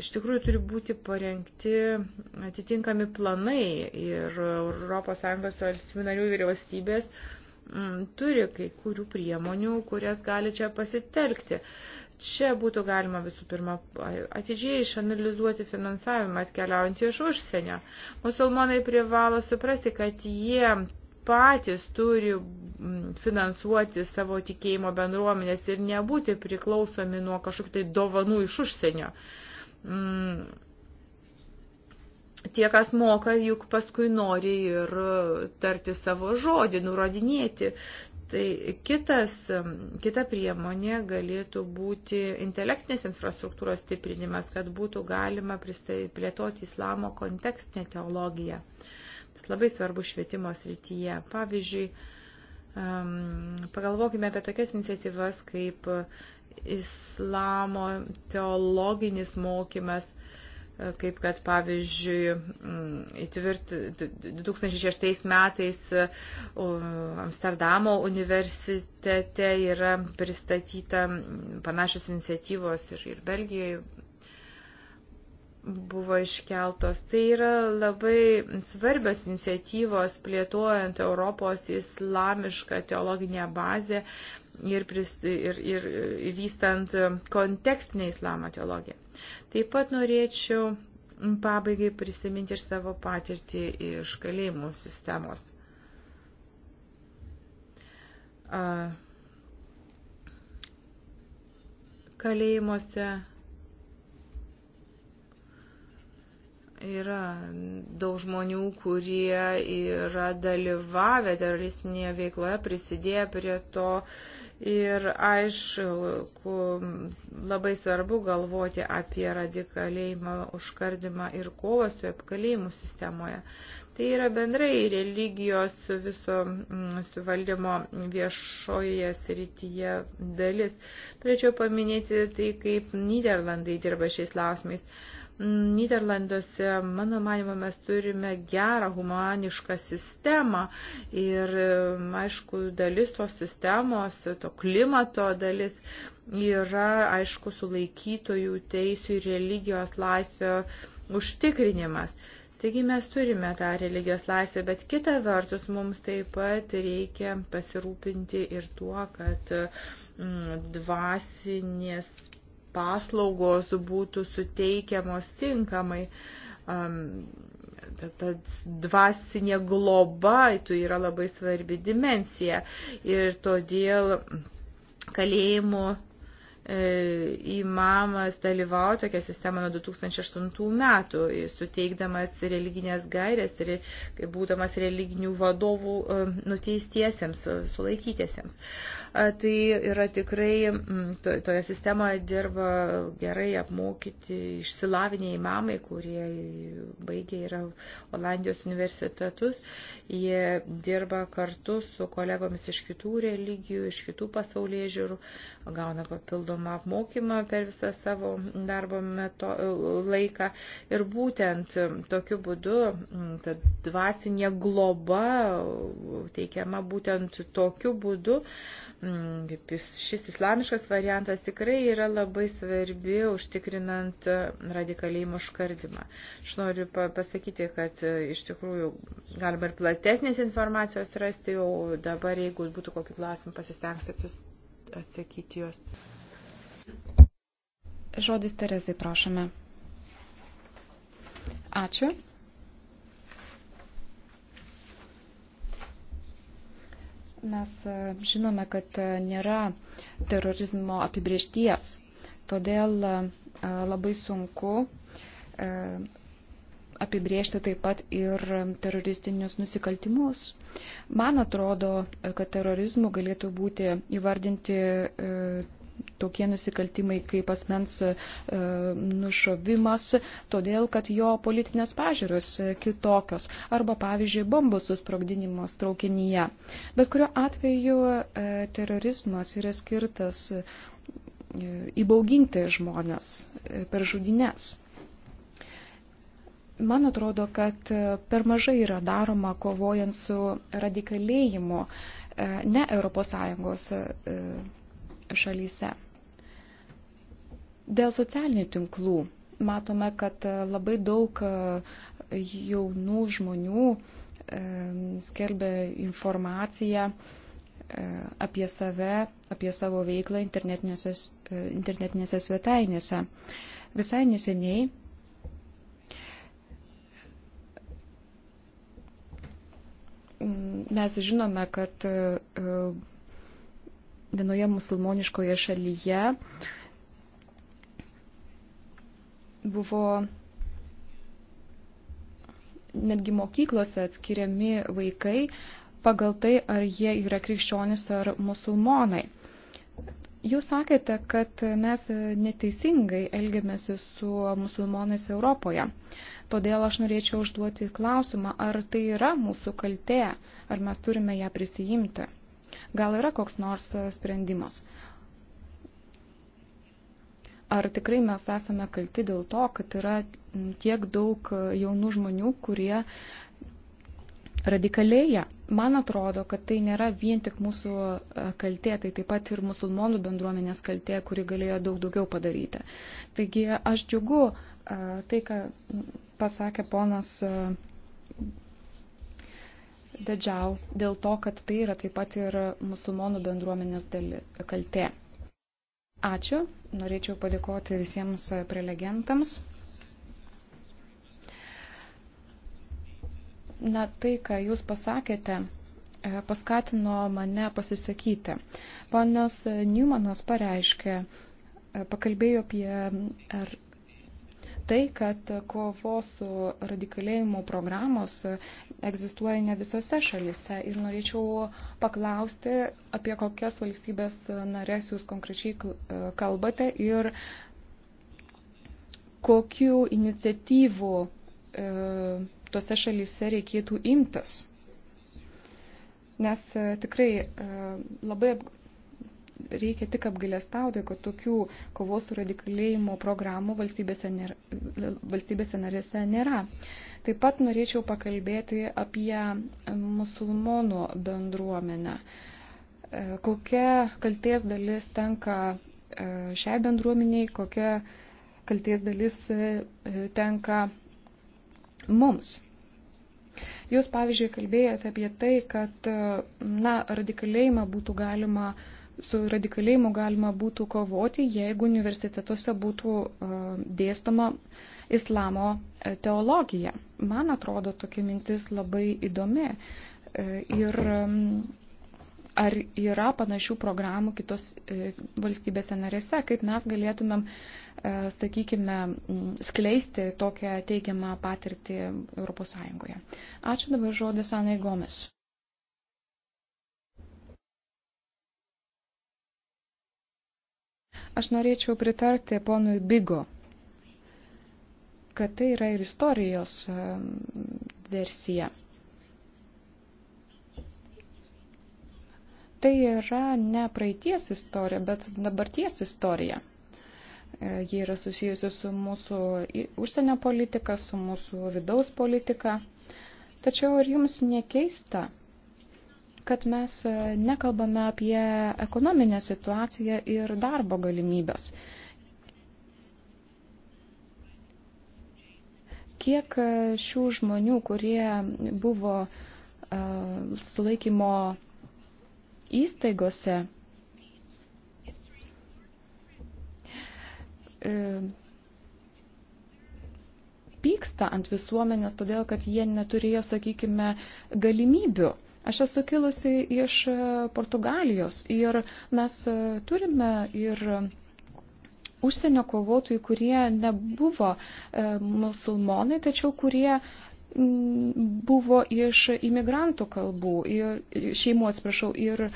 Iš tikrųjų turi būti parengti atitinkami planai ir ES valstybių narių vyriausybės mm, turi kai kurių priemonių, kurias gali čia pasitelkti. Čia būtų galima visų pirma atidžiai išanalizuoti finansavimą atkeliaujantį iš užsienio. Musulmonai privalo suprasti, kad jie patys turi mm, finansuoti savo tikėjimo bendruomenės ir nebūti priklausomi nuo kažkokių tai dovanų iš užsienio. Mm. Tie, kas moka, juk paskui nori ir tarti savo žodį, nurodinėti. Tai kitas, mm, kita priemonė galėtų būti intelektinės infrastruktūros stiprinimas, kad būtų galima plėtoti islamo kontekstinę teologiją. Jis labai svarbu švietimo srityje. Pavyzdžiui, pagalvokime apie tokias iniciatyvas kaip e, islamo teologinis mokymas, e, kaip kad pavyzdžiui 2006 metais e, Amsterdamo universitete yra pristatyta panašios iniciatyvos ir, ir Belgijoje buvo iškeltos. Tai yra labai svarbios iniciatyvos plėtojant Europos islamišką teologinę bazę ir, prist, ir, ir vystant kontekstinę islamo teologiją. Taip pat norėčiau pabaigai prisiminti ir savo patirtį iš kalėjimų sistemos. Kalėjimuose Yra daug žmonių, kurie yra dalyvavę teroristinėje veikloje, prisidėję prie to. Ir aišku, labai svarbu galvoti apie radikalėjimą, užkardimą ir kovą su apkalėjimu sistemoje. Tai yra bendrai religijos viso mm, suvaldymo viešoje srityje dalis. Turėčiau paminėti tai, kaip Niderlandai dirba šiais lausmais. Niderlanduose, mano manimo, mes turime gerą humanišką sistemą ir, um, aišku, dalis tos sistemos, to klimato dalis yra, aišku, sulaikytojų teisų ir religijos laisvė užtikrinimas. Taigi mes turime tą religijos laisvę, bet kita vertus mums taip pat reikia pasirūpinti ir tuo, kad mm, dvasinės paslaugos būtų suteikiamos tinkamai. Ta, ta dvasinė globa tai yra labai svarbi dimensija ir todėl kalėjimų E, įmamas dalyvauja tokią sistemą nuo 2008 metų, suteikdamas religinės gairės ir būdamas religinių vadovų e, nuteistiesiems, e, sulaikytiesiems. Tai yra tikrai, toje sistemoje dirba gerai apmokyti išsilavinę įmamai, kurie baigė yra Olandijos universitetus. Jie dirba kartu su kolegomis iš kitų religijų, iš kitų pasaulyje žiūrų, gauna papildomą papildomą apmokymą per visą savo darbo meto, laiką. Ir būtent tokiu būdu ta dvasinė globa teikiama būtent tokiu būdu. Šis islamiškas variantas tikrai yra labai svarbi užtikrinant radikalėjimo škardimą. Aš noriu pasakyti, kad iš tikrųjų galima ir platesnės informacijos rasti, jau dabar, jeigu būtų kokių klausimų, pasistengsiu atsakyti juos. Žodis Terezai, prašome. Ačiū. Mes e, žinome, kad e, nėra terorizmo apibriešties, todėl e, labai sunku apibriežti taip pat ir teroristinius nusikaltimus. Man atrodo, kad terorizmu galėtų būti įvardinti tokie nusikaltimai kaip asmens e, nušovimas, todėl kad jo politinės pažiūros e, kitokios arba, pavyzdžiui, bombų susprogdinimas traukinyje. Bet kuriuo atveju e, terorizmas yra skirtas įbauginti žmonės per žudinės. Man atrodo, kad per mažai yra daroma kovojant su radikalėjimu ne ES šalyse. Dėl socialinių tinklų matome, kad e, labai daug e, jaunų žmonių e, skelbia informaciją apie save, apie savo veiklą internetinėse, internetinėse svetainėse. Visai neseniai mes žinome, kad vienoje musulmoniškoje šalyje buvo netgi mokyklose atskiriami vaikai pagal tai, ar jie yra krikščionis ar musulmonai. Jūs sakėte, kad mes neteisingai elgiamės su musulmonais Europoje. Todėl aš norėčiau užduoti klausimą, ar tai yra mūsų kaltė, ar mes turime ją prisijimti. Gal yra koks nors e, sprendimas? Ar tikrai mes esame kalti dėl to, kad yra tiek daug e, jaunų žmonių, kurie radikalėja. Man atrodo, kad tai nėra vien tik mūsų e, kaltė, tai taip pat ir musulmonų bendruomenės kaltė, kuri galėjo daug daugiau padaryti. Taigi aš džiugu tai, ką pasakė ponas Dadžiau dėl to, kad tai yra taip pat ir musulmonų bendruomenės dali, kaltė. Ačiū. Norėčiau padėkoti visiems prelegentams. Na, tai, ką jūs pasakėte, e, paskatino mane pasisakyti. Ponas Newmanas pareiškė, e, pakalbėjo apie tai, kad kovos su radikalėjimu programos egzistuoja ne visose šalise. Ir norėčiau paklausti, apie kokias valstybės narės jūs konkrečiai e, kalbate ir kokiu iniciatyvu e, tose šalyse reikėtų imtis. Nes e, tikrai labai reikia tik apgailestauti, kad tokių kovos su radikalėjimu programų valstybėse, nėra, valstybėse narėse nėra. Taip pat norėčiau pakalbėti apie musulmonų bendruomenę. E, kokia kalties dalis tenka e, šiai bendruomeniai, kokia kalties dalis e, tenka mums. Jūs, pavyzdžiui, kalbėjote apie tai, kad na, radikalėjimą būtų galima uh, su radikalėjimu galima būtų kovoti, jeigu universitetuose būtų e, dėstoma islamo e, teologija. Man atrodo tokia mintis labai įdomi. E, ir ar yra panašių programų kitos valstybėse narėse, kaip mes galėtumėm, sakykime, skleisti tokią teigiamą patirtį ES. Ačiū dabar žodis Anai Gomes. Aš norėčiau pritarti ponui Bigo, kad tai yra ir istorijos versija. Tai yra ne praeities istorija, bet dabarties istorija. E, ji yra susijusi su mūsų užsienio politika, su mūsų vidaus politika. Tačiau ar jums nekeista, kad mes e, nekalbame apie ekonominę situaciją ir darbo galimybės. Kiek e, šių žmonių, kurie buvo e, sulaikymo įstaigose, pyksta ant visuomenės, todėl kad jie neturėjo, sakykime, galimybių Aš esu kilusi iš e, Portugalijos ir mes e, turime ir užsienio kovotojų, kurie nebuvo e, musulmonai, tačiau kurie buvo iš imigrantų kalbų ir šeimų, atsiprašau, ir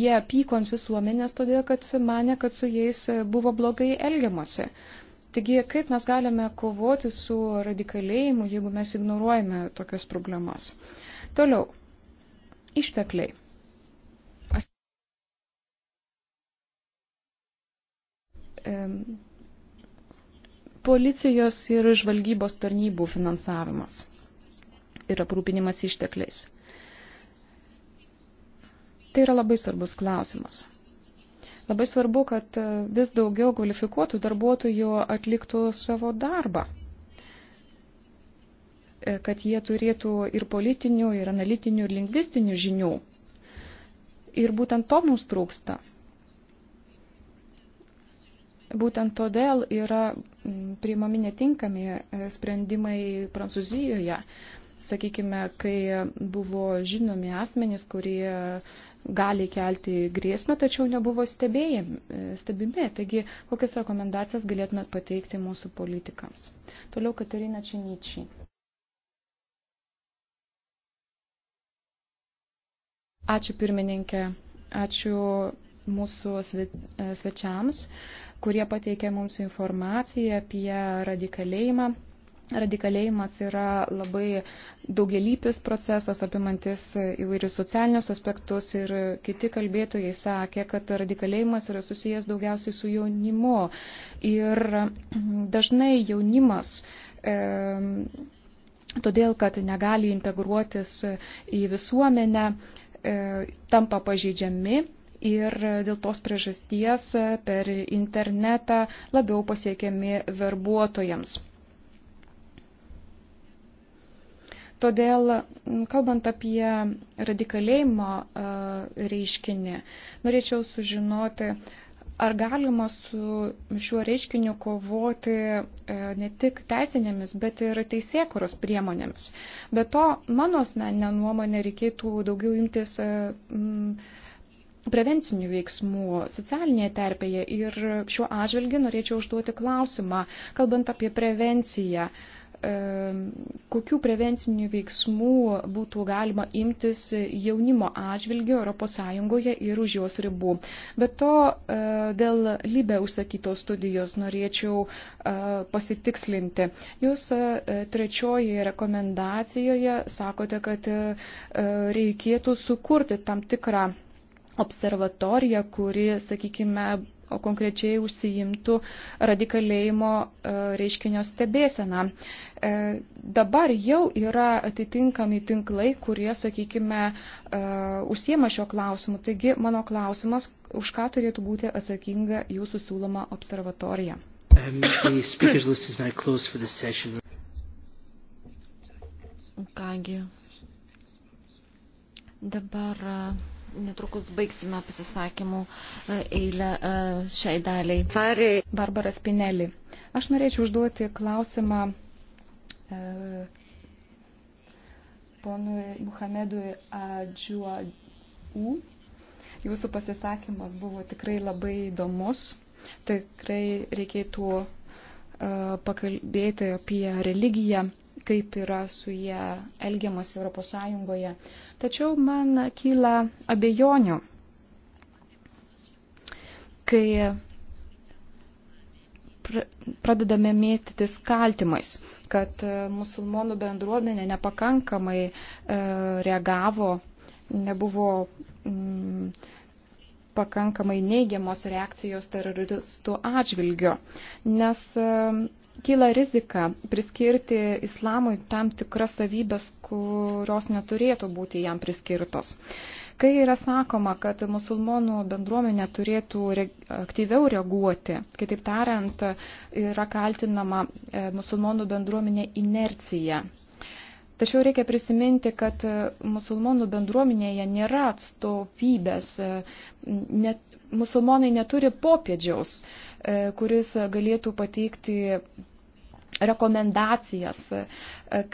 jie pyko ant visuomenės, todėl kad mane, kad su jais buvo blogai elgiamasi. Taigi, kaip mes galime kovoti su radikalėjimu, jeigu mes ignoruojame tokias problemas? Toliau, Ištekliai. Aš... Policijos ir žvalgybos tarnybų finansavimas ir aprūpinimas ištekliais. Tai yra labai svarbus klausimas. Labai svarbu, kad e, vis daugiau kvalifikuotų darbuotojų atliktų savo darbą. E, kad jie turėtų ir politinių, ir analitinių, ir lingvistinių žinių. Ir būtent to mums trūksta. Būtent todėl yra priimami netinkami e, sprendimai Prancūzijoje. Sakykime, kai buvo žinomi asmenys, kurie gali kelti grėsmę, tačiau nebuvo stebėjami, e, stebimi. Taigi, kokias rekomendacijas galėtumėt pateikti mūsų politikams? Toliau Katerina Činyčiai. Ačiū pirmininkė, ačiū mūsų svečiams, kurie pateikė mums informaciją apie radikalėjimą. Radikalėjimas yra labai daugelypis procesas, apimantis įvairius socialinius aspektus ir kiti kalbėtojai sakė, kad radikalėjimas yra susijęs daugiausiai su jaunimu. Ir dažnai jaunimas. E, Todėl, kad negali integruotis į visuomenę, E, tampa pažeidžiami ir dėl tos priežasties e, per internetą labiau pasiekiami verbuotojams. Todėl, kalbant apie radikalėjimo e, reiškinį, norėčiau sužinoti, Ar galima su šiuo reiškiniu kovoti e, ne tik teisinėmis, bet ir teisėkuros priemonėmis? Be to, mano asmeninė nuomonė reikėtų daugiau imtis e, prevencinių veiksmų socialinėje terpėje ir šiuo atžvilgiu norėčiau užduoti klausimą, kalbant apie prevenciją. Uh, kokių prevencinių veiksmų būtų galima imtis jaunimo atžvilgių ES ir už jos ribų. Bet to e, dėl Libe užsakytos studijos norėčiau e, pasitikslinti. Jūs e, trečioje rekomendacijoje sakote, kad reikėtų sukurti tam tikrą observatoriją, kuri, sakykime, o konkrečiai užsiimtų radikalėjimo e, reiškinio stebėseną. E, dabar jau yra atitinkami tinklai, kurie, sakykime, e, užsiema šio klausimu. Taigi, mano klausimas, už ką turėtų būti atsakinga jūsų siūloma observatorija? Um, Kągi, dabar uh... Netrukus baigsime pasisakymų e, eilę e, šiai daliai. Fariai. Barbara Spinelli. Aš norėčiau užduoti klausimą e, ponui Muhamedui Adžiuadu. Jūsų pasisakymas buvo tikrai labai įdomus. Tikrai reikėtų e, pakalbėti apie religiją kaip yra su jie elgiamas ES. Tačiau man kyla abejonių, kai pradedame mėtytis kaltimais, kad e, musulmonų bendruomenė nepakankamai e, reagavo, nebuvo mm, pakankamai neigiamos reakcijos teroristų atžvilgiu, nes e, kyla rizika priskirti islamui tam tikras savybės, kurios neturėtų būti jam priskirtos. Kai yra sakoma, kad musulmonų bendruomenė turėtų aktyviau reaguoti, kitaip tariant, yra kaltinama e, musulmonų bendruomenė inercija Tačiau reikia prisiminti, kad e, musulmonų bendruomenėje nėra atstovybės, e, net, musulmonai neturi popėdžiaus, e, kuris galėtų pateikti rekomendacijas,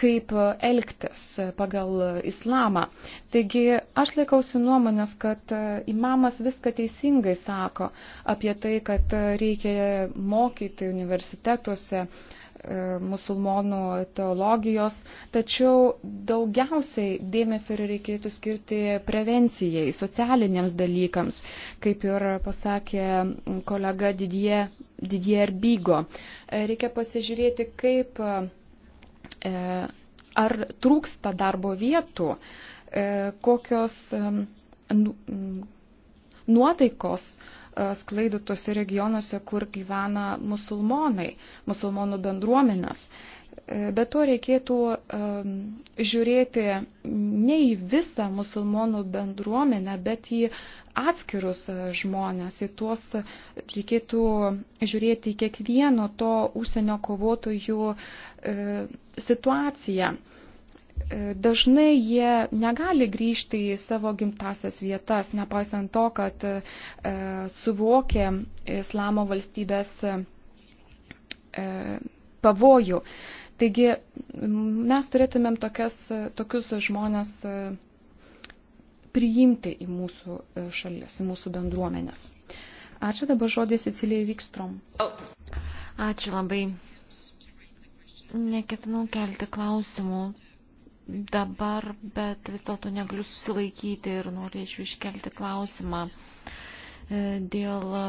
kaip elgtis pagal islamą. Taigi aš laikausi nuomonės, kad imamas viską teisingai sako apie tai, kad reikia mokyti universitetuose, E, musulmonų teologijos, tačiau daugiausiai dėmesio reikėtų skirti prevencijai, socialiniams dalykams, kaip ir pasakė kolega Didier, Didier Bygo. E, reikia pasižiūrėti, kaip e, ar trūksta darbo vietų, kokios nu, nuotaikos, E, sklaidytose regionuose, kur gyvena musulmonai, musulmonų bendruomenės. E, bet to reikėtų e, žiūrėti ne į visą musulmonų bendruomenę, bet į atskirus žmonės, į tuos reikėtų žiūrėti į kiekvieno to užsienio kovotojų situaciją. E, dažnai jie negali grįžti į savo gimtasias vietas, nepaisant to, kad e, suvokė islamo valstybės e, pavojų. Taigi mes turėtumėm tokias, tokius žmonės priimti į mūsų šalis, į mūsų bendruomenės. Ačiū dabar žodį Sicilijai Vikstrom. Ačiū labai. Neketinau kelti klausimų, dabar, bet vis dėlto negaliu susilaikyti ir norėčiau iškelti klausimą e, dėl e,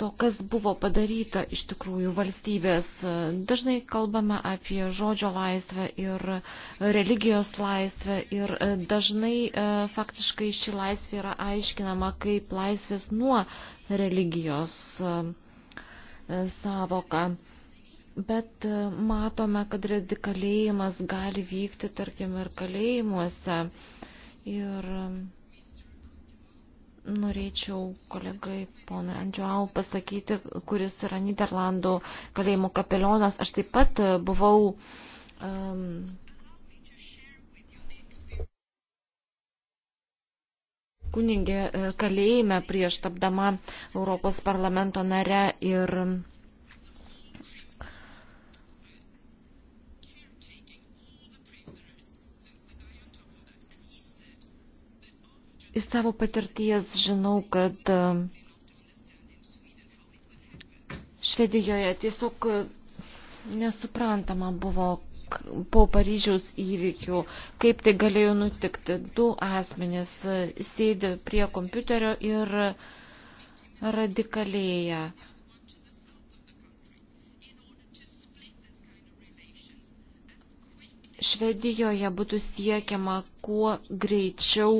to, kas buvo padaryta iš tikrųjų valstybės. Dažnai kalbame apie žodžio laisvę ir religijos laisvę ir e, dažnai faktiškai ši laisvė yra aiškinama kaip laisvės nuo religijos savoka. Bet e, matome, kad radikalėjimas gali vykti, tarkim, ir kalėjimuose. Ir e, norėčiau kolegai ponui Andžiau pasakyti, kuris yra Niderlandų kalėjimo kapelionas. Aš taip pat e, buvau. Um, kunigė kalėjime prieš tapdama Europos parlamento nare ir Iš savo patirties žinau, kad e, Švedijoje tiesiog nesuprantama buvo po Paryžiaus įvykių, kaip tai galėjo nutikti. Du asmenys e, sėdi prie kompiuterio ir radikalėja. Švedijoje būtų siekiama kuo greičiau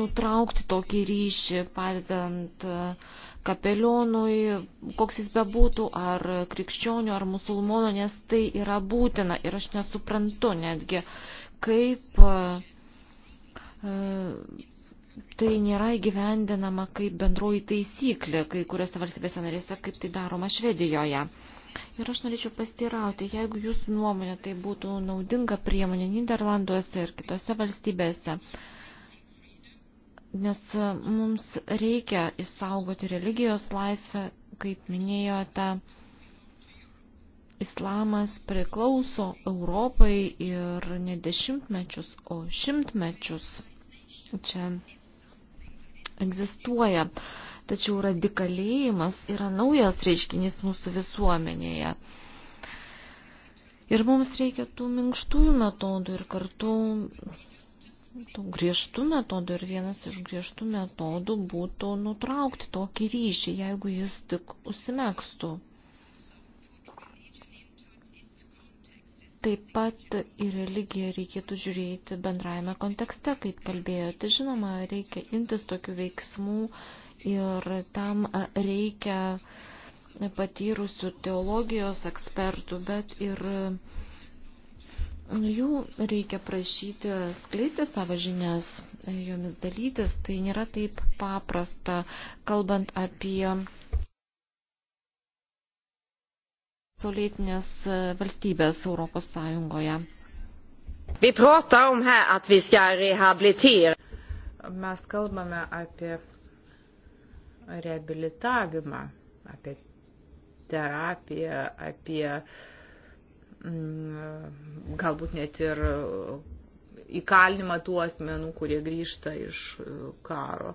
nutraukti tokį ryšį, padedant e, kapelionui, koks jis bebūtų, ar krikščionių, ar musulmonų, nes tai yra būtina. Ir aš nesuprantu netgi, kaip e, e, tai nėra įgyvendinama kaip bendroji taisyklė, kai kuriuose valstybėse narėse, kaip tai daroma Švedijoje. Ir aš norėčiau pastirauti, jeigu jūsų nuomonė tai būtų naudinga priemonė Niderlanduose ir kitose valstybėse, uh, nes e, mums reikia išsaugoti religijos laisvę, kaip minėjote, islamas priklauso Europai ir ne dešimtmečius, o šimtmečius čia egzistuoja. Tačiau radikalėjimas yra naujas reiškinys mūsų visuomenėje. Ir mums reikia tų minkštųjų metodų ir kartu griežtų metodų ir vienas iš griežtų metodų būtų nutraukti tokį ryšį, jeigu jis tik užsimekstų. Taip pat į religiją reikėtų žiūrėti bendrajame kontekste, kaip kalbėjote. Žinoma, reikia imtis tokių veiksmų ir tam reikia patyrusių teologijos ekspertų, bet ir uh, Jų reikia prašyti skleisti savo žinias, jomis dalytis. Tai nėra taip paprasta, kalbant apie solietinės valstybės Europos Sąjungoje. Mes kalbame apie reabilitavimą, apie terapiją, apie uh, Mm, galbūt net ir įkalinimą tų asmenų, kurie grįžta iš e, karo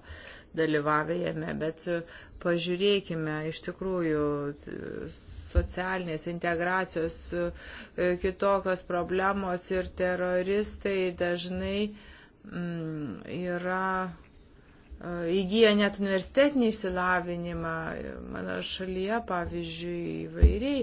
dalyvavę jame, bet e, pažiūrėkime iš tikrųjų socialinės integracijos e, kitokios problemos ir teroristai dažnai mm, yra įgyja net universitetinį išsilavinimą. Mano šalyje, pavyzdžiui, įvairiai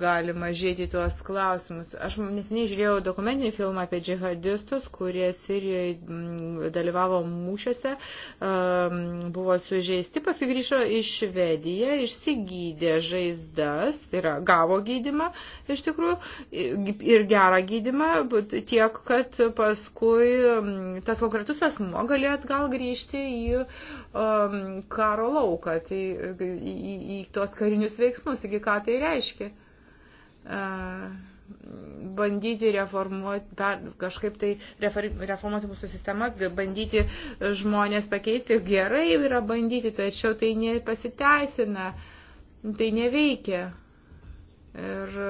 gali mažėti tuos klausimus. Aš neseniai žiūrėjau dokumentinį filmą apie džihadistus, kurie Sirijoje mm, dalyvavo mūšiuose, um, buvo sužeisti, paskui grįžo į Švediją, išsigydė žaizdas, yra, gavo gydimą iš tikrųjų ir gerą gydimą, tiek, kad paskui mm, tas konkretus asmo galėjo atgal grįžti į um, karo lauką, tai į, į, į tuos karinius veiksmus, iki ką tai reiškia bandyti reformuoti, per, kažkaip tai reformuoti mūsų sistemas, bandyti žmonės pakeisti, gerai yra bandyti, tačiau tai nepasiteisina, tai neveikia. Ir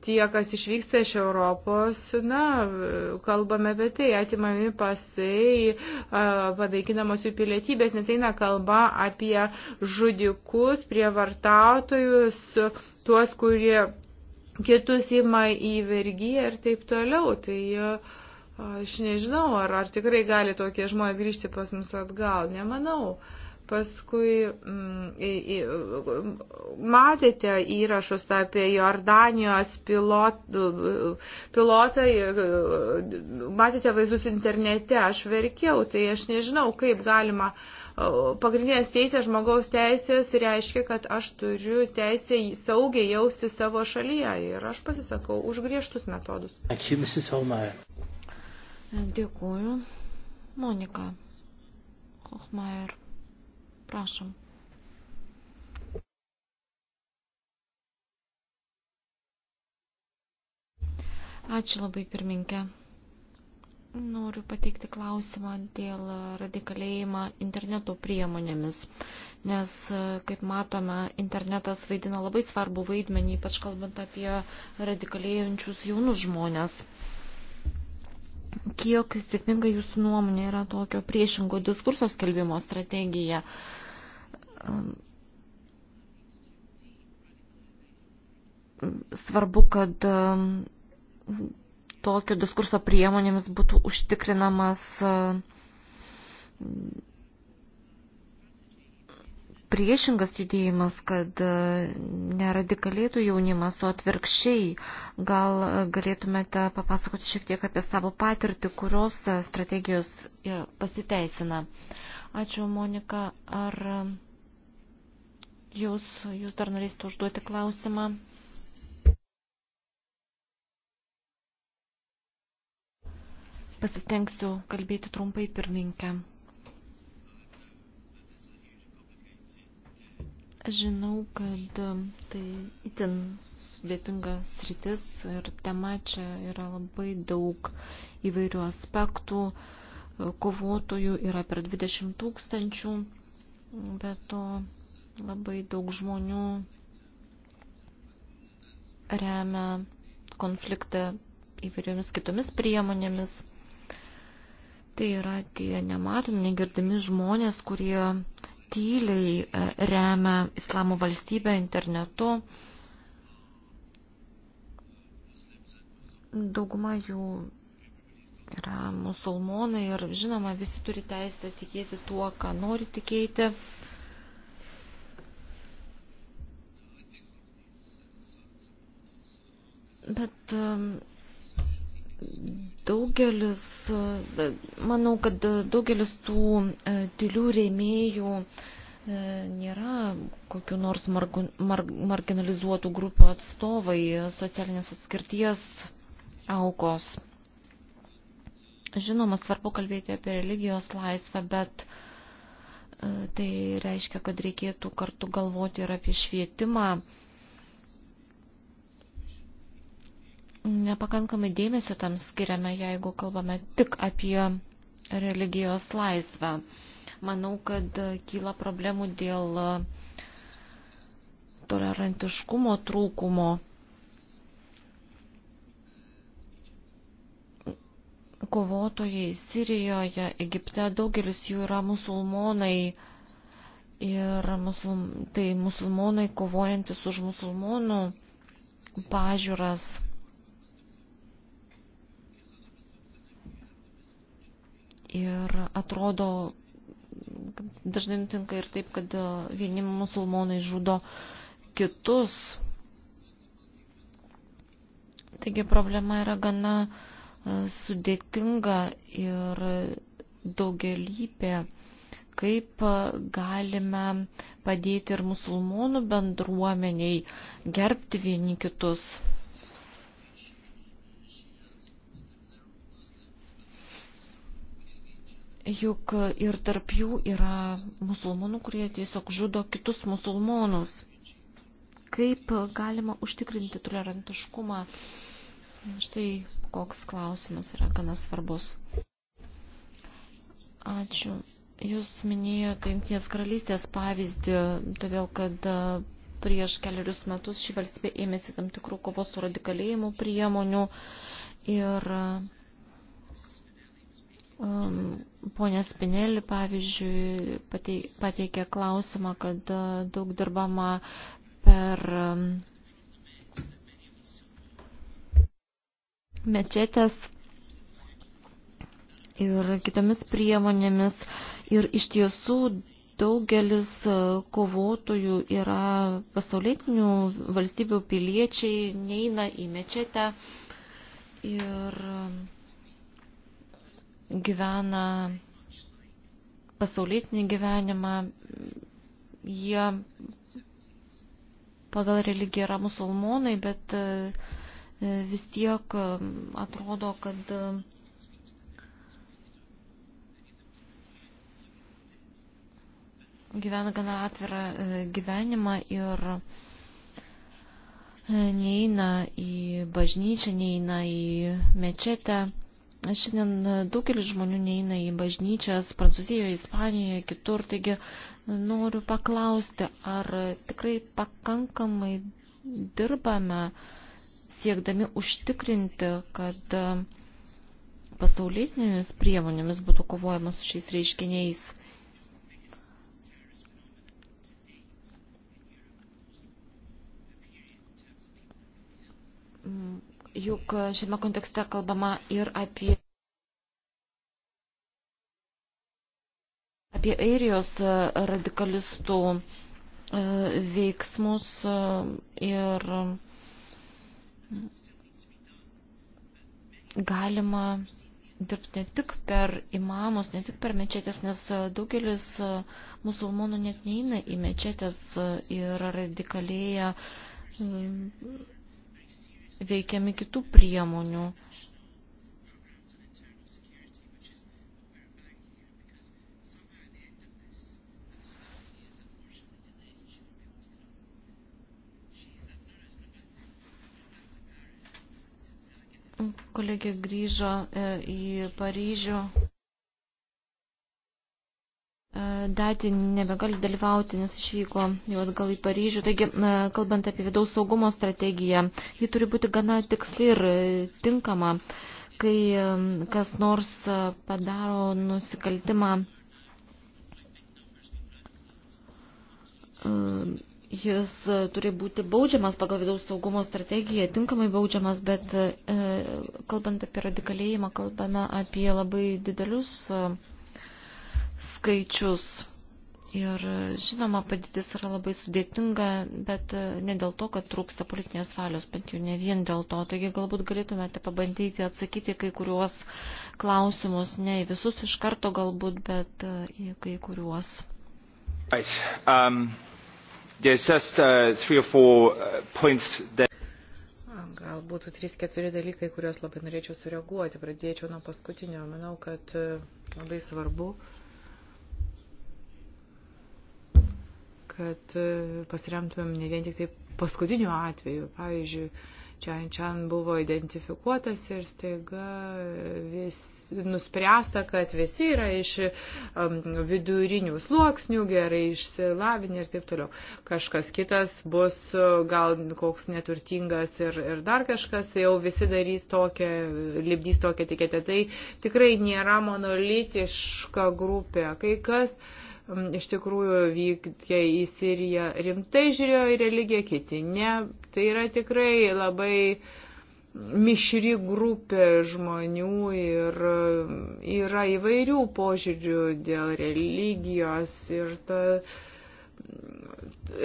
tie, kas išvyksta iš Europos, na, kalbame apie tai, atimami pasai, padaikinamos jų pilietybės, nes eina kalba apie žudikus, prievartautojus, tuos, kurie kitus ima į vergyją ir taip toliau. Tai, Aš nežinau, ar, ar tikrai gali tokie žmonės grįžti pas mus atgal, nemanau. Uh, Paskui m, mm, matėte įrašus apie Jordanijos pilot, pilotą, matėte vaizdus internete, aš verkiau, tai aš nežinau, kaip galima pagrindinės teisės, žmogaus teisės reiškia, kad aš turiu teisę saugiai jausti savo šalyje ir aš pasisakau už griežtus metodus. Ačiū, Mrs. Holmeyer. Dėkuoju. Monika Hochmeier. Prašom. Ačiū labai pirminkė. Noriu pateikti klausimą dėl radikalėjimą interneto priemonėmis, nes, kaip matome, internetas vaidina labai svarbų vaidmenį, ypač kalbant apie radikalėjančius jaunus žmonės. Kiek sėkminga jūsų nuomonė yra tokio priešingo diskurso skelbimo strategija? Uh, Um, svarbu, kad um, tokio diskurso priemonėmis būtų užtikrinamas um, priešingas judėjimas, kad uh, neradikalėtų jaunimas, o atvirkščiai. Gal uh, galėtumėte papasakoti šiek tiek apie savo patirtį, kurios uh, strategijos pasiteisina. Ačiū, Monika. Ar Jūs, jūs dar norėsite užduoti klausimą. Pasistengsiu kalbėti trumpai pirminkę. Žinau, kad tai itin sudėtinga sritis ir tema čia yra labai daug įvairių aspektų. Kovotojų yra per 20 tūkstančių, bet to Labai daug žmonių remia konfliktą įvairiomis kitomis priemonėmis. Tai yra tie nematomi, negirdimi žmonės, kurie tyliai e, remia islamo valstybę internetu. Dauguma jų yra musulmonai ir žinoma, visi turi teisę tikėti tuo, ką nori tikėti. Bet um, daugelis, uh, manau, kad daugelis tų uh, tylių rėmėjų uh, nėra kokiu nors margu, mar, marginalizuotų grupių atstovai, socialinės atskirties aukos. Žinoma, svarbu kalbėti apie religijos laisvę, bet tai reiškia, kad reikėtų kartu galvoti ir apie švietimą nepakankamai dėmesio tam skiriame, jeigu kalbame tik apie religijos laisvę. Manau, kad kyla problemų dėl tolerantiškumo trūkumo. Kovotojai Sirijoje, Egipte daugelis jų yra musulmonai ir musulm, tai musulmonai kovojantis už musulmonų pažiūras. Ir atrodo, dažnai nutinka ir taip, kad vieni musulmonai žudo kitus. Taigi problema yra gana e, sudėtinga ir daugelypė, kaip galime padėti ir musulmonų bendruomeniai gerbti vieni kitus. Juk ir tarp jų yra musulmonų, kurie tiesiog žudo kitus musulmonus. Kaip galima užtikrinti tolerantiškumą? Štai koks klausimas yra gana svarbus. Ačiū. Jūs minėjote Jungtinės karalystės pavyzdį, todėl kad prieš keliarius metus ši valstybė ėmėsi tam tikrų kovos su radikalėjimu priemonių ir Um, Ponė Spinelį, pavyzdžiui, pateikė klausimą, kad uh, daug dirbama per um, mečetės ir kitomis priemonėmis. Ir iš tiesų daugelis uh, kovotojų yra pasaulietinių valstybių piliečiai, neina į mečetę. Ir um, gyvena pasaulietinį gyvenimą, jie pagal religiją yra musulmonai, bet e, vis tiek e, atrodo, kad e, gyvena gana atvirą gyvenimą ir neina į bažnyčią, neina į mečetę. Šiandien e, daugelis žmonių neina į bažnyčias Prancūzijoje, Ispanijoje, kitur. Taigi e, noriu paklausti, ar tikrai pakankamai dirbame siekdami užtikrinti, kad e, pasaulytinėmis priemonėmis būtų kovojama su šiais reiškiniais. Mm juk šiame kontekste kalbama ir apie, apie airijos radikalistų e, veiksmus e, ir galima dirbti ne tik per imamus, ne tik per mečetės, nes daugelis musulmonų net neina į mečetės ir radikalėja veikiami kitų priemonių. Kolegė grįžo e, į Paryžių. kandidatė nebegali dalyvauti, nes išvyko jau atgal į Paryžių. Taigi, kalbant apie vidaus saugumo strategiją, ji turi būti gana tiksli ir tinkama, kai kas nors padaro nusikaltimą. Ehm, jis turi būti baudžiamas pagal vidaus saugumo strategiją, tinkamai baudžiamas, bet e, kalbant apie radikalėjimą, kalbame apie labai didelius skaičius. Ir žinoma, padėtis yra labai sudėtinga, bet e, ne dėl to, kad trūksta politinės valios, bent jau ne vien dėl to. Taigi galbūt galėtumėte pabandyti atsakyti kai kuriuos klausimus, ne į visus iš karto galbūt, bet e, į kai kuriuos. Right. Um, just, uh, four, uh, that... Gal būtų 3-4 dalykai, kuriuos labai norėčiau sureaguoti. Pradėčiau nuo paskutinio. Manau, kad e, labai svarbu uh, kad e, pasiremtumėm ne vien tik tai paskutiniu atveju. Pavyzdžiui, Čian Čian buvo identifikuotas ir staiga e, vis, nuspręsta, kad visi yra iš um, vidurinių sluoksnių, gerai išsilavinę ir taip toliau. Kažkas kitas bus e, gal koks neturtingas ir, ir dar kažkas, jau visi darys tokią, lipdys tokią etiketę. Tai tikrai nėra monolitiška grupė. Kai kas uh, iš tikrųjų vykė į Siriją rimtai žiūrėjo į religiją, kiti ne. Tai yra tikrai labai mišri grupė žmonių ir yra įvairių požiūrių dėl religijos ir ta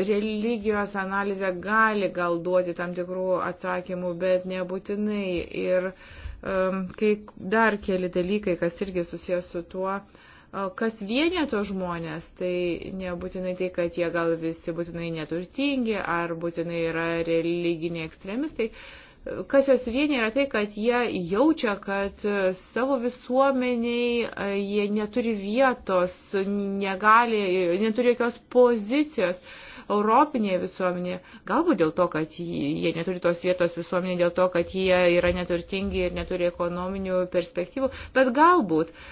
religijos analizė gali gal duoti tam tikrų atsakymų, bet nebūtinai. Ir um, kai dar keli dalykai, kas irgi susijęs su tuo, uh, kas vienieto žmonės, tai nebūtinai tai, kad jie gal visi būtinai neturtingi ar būtinai yra religiniai ekstremistai. Kas juos vienyje yra tai, kad jie jaučia, kad savo visuomeniai e, jie neturi vietos, negali, neturi jokios pozicijos europinėje visuomenėje. Galbūt dėl to, kad jie neturi tos vietos visuomenėje, dėl to, kad jie yra neturtingi ir neturi ekonominių perspektyvų, bet galbūt uh,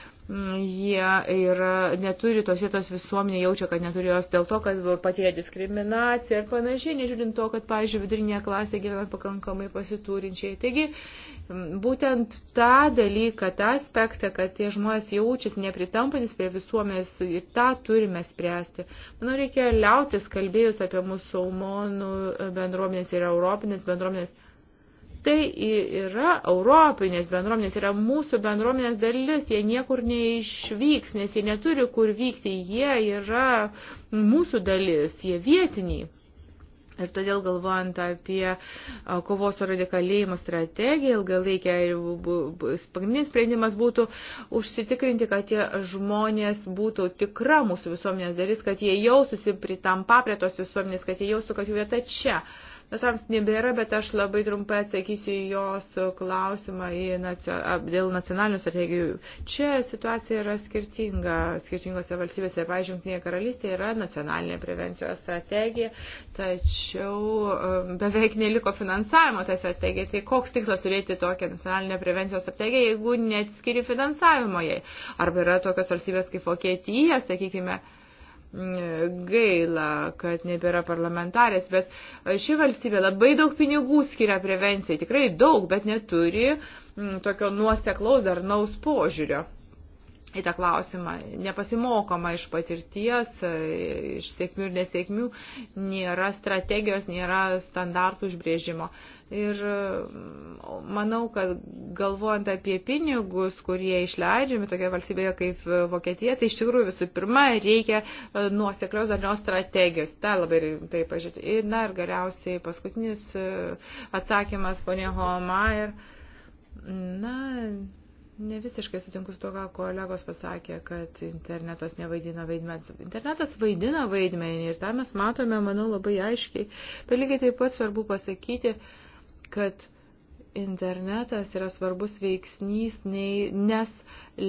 jie yra, neturi tos vietos visuomenė, jaučia, kad neturi jos dėl to, kad patyrė diskriminaciją ir panašiai, nežiūrint to, kad, pavyzdžiui, vidurinė klasė gyvena pakankamai pasiturinčiai. Taigi, būtent tą dalyką, tą aspektą, kad tie žmonės jaučiasi nepritampantis prie visuomenės ir tą turime spręsti. Manau, reikia liautis kalbėjus apie musulmonų bendruomenės ir europinės bendruomenės Tai yra europinės bendruomenės, yra mūsų bendruomenės dalis, jie niekur neišvyks, nes jie neturi kur vykti, jie yra mūsų dalis, jie vietiniai. Ir todėl galvojant apie kovos su radikalėjimu strategiją, ilgalaikę pagrindinis sprendimas būtų užsitikrinti, kad tie žmonės būtų tikra mūsų visuomenės dalis, kad jie jaustųsi pritampą prie tos visuomenės, kad jie jaustų, kad jų vieta čia. Uh, visams nebėra, bet aš labai trumpai atsakysiu į jos klausimą į nacio, dėl nacionalinių strategijų. Čia situacija yra skirtinga skirtingose valstybėse. Pavyzdžiui, Junktinėje karalystėje yra nacionalinė prevencijos strategija, tačiau um, beveik neliko finansavimo tai strategija. Tai koks tikslas turėti tokią nacionalinę prevencijos strategiją, jeigu neatskiri finansavimo jai? Arba yra tokios valstybės kaip Vokietija, sakykime, gaila, kad nebėra parlamentarės, bet ši valstybė labai daug pinigų skiria prevencijai, tikrai daug, bet neturi mm, tokio nuoseklaus darnaus požiūrio į tą klausimą. Nepasimokoma iš patirties, iš sėkmių ir nesėkmių, nėra strategijos, nėra standartų užbrėžimo. Ir mm, manau, kad galvojant apie pinigus, kurie išleidžiami tokia valstybėje kaip Vokietija, tai iš tikrųjų visų pirma reikia e, nuoseklios darnios strategijos. Ta labai rimtai pažiūrėti. Ir na ir galiausiai paskutinis e, atsakymas, ponė Holma. Ir, na, Ne visiškai sutinku su to, ką kolegos pasakė, kad internetas nevaidina vaidmens. Internetas vaidina vaidmenį ir tą mes matome, manau, labai aiškiai. Bet lygiai taip pat svarbu pasakyti, kad internetas yra svarbus veiksnys, nei, nes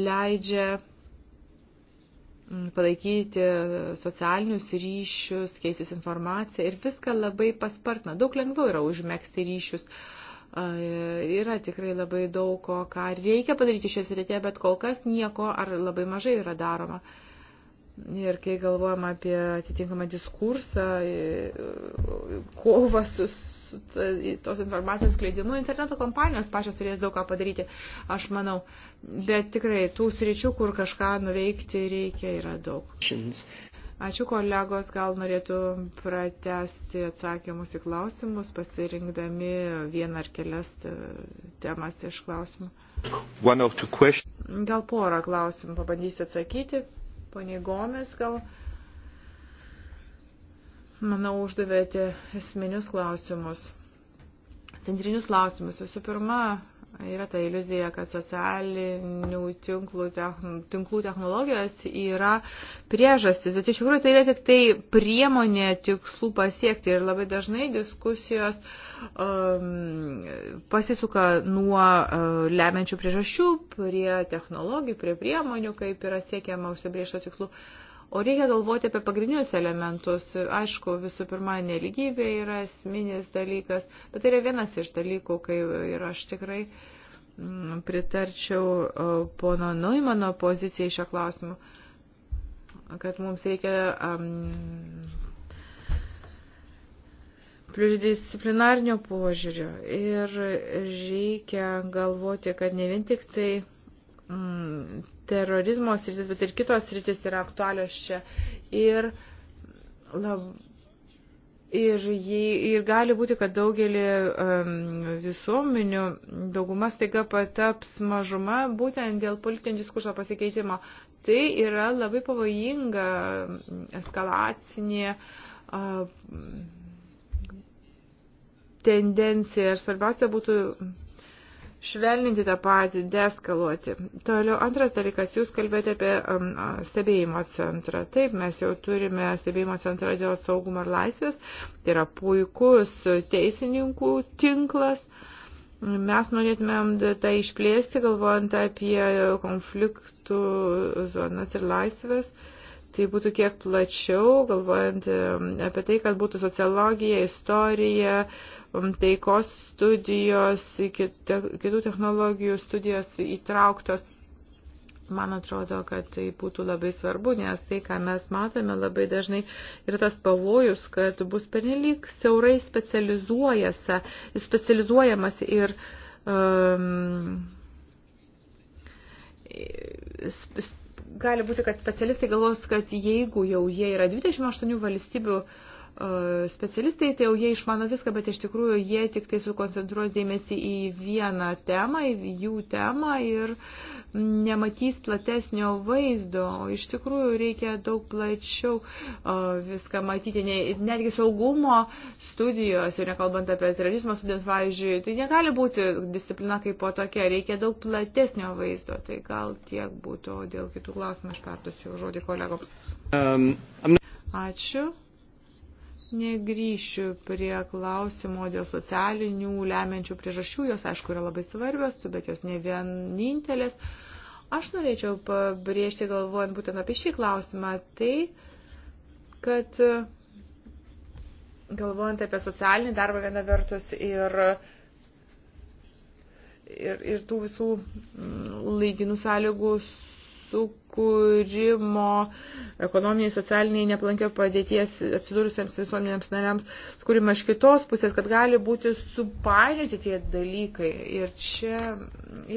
leidžia mm, palaikyti socialinius ryšius, keisis informaciją ir viską labai paspartina. Daug lengviau yra užmėgsti ryšius. Uh, Yra tikrai labai daug ko, ką reikia padaryti šios rytėje, bet kol kas nieko ar labai mažai yra daroma. Ir kai galvojam apie atitinkamą diskursą, e, kovą su, tos informacijos skleidimu interneto kompanijos pačios turės daug ką padaryti, aš manau. Bet tikrai tų sričių, kur kažką nuveikti reikia, yra daug. Ačiū kolegos, gal norėtų pratesti atsakymus į klausimus, pasirinkdami vieną ar kelias e, temas iš klausimų. Gal porą klausimų pabandysiu atsakyti. Pone Gomis, gal. Manau, uždavėte esminius klausimus. Centrinius klausimus. Visų pirma, Yra ta iliuzija, kad socialinių tinklų, tinklų technologijos yra priežastis, bet iš tikrųjų tai yra tik tai priemonė tikslų pasiekti ir labai dažnai diskusijos um, pasisuka nuo uh, lemiančių priežasčių prie technologijų, prie priemonių, kaip yra siekiama užsibriežto tikslų. Uh, O reikia galvoti apie pagrindinius elementus. Aišku, visų pirma, neligybė yra esminis dalykas, bet tai yra vienas iš dalykų, kai ir aš tikrai mm, pritarčiau pono Nuimano pozicijai šio klausimu, kad mums reikia um, pluridisciplinarnio požiūrio ir reikia galvoti, kad ne vien tik tai mm, terorizmo sritis, bet ir kitos sritis yra aktualios čia. Ir, lab, ir, jį, ir gali būti, kad daugelį um, visuomenių dauguma staiga pataps mažuma būtent dėl politinio diskurso pasikeitimo. Tai yra labai pavojinga eskalacinė. Uh, tendencija ir svarbiausia būtų švelninti tą patį, deskaluoti. Toliau antras dalykas, jūs kalbėjote apie um, stebėjimo centrą. Taip, mes jau turime stebėjimo centrą dėl saugumo ir laisvės. Tai yra puikus teisininkų tinklas. Mes norėtumėm tą išplėsti, galvojant apie konfliktų zonas ir laisvės. Tai būtų kiek plačiau, galvojant um, apie tai, kad būtų sociologija, istorija, uh, taikos studijos, kitų technologijų studijos įtrauktos. Man atrodo, kad tai būtų labai svarbu, nes tai, ką mes matome labai dažnai, yra tas pavojus, kad bus pernelyg siaurai specializuojamas ir um, gali būti, kad specialistai galvos, kad jeigu jau jie yra 28 valstybių uh, E, specialistai, tai jau jie išmano viską, bet iš tikrųjų jie tik tai sukoncentruos dėmesį į vieną temą, į jų temą ir nematys platesnio vaizdo. Iš tikrųjų reikia daug plačiau e, viską matyti, netgi saugumo studijos, jau nekalbant apie terorizmo studijas, pavyzdžiui, tai negali būti disciplina kaip po tokia, reikia daug platesnio vaizdo. Tai gal tiek būtų, o dėl kitų klausimų aš perduosiu žodį kolegoms. Um, Ačiū. Negryšiu prie klausimo dėl socialinių lemiančių priežasčių, jos aišku yra labai svarbios, bet jos ne vienintelės. Aš norėčiau pabrėžti, galvojant būtent apie šį klausimą, tai, kad galvojant apie socialinį darbą vieną vertus ir, ir, ir tų visų mm, laikinų sąlygų sukūrimo ekonominiai, socialiniai nepalankio padėties atsidūrusiems visuomenėms nariams sukūrimą iš kitos pusės, kad gali būti supainioti tie dalykai. Ir čia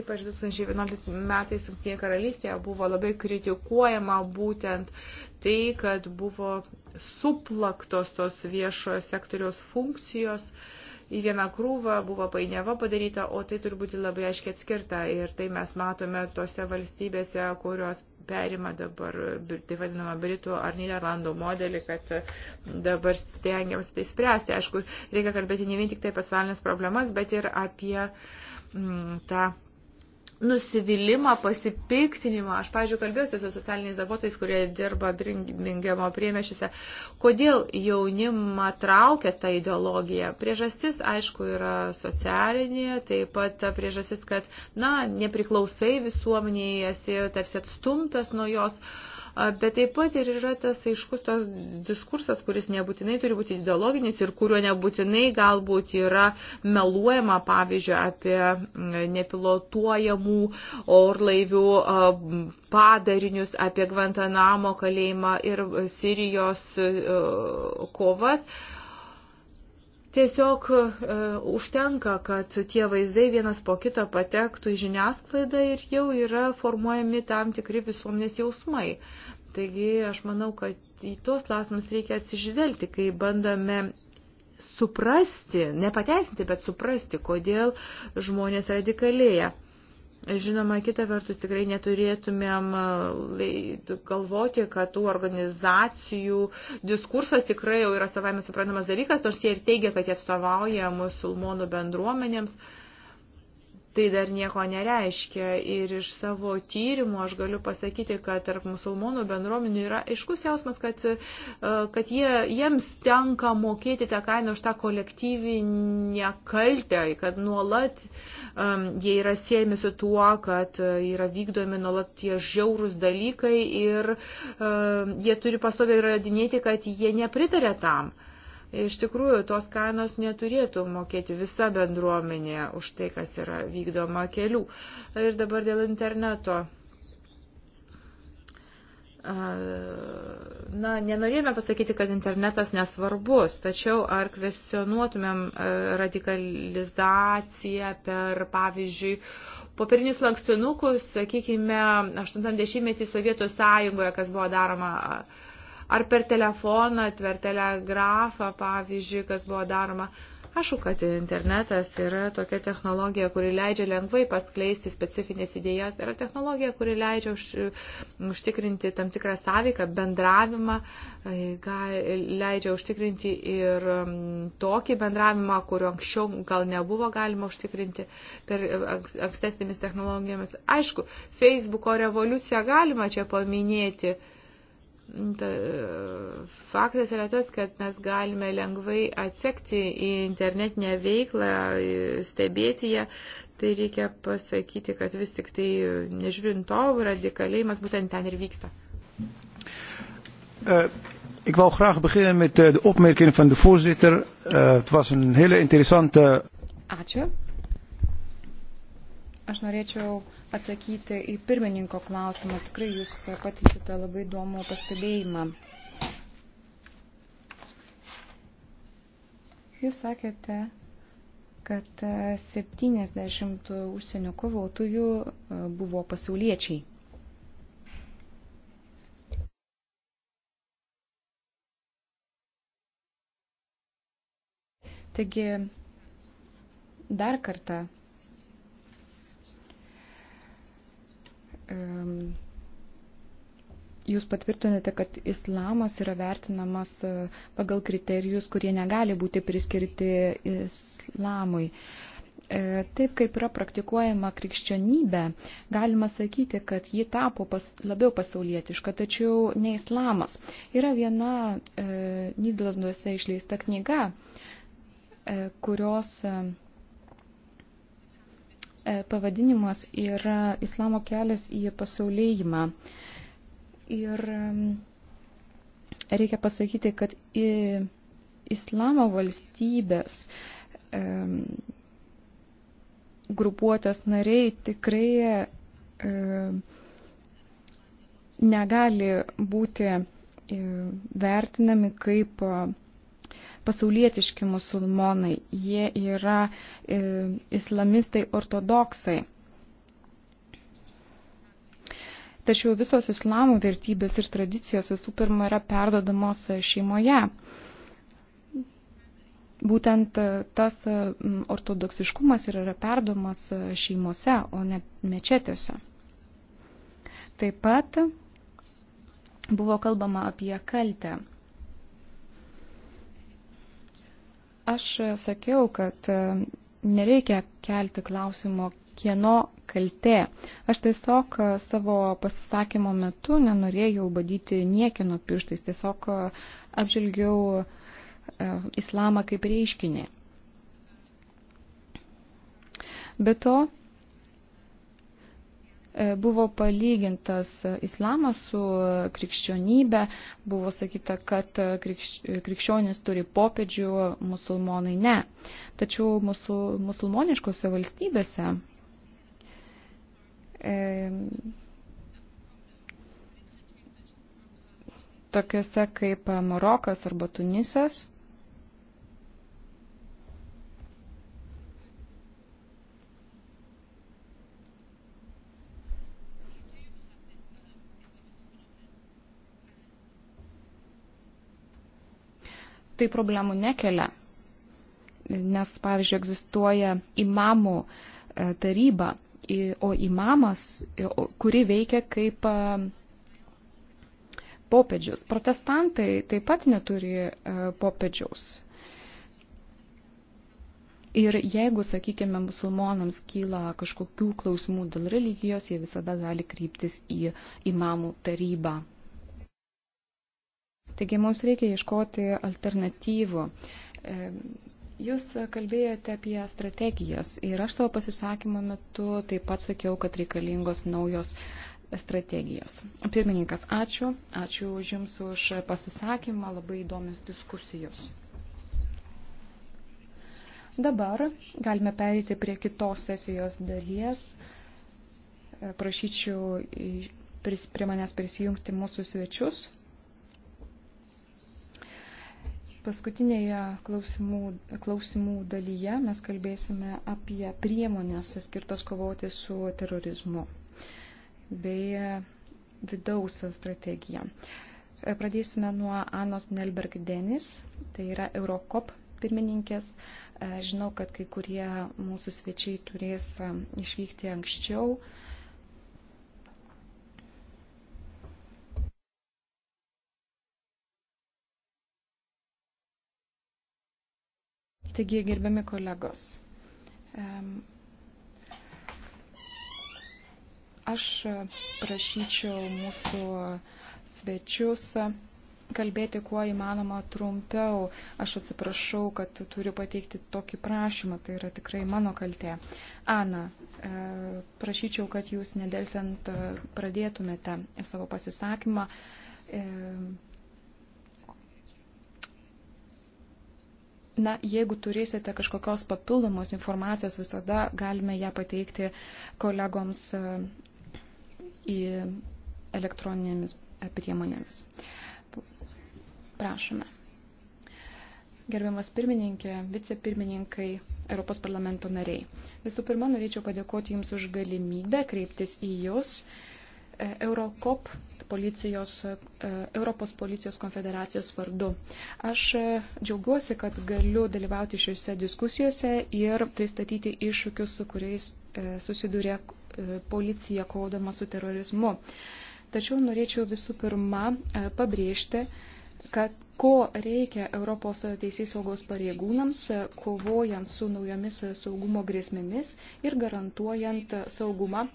ypač 2011 metais Junktinėje karalystėje buvo labai kritikuojama būtent tai, kad buvo suplaktos tos viešojo sektoriaus funkcijos. Uh, į vieną krūvą, buvo painiava padaryta, o tai turi būti labai aiškiai atskirta. Ir tai mes matome tose valstybėse, kurios perima dabar, tai vadinama, Britų ar Niderlandų modelį, kad dabar stengiamasi tai spręsti. Aišku, reikia kalbėti ne vien tik tai apie socialinės problemas, bet ir apie m, mm, tą nusivylimą, pasipiktinimą. Aš, pažiūrėjau, kalbėjusiu su socialiniais darbuotojais, kurie dirba Birminghamo priemešiuose. Kodėl jaunimą traukia ta ideologija? Priežastis, aišku, yra socialinė, taip pat ta priežastis, kad, na, nepriklausai visuomeniai, esi tarsi atstumtas nuo jos. Uh, bet taip pat ir yra tas aiškus tos diskursas, kuris nebūtinai turi būti ideologinis ir kuriuo nebūtinai galbūt yra meluojama, pavyzdžiui, apie nepilotuojamų orlaivių padarinius, apie Gvantanamo kalėjimą ir Sirijos e, e, kovas Tiesiog e, užtenka, kad tie vaizdai vienas po kito patektų į žiniasklaidą ir jau yra formuojami tam tikri visuomenės jausmai. Taigi aš manau, kad į tuos klausimus reikia atsižvelgti, kai bandome suprasti, nepateisinti, bet suprasti, kodėl žmonės radikalėja. Žinoma, kita vertus tikrai neturėtumėm e, galvoti, kad tų organizacijų diskursas tikrai jau yra savame suprantamas dalykas, nors jie ir teigia, kad jie atstovauja musulmonų bendruomenėms. Uh, tai dar nieko nereiškia. Ir iš savo tyrimų aš galiu pasakyti, kad tarp musulmonų bendruomenių yra aiškus jausmas, kad, e, kad jie, jiems tenka mokėti tą kainą už tą kolektyvinę kaltę, kad nuolat um, jie yra siejami su tuo, kad e, yra vykdomi nuolat tie žiaurūs dalykai ir um, jie turi pasovė įrodinėti, kad jie nepritarė tam. Uh, Iš tikrųjų, tos kainos neturėtų mokėti visa bendruomenė už tai, kas yra vykdoma kelių. Ir dabar dėl interneto. Na, nenorėjome pasakyti, kad internetas nesvarbus, tačiau ar kvestionuotumėm e, radikalizaciją per, pavyzdžiui, popierinius lankstinukus, sakykime, 80-metį Sovietų sąjungoje, kas buvo daroma ar per telefoną, per telegrafą, pavyzdžiui, kas buvo daroma. Ašku, kad internetas yra tokia technologija, kuri leidžia lengvai paskleisti specifinės idėjas, yra technologija, kuri leidžia už, užtikrinti tam tikrą sąveiką, bendravimą, e, leidžia užtikrinti ir tokį bendravimą, kurio anksčiau gal nebuvo galima užtikrinti per e, ankstesnėmis technologijomis. Aišku, Facebooko revoliuciją galima čia paminėti ta, faktas yra tas, kad mes galime lengvai atsekti į internetinę veiklą, stebėti ją. Tai reikia pasakyti, kad vis tik tai nežiūrint to radikalėjimas būtent ten ir vyksta. Uh, ik wou graag beginnen met eh, de opmerking van de voorzitter. Uh, het was een hele interessante. Ačiū. Aš norėčiau atsakyti į pirmininko klausimą. Tikrai jūs patikite labai įdomų pastebėjimą. Jūs sakėte, kad 70 užsienio kovotojų e, buvo pasauliečiai. Taigi, dar kartą jūs patvirtinate, kad islamas yra vertinamas e, pagal kriterijus, kurie negali būti priskirti islamui. E, taip kaip yra praktikuojama krikščionybė, galima sakyti, kad ji tapo pas, labiau pasaulietiška, tačiau ne islamas. Yra viena e, Niderlanduose išleista knyga, e, kurios e, E, pavadinimas yra Islamo kelias į pasaulėjimą. Ir reikia pasakyti, kad į Islamo valstybės grupuotės nariai tikrai e, negali būti e, vertinami kaip pasaulietiški musulmonai, jie yra e, islamistai ortodoksai. Tačiau visos islamo vertybės ir tradicijos visų pirma yra perdodamos šeimoje. Būtent e, tas e, ortodoksiškumas yra perdomas e, šeimose, o ne mečetėse. Taip pat buvo kalbama apie kaltę. Aš e, sakiau, kad e, nereikia kelti klausimo, kieno kaltė. Aš tiesiog e, savo pasisakymo metu nenorėjau badyti niekino pirštais, tiesiog apžvelgiau islamą kaip reiškinį. Be to, E, buvo palygintas islamas su krikščionybė, buvo sakyta, kad krikščionis turi popėdžių, musulmonai ne. Tačiau musul, musulmoniškose valstybėse e, tokiuose kaip Marokas arba Tunisas tai problemų nekelia. Nes, pavyzdžiui, egzistuoja imamų e, taryba, o imamas, kuri veikia kaip e, popedžius. Protestantai taip pat neturi e, popedžiaus. Ir jeigu, sakykime, musulmonams kyla kažkokių klausimų dėl religijos, jie visada gali kryptis į imamų tarybą. Taigi mums reikia ieškoti alternatyvų. E, jūs kalbėjote apie strategijas ir aš savo pasisakymo metu taip pat sakiau, kad reikalingos naujos strategijos. Pirmininkas, ačiū. Ačiū už Jums už pasisakymą, labai įdomios diskusijos. Dabar galime perėti prie kitos sesijos dalies. E, prašyčiau prie manęs prisijungti mūsų svečius. Paskutinėje klausimų, klausimų dalyje mes kalbėsime apie priemonės skirtas kovoti su terorizmu bei vidaus strategiją. Pradėsime nuo Anos Nelberg Denis, tai yra Eurokop pirmininkės. Žinau, kad kai kurie mūsų svečiai turės išvykti anksčiau. Taigi, gerbiami kolegos, aš prašyčiau mūsų svečius kalbėti kuo įmanoma trumpiau. Aš atsiprašau, kad turiu pateikti tokį prašymą, tai yra tikrai mano kaltė. Ana, e, prašyčiau, kad jūs nedelsiant e, pradėtumėte savo pasisakymą. E, Na, jeigu turėsite kažkokios papildomos informacijos, visada galime ją pateikti kolegoms e, į elektroninėmis e, priemonėmis. Prašome. Gerbiamas pirmininkė, vicepirmininkai, Europos parlamento nariai. Visų pirma, norėčiau padėkoti Jums už galimybę kreiptis į Jūs. E, Eurokop policijos, e, Europos policijos konfederacijos vardu. Aš e, džiaugiuosi, kad galiu dalyvauti šiuose diskusijose ir pristatyti iššūkius, su kuriais e, susidūrė policija kovodama su terorizmu. Tačiau norėčiau visų pirma pabrėžti, kad ko reikia Europos teisės saugos pareigūnams, kovojant su naujomis saugumo grėsmėmis ir garantuojant saugumą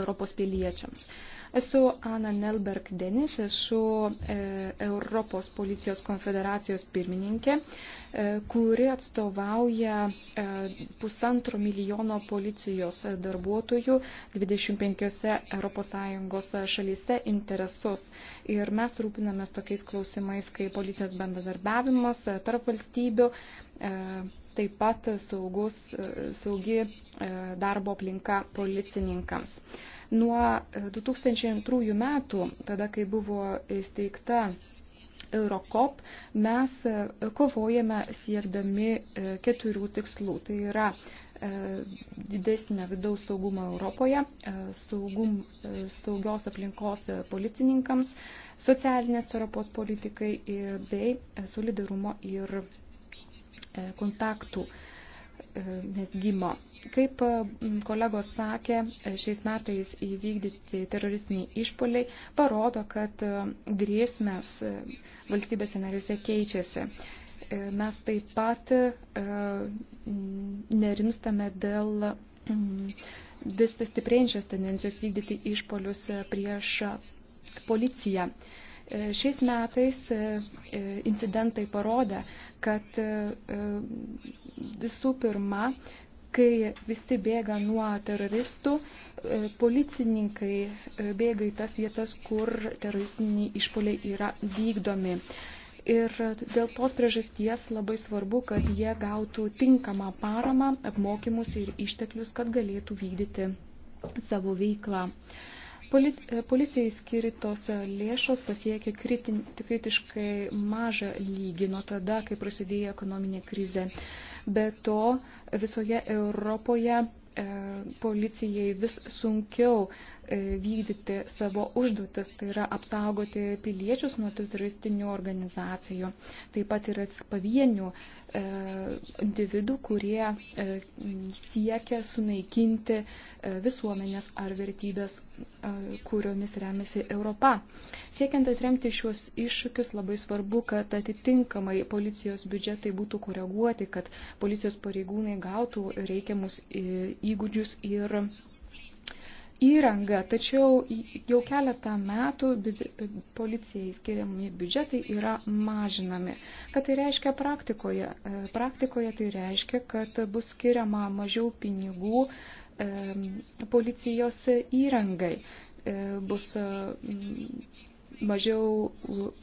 Europos piliečiams. Esu Ana Nelberg Denis, esu e, Europos policijos konfederacijos pirmininkė, e, kuri atstovauja e, pusantro milijono policijos darbuotojų 25 ES šalyse interesus. Ir mes rūpinamės tokiais klausimais, kaip policijos bendradarbiavimas tarp valstybių taip pat saugus, saugi darbo aplinka policininkams. Nuo 2002 e, metų, tada kai buvo įsteigta Eurokop, mes e, kovojame siekdami e, keturių tikslų. Tai yra didesnė vidaus saugumo Europoje, saugum, saugios aplinkos policininkams, socialinės Europos politikai bei solidarumo ir kontaktų mesgymo. Kaip kolegos sakė, šiais metais įvykdyti teroristiniai išpoliai parodo, kad grėsmės e, valstybėse narėse keičiasi. E, mes taip pat e, nerimstame dėl vis stiprėjančios tendencijos vykdyti išpolius prieš policiją. E, šiais metais e, e, incidentai parodė, kad visų pirma, kai visi bėga nuo teroristų, policininkai bėga į tas vietas, kur teroristiniai išpoliai yra vykdomi. Ir dėl tos priežasties labai svarbu, kad jie gautų tinkamą paramą, apmokymus ir išteklius, kad galėtų vykdyti savo veiklą. Uh, E, policijai skirtos lėšos pasiekė kritin, kritiškai mažą lygį nuo tada, kai prasidėjo ekonominė krizė. Be to, visoje Europoje e, policijai vis sunkiau E, vykdyti savo užduotis, tai yra apsaugoti piliečius nuo teroristinių organizacijų. Taip pat yra pavienių e, individų, kurie e, siekia sunaikinti e, visuomenės ar vertybės, e, kuriomis remiasi Europa. Siekiant atremti šiuos iššūkius, labai svarbu, kad atitinkamai policijos biudžetai būtų koreguoti, kad policijos pareigūnai gautų reikiamus e, įgūdžius ir įrangą, tačiau jau keletą metų policijai skiriami biudžetai yra mažinami. Ką tai reiškia praktikoje? E, praktikoje tai reiškia, kad bus skiriama mažiau pinigų policijos įrangai, e, bus e, mažiau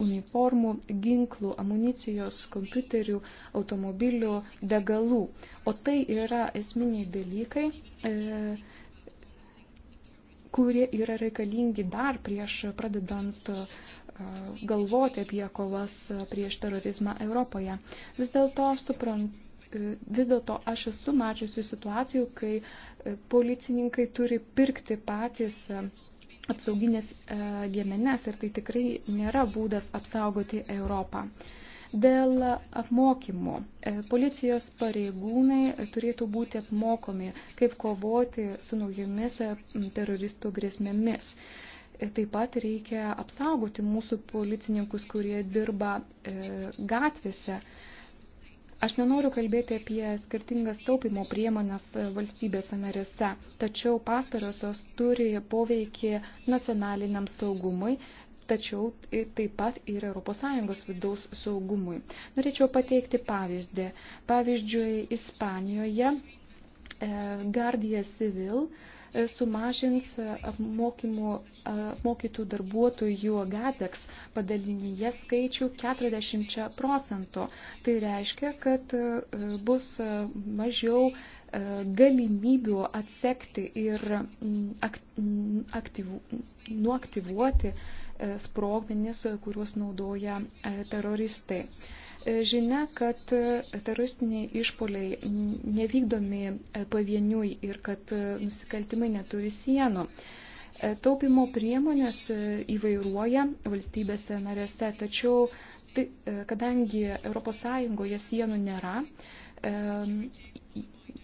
uniformų, ginklų, amunicijos, kompiuterių, automobilių, degalų. O tai yra esminiai dalykai. E, kurie yra reikalingi dar prieš pradedant galvoti apie kovas prieš terorizmą Europoje. Vis dėlto suprantu, e, vis dėlto aš esu mačiusi situacijų, kai e, policininkai turi pirkti patys e, apsauginės liemenes ir tai tikrai nėra būdas apsaugoti Europą. E, Dėl apmokymų. E, policijos pareigūnai turėtų būti apmokomi, kaip kovoti su naujomis e, teroristų grėsmėmis. E, taip pat reikia apsaugoti mūsų policininkus, kurie dirba gatvėse. Aš nenoriu kalbėti apie skirtingas taupimo priemonės valstybėse narėse, tačiau pastarosios turi poveikį nacionaliniam saugumui tačiau taip pat ir ES vidaus saugumui. Norėčiau pateikti pavyzdį. Pavyzdžiui, Ispanijoje e, Guardia Civil e, sumažins apmokymų, apmokytų e, darbuotojų GATEX padalinyje skaičių 40 procentų. Tai reiškia, kad bus mažiau galimybių atsekti ir aktyvu, nuaktyvuoti E, sprogmenis, e, kuriuos naudoja e, teroristai. Žinia, kad teroristiniai išpoliai nevykdomi pavieniui ir kad nusikaltimai neturi sienų. Taupimo priemonės įvairuoja valstybėse narėse, tačiau tai, kadangi ES sienų nėra,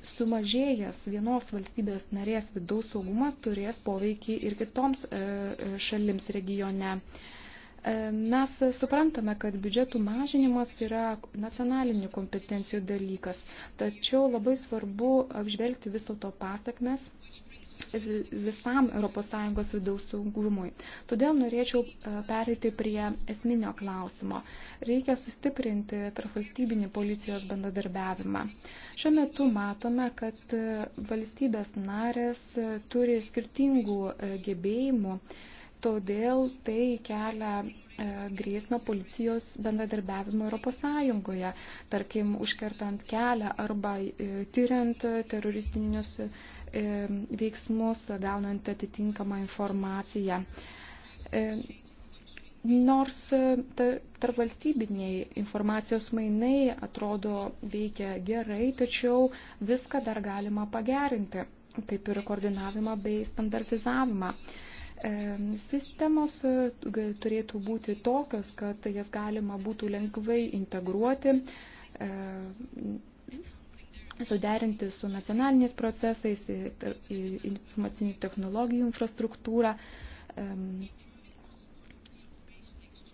sumažėjęs vienos valstybės narės vidaus saugumas turės poveikį ir kitoms e, e, šalims regione. E, mes suprantame, kad biudžetų mažinimas yra nacionalinių kompetencijų dalykas, tačiau labai svarbu apžvelgti viso to pasakmes visam ES vidaus saugumui. Todėl norėčiau e, pereiti prie esminio klausimo. Reikia sustiprinti tarpvalstybinį policijos bendradarbiavimą. Šiuo metu matome, kad e, valstybės narės e, turi skirtingų gebėjimų, todėl tai kelia grėsmę policijos bendradarbiavimo Europos Sąjungoje, tarkim, užkertant kelią arba tyriant teroristinius E, veiksmus, gaunant atitinkamą informaciją. E, nors e, tarpvalstybiniai informacijos mainai atrodo veikia gerai, tačiau viską dar galima pagerinti, kaip ir koordinavimą bei standartizavimą. Sistemos turėtų būti tokios, kad jas galima būtų lengvai integruoti suderinti su nacionaliniais procesais, informacinių technologijų infrastruktūrą.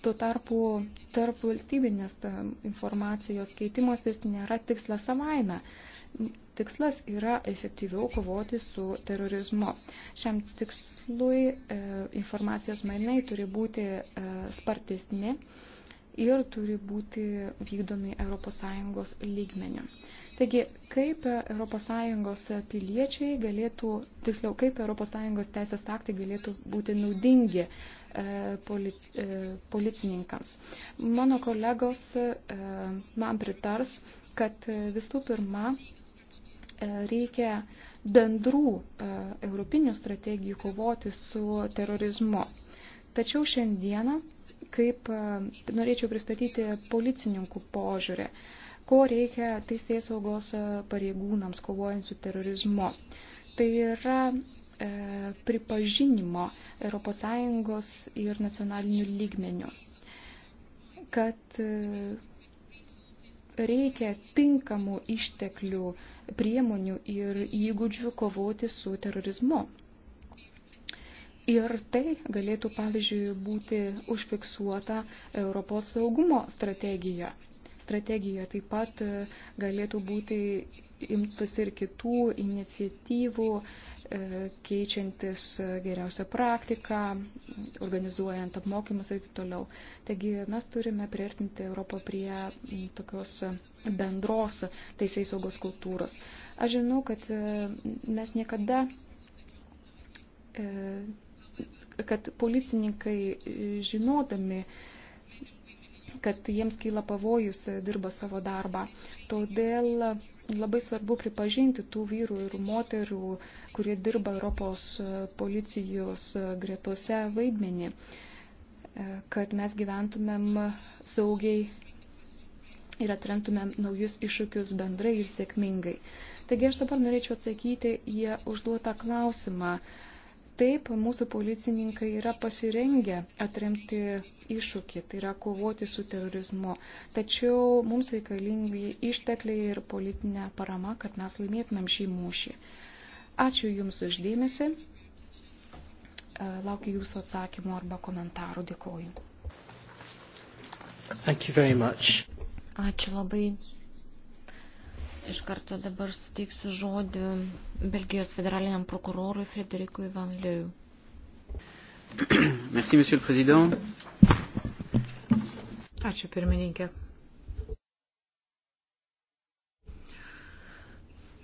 Tuo tarpu tarp valstybinės informacijos keitimasis nėra tikslas savaime. Tikslas yra efektyviau kovoti su terorizmu. Šiam tikslui e, informacijos mainai turi būti e, spartesni ir turi būti vykdomi ES lygmeniu. E, Taigi, kaip ES piliečiai galėtų, tiksliau, kaip ES teisės aktai galėtų būti naudingi e, poli, e, policininkams. Mano kolegos e, man pritars, kad e, visų pirma e, reikia bendrų e, europinių strategijų kovoti su terorizmu. Tačiau šiandieną, kaip norėčiau pristatyti policininkų požiūrį, ko reikia teisės saugos e, pareigūnams kovojant su terorizmu. Tai yra e, pripažinimo ES ir nacionalinių lygmenių, kad e, reikia tinkamų išteklių, priemonių ir įgūdžių kovoti su terorizmu. Ir tai galėtų, pavyzdžiui, būti užfiksuota Europos saugumo strategijoje strategijoje. Taip pat e, galėtų būti imtas ir kitų iniciatyvų, e, keičiantis e, geriausią praktiką, organizuojant apmokymus ir taip toliau. Taigi mes turime priartinti Europą prie tokios bendros teisės saugos kultūros. Aš žinau, kad mes niekada kad policininkai žinodami, kad jiems kyla pavojus e, dirba savo darbą. Todėl labai svarbu pripažinti tų vyrų ir moterų, kurie dirba Europos e, policijos e, gretose vaidmenį, kad mes gyventumėm saugiai ir atrentumėm naujus iššūkius bendrai ir sėkmingai. Taigi aš dabar norėčiau atsakyti į užduotą klausimą. Taip, mūsų policininkai yra pasirengę atremti iššūkį, tai yra kovoti su terorizmu. Tačiau mums reikalingi ištekliai ir politinė parama, kad mes laimėtumėm šį mūšį. Ačiū Jums uždėmesi. Laukiu Jūsų atsakymų arba komentarų. Dėkoju. Thank you very much. Ačiū labai. Iš karto dabar suteiksiu žodį Belgijos federaliniam prokurorui Frederikui Van Liu. [clears throat] Merci, Monsieur le Président. Ačiū, pirmininkė.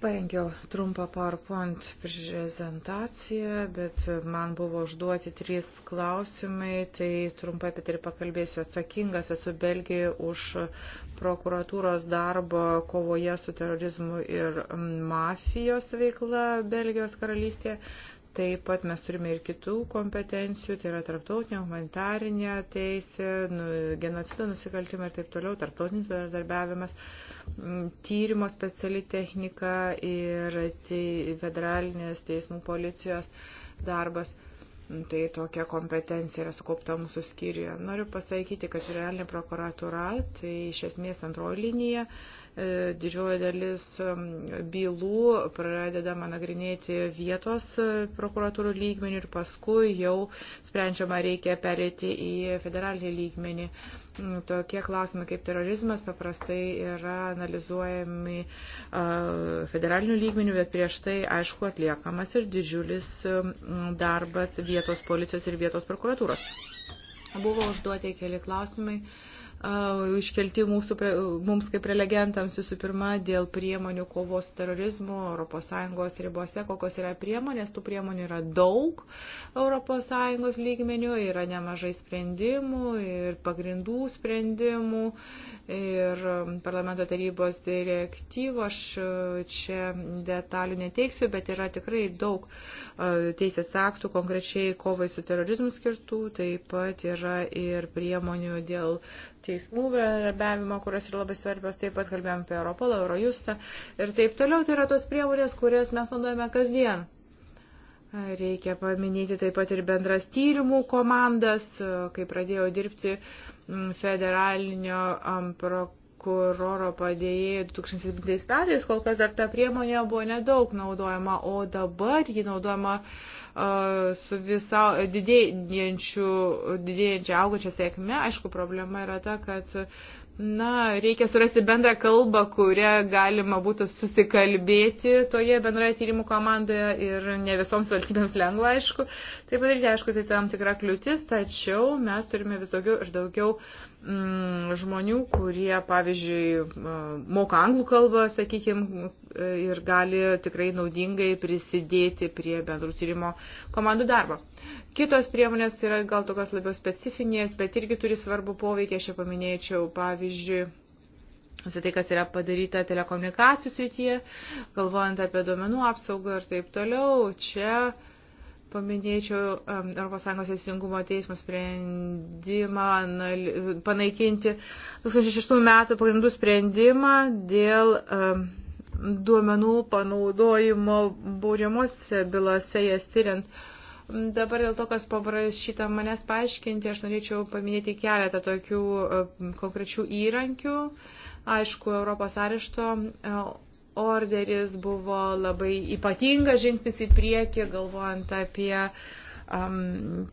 Parengiau trumpą PowerPoint prezentaciją, bet man buvo užduoti trys klausimai, tai trumpai apie tai pakalbėsiu. Atsakingas esu Belgijai už prokuratūros darbą kovoje su terorizmu ir mafijos veikla Belgijos karalystėje. Taip pat mes turime ir kitų kompetencijų, tai yra tarptautinė, humanitarinė teisė, nu, genocido nusikaltimai ir taip toliau, tarptautinis bendradarbiavimas, tyrimo speciali technika ir te, federalinės teismų policijos darbas. Tai tokia kompetencija yra sukaupta mūsų skyriuje. Noriu pasakyti, kad realinė prokuratūra, tai iš esmės antroji linija, uh, E, didžioji dalis bylų pradedama nagrinėti vietos e, prokuratūrų lygmenį ir paskui jau sprendžiama reikia perėti į federalinį lygmenį. Mm, tokie klausimai kaip terorizmas paprastai yra analizuojami e, federaliniu lygmeniu, bet prieš tai, aišku, atliekamas ir didžiulis darbas vietos policijos ir vietos prokuratūros. Buvo užduoti keli klausimai iškelti mūsų, mums kaip prelegentams visų pirma dėl priemonių kovos su terorizmu ES ribose, kokios yra priemonės, tų priemonių yra daug ES lygmenių, yra nemažai sprendimų ir pagrindų sprendimų ir um, parlamento tarybos direktyvo, aš uh, čia detalių neteiksiu, bet yra tikrai daug uh, teisės aktų konkrečiai kovai su terorizmu skirtų, taip pat yra ir priemonių dėl teismų bendradarbiavimo, kurios yra labai svarbios, taip pat kalbėjom apie Europolą, Eurojustą ir taip toliau. Tai yra tos priemonės, kurias mes naudojame kasdien. Reikia paminėti taip pat ir bendras tyrimų komandas, kai pradėjau dirbti mm, federalinio prokuroro padėjėjų 2007 metais, kol kas dar ta priemonė buvo nedaug naudojama, o dabar ji naudojama uh, su visa didėjančiu, didėjančia augančia sėkme. Aišku, problema yra ta, kad Na, reikia surasti bendrą kalbą, kurią galima būtų susikalbėti toje bendroje tyrimų komandoje ir ne visoms valstybėms lengva, aišku. Tai padaryti, aišku, tai tam tikra kliūtis, tačiau mes turime vis daugiau ir daugiau uh, Mm, žmonių, kurie, pavyzdžiui, moka anglų kalbą, sakykime, ir gali tikrai naudingai prisidėti prie bendrų tyrimo komandų darbo. Kitos priemonės yra gal tokios labiau specifinės, bet irgi turi svarbu poveikį, aš jau paminėčiau, pavyzdžiui, visą tai, kas yra padaryta telekomunikacijų srityje, galvojant apie duomenų apsaugą ir taip toliau. Čia uh, Paminėčiau ES teisingumo teismo sprendimą panaikinti 2006 metų pagrindų sprendimą dėl duomenų panaudojimo baudžiamosiose bylose jas tyriant. Dabar dėl to, kas paprašyta manęs paaiškinti, aš norėčiau paminėti keletą tokių konkrečių įrankių. Aišku, Europos arešto orderis buvo labai ypatingas žingsnis į priekį, galvojant apie um,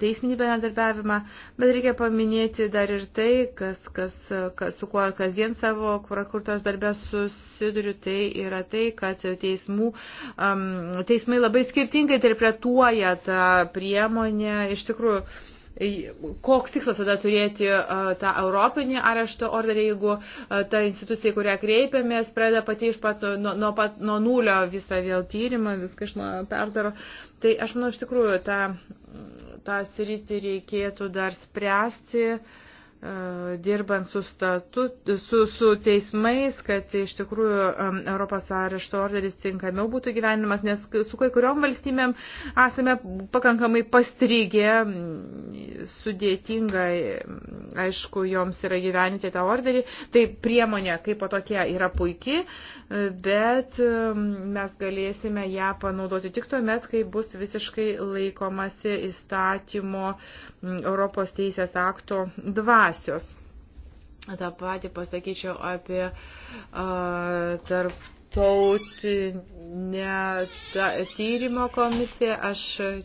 teisminį bendradarbiavimą, bet reikia paminėti dar ir tai, kas, kas, kas, su kuo kasdien savo kurtos darbės susiduriu, tai yra tai, kad teismų, um, teismai labai skirtingai interpretuoja tą priemonę. Iš tikrųjų, um, koks tikslas tada turėti tą europinį arešto orderį, jeigu ta institucija, kurią kreipiamės, pradeda pati iš pat nuo, nuo, pat, nuo nulio visą vėl tyrimą, viską iš naujo perdaro. Tai aš manau, iš tikrųjų, tą, tą sritį reikėtų dar spręsti. Uh, E, dirbant su, statu, su, su teismais, kad iš tikrųjų e, Europos arešto orderis tinkamiau būtų gyvenimas, nes su kai kuriuom valstybėm esame pakankamai pastrygę, sudėtingai, e, aišku, joms yra gyventi tą orderį. Tai priemonė kaip po tokia yra puikiai, bet mes galėsime ją panaudoti tik tuo met, kai bus visiškai laikomasi įstatymo Europos teisės akto dvasia dvasios. Ta pati pasakyčiau apie uh, tarp tautinę tyrimo komisiją. Aš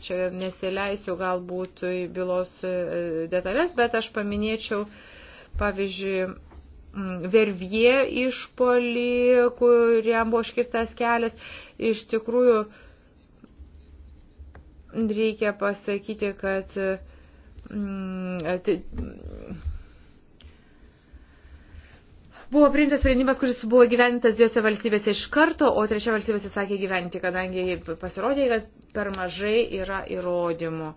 čia nesileisiu galbūt į bylos e, detalės, bet aš paminėčiau, pavyzdžiui, Vervie išpolį, kuriam buvo iškistas kelias. Iš tikrųjų, reikia pasakyti, kad mm, Buvo priimtas sprendimas, kuris buvo gyventas dviejose valstybėse iš karto, o trečia valstybė atsisakė gyventi, kadangi pasirodė, kad per mažai yra įrodymų.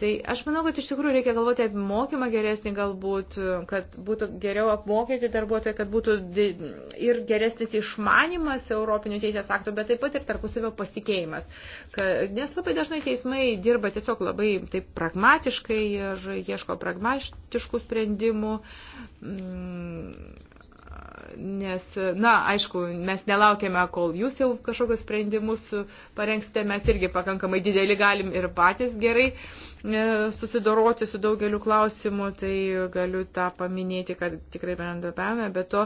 Tai aš manau, kad iš tikrųjų reikia galvoti apie mokymą geresnį galbūt, kad būtų geriau apmokyti darbuotojai, kad būtų ir geresnis išmanimas Europinių teisės aktų, bet taip pat ir tarpusavio pasitikėjimas. Nes labai dažnai teismai dirba tiesiog labai taip pragmatiškai ir ieško pragmatiškų sprendimų. Mm nes, na, aišku, mes nelaukiame, kol jūs jau kažkokius sprendimus parengsite, mes irgi pakankamai didelį galim ir patys gerai e, susidoroti su daugeliu klausimų, tai galiu tą paminėti, kad tikrai bendradarbiavame, bet to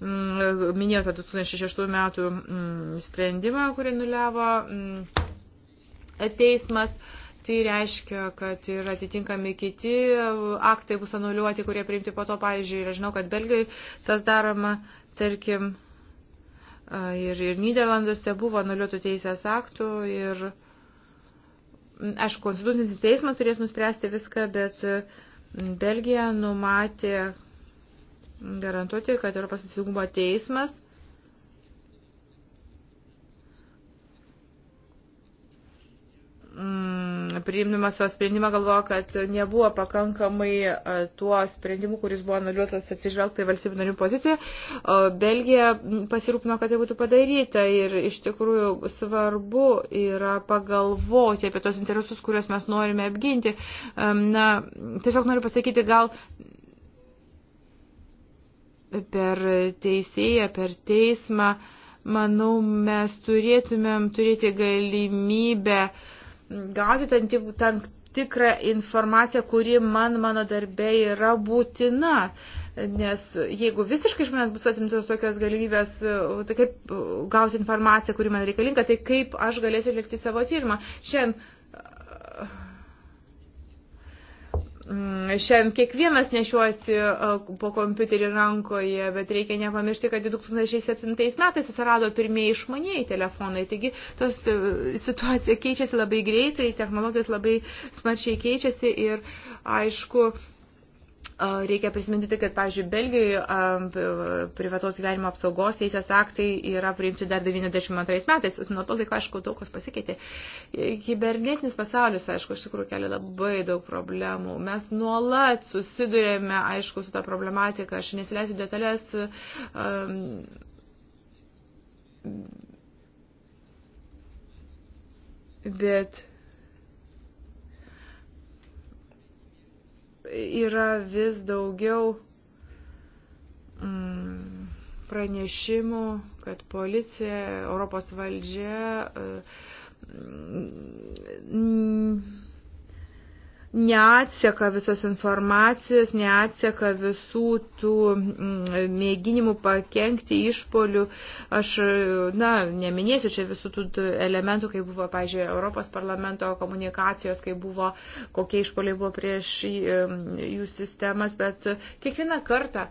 minėjau tą 2006 metų mm, sprendimą, kurį nulevo mm, teismas. Tai reiškia, kad ir atitinkami kiti aktai bus anuliuoti, kurie priimti po to, pavyzdžiui, ir aš žinau, kad Belgijai tas daroma, tarkim, ir, ir Niderlanduose buvo anuliuotų teisės aktų ir, aišku, konstitucinis teismas turės nuspręsti viską, bet Belgija numatė garantuoti, kad Europos teisingumo teismas mm, priimdamas savo sprendimą galvojo, kad nebuvo pakankamai e, tuo sprendimu, kuris buvo anuliuotas atsižvelgta į valstybių narių poziciją. Belgija pasirūpino, kad tai būtų padaryta ir iš tikrųjų svarbu yra pagalvoti apie tos interesus, kuriuos mes norime apginti. Na, tiesiog noriu pasakyti, gal per teisėją, per teismą, manau, mes turėtumėm turėti galimybę uh, gauti tam, tam tikrą informaciją, kuri man mano darbė yra būtina. Nes jeigu visiškai iš manęs bus atimtos tokios galimybės, tai kaip gauti informaciją, kuri man reikalinga, tai kaip aš galėsiu likti savo tyrimą. Šiandien Mm, šiandien kiekvienas nešiuosi e, po kompiuterį rankoje, bet reikia nepamiršti, kad 2007 metais atsirado pirmieji išmaniai telefonai. Taigi tos e, situacija keičiasi labai greitai, technologijos labai smarčiai keičiasi ir aišku, Reikia prisiminti, kad, pavyzdžiui, Belgijoje privatos gyvenimo apsaugos teisės aktai yra priimti dar 92 metais. Nuo to laiko, aišku, daug kas pasikeitė. E, kibernetinis pasaulis, aišku, iš tikrųjų kelia labai daug problemų. Mes nuolat susidurėme, aišku, su tą problematiką. Aš nesileisiu detalės. Um, bet yra vis daugiau mm, pranešimų, kad policija, Europos valdžia mm, neatseka visos informacijos, neatseka visų tų mm, mėginimų pakengti išpolių. Aš, na, neminėsiu čia visų tų elementų, kai buvo, pažiūrėjau, Europos parlamento komunikacijos, kai buvo, kokie išpoliai buvo prieš mm, jų sistemas, bet kiekvieną kartą.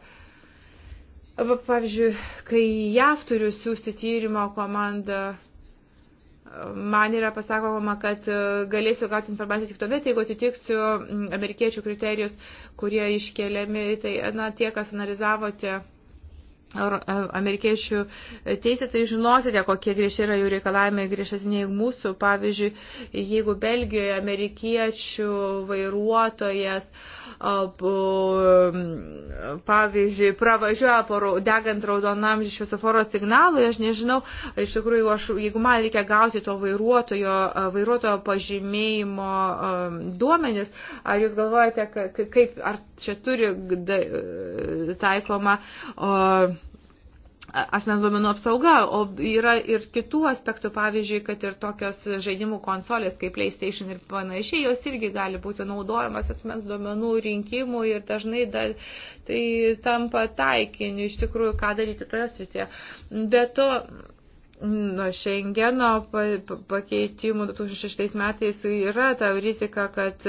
Pavyzdžiui, kai JAV turiu siūsti tyrimo komandą man yra pasakoma, kad e, galėsiu gauti informaciją tik tuomet, jeigu atitiksiu amerikiečių kriterijus, kurie iškeliami. Tai na, tie, kas analizavote amerikiečių teisė, tai žinosite, kokie griežti yra jų reikalavimai, griežtesniai mūsų. Pavyzdžiui, jeigu Belgijoje amerikiečių vairuotojas uh, pavyzdžiui, pravažiuoja degant raudonam šviesoforo signalui, aš nežinau, iš tikrųjų, aš, jeigu man reikia gauti to vairuotojo, vairuotojo pažymėjimo duomenis, ar jūs galvojate, kaip, ar čia turi e, taikoma. O, asmens duomenų apsauga, o yra ir kitų aspektų, pavyzdžiui, kad ir tokios žaidimų konsolės kaip PlayStation ir panašiai, jos irgi gali būti naudojamas asmens duomenų rinkimų ir dažnai dar tai tampa taikiniu iš tikrųjų, ką daryti toje srityje. Bet to nuo Šengeno pakeitimų 2006 metais yra ta rizika, kad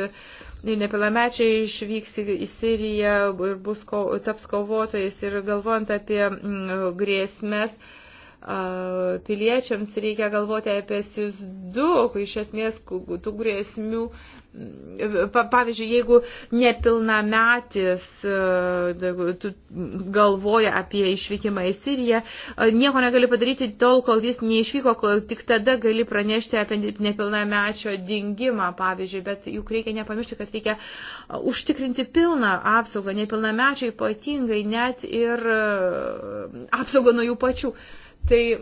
nepilamečiai išvyks į Siriją ir bus, taps kovotojais ir galvojant apie mm, grėsmės piliečiams reikia galvoti apie SIS 2, iš esmės tų grėsmių. Pavyzdžiui, jeigu nepilnametis galvoja apie išvykimą į Siriją, nieko negali padaryti tol, kol jis neišvyko, kol tik tada gali pranešti apie nepilnamečio dingimą, pavyzdžiui, bet juk reikia nepamiršti, kad reikia užtikrinti pilną apsaugą, nepilnamečio ypatingai net ir apsaugą nuo jų pačių. Uh, Tai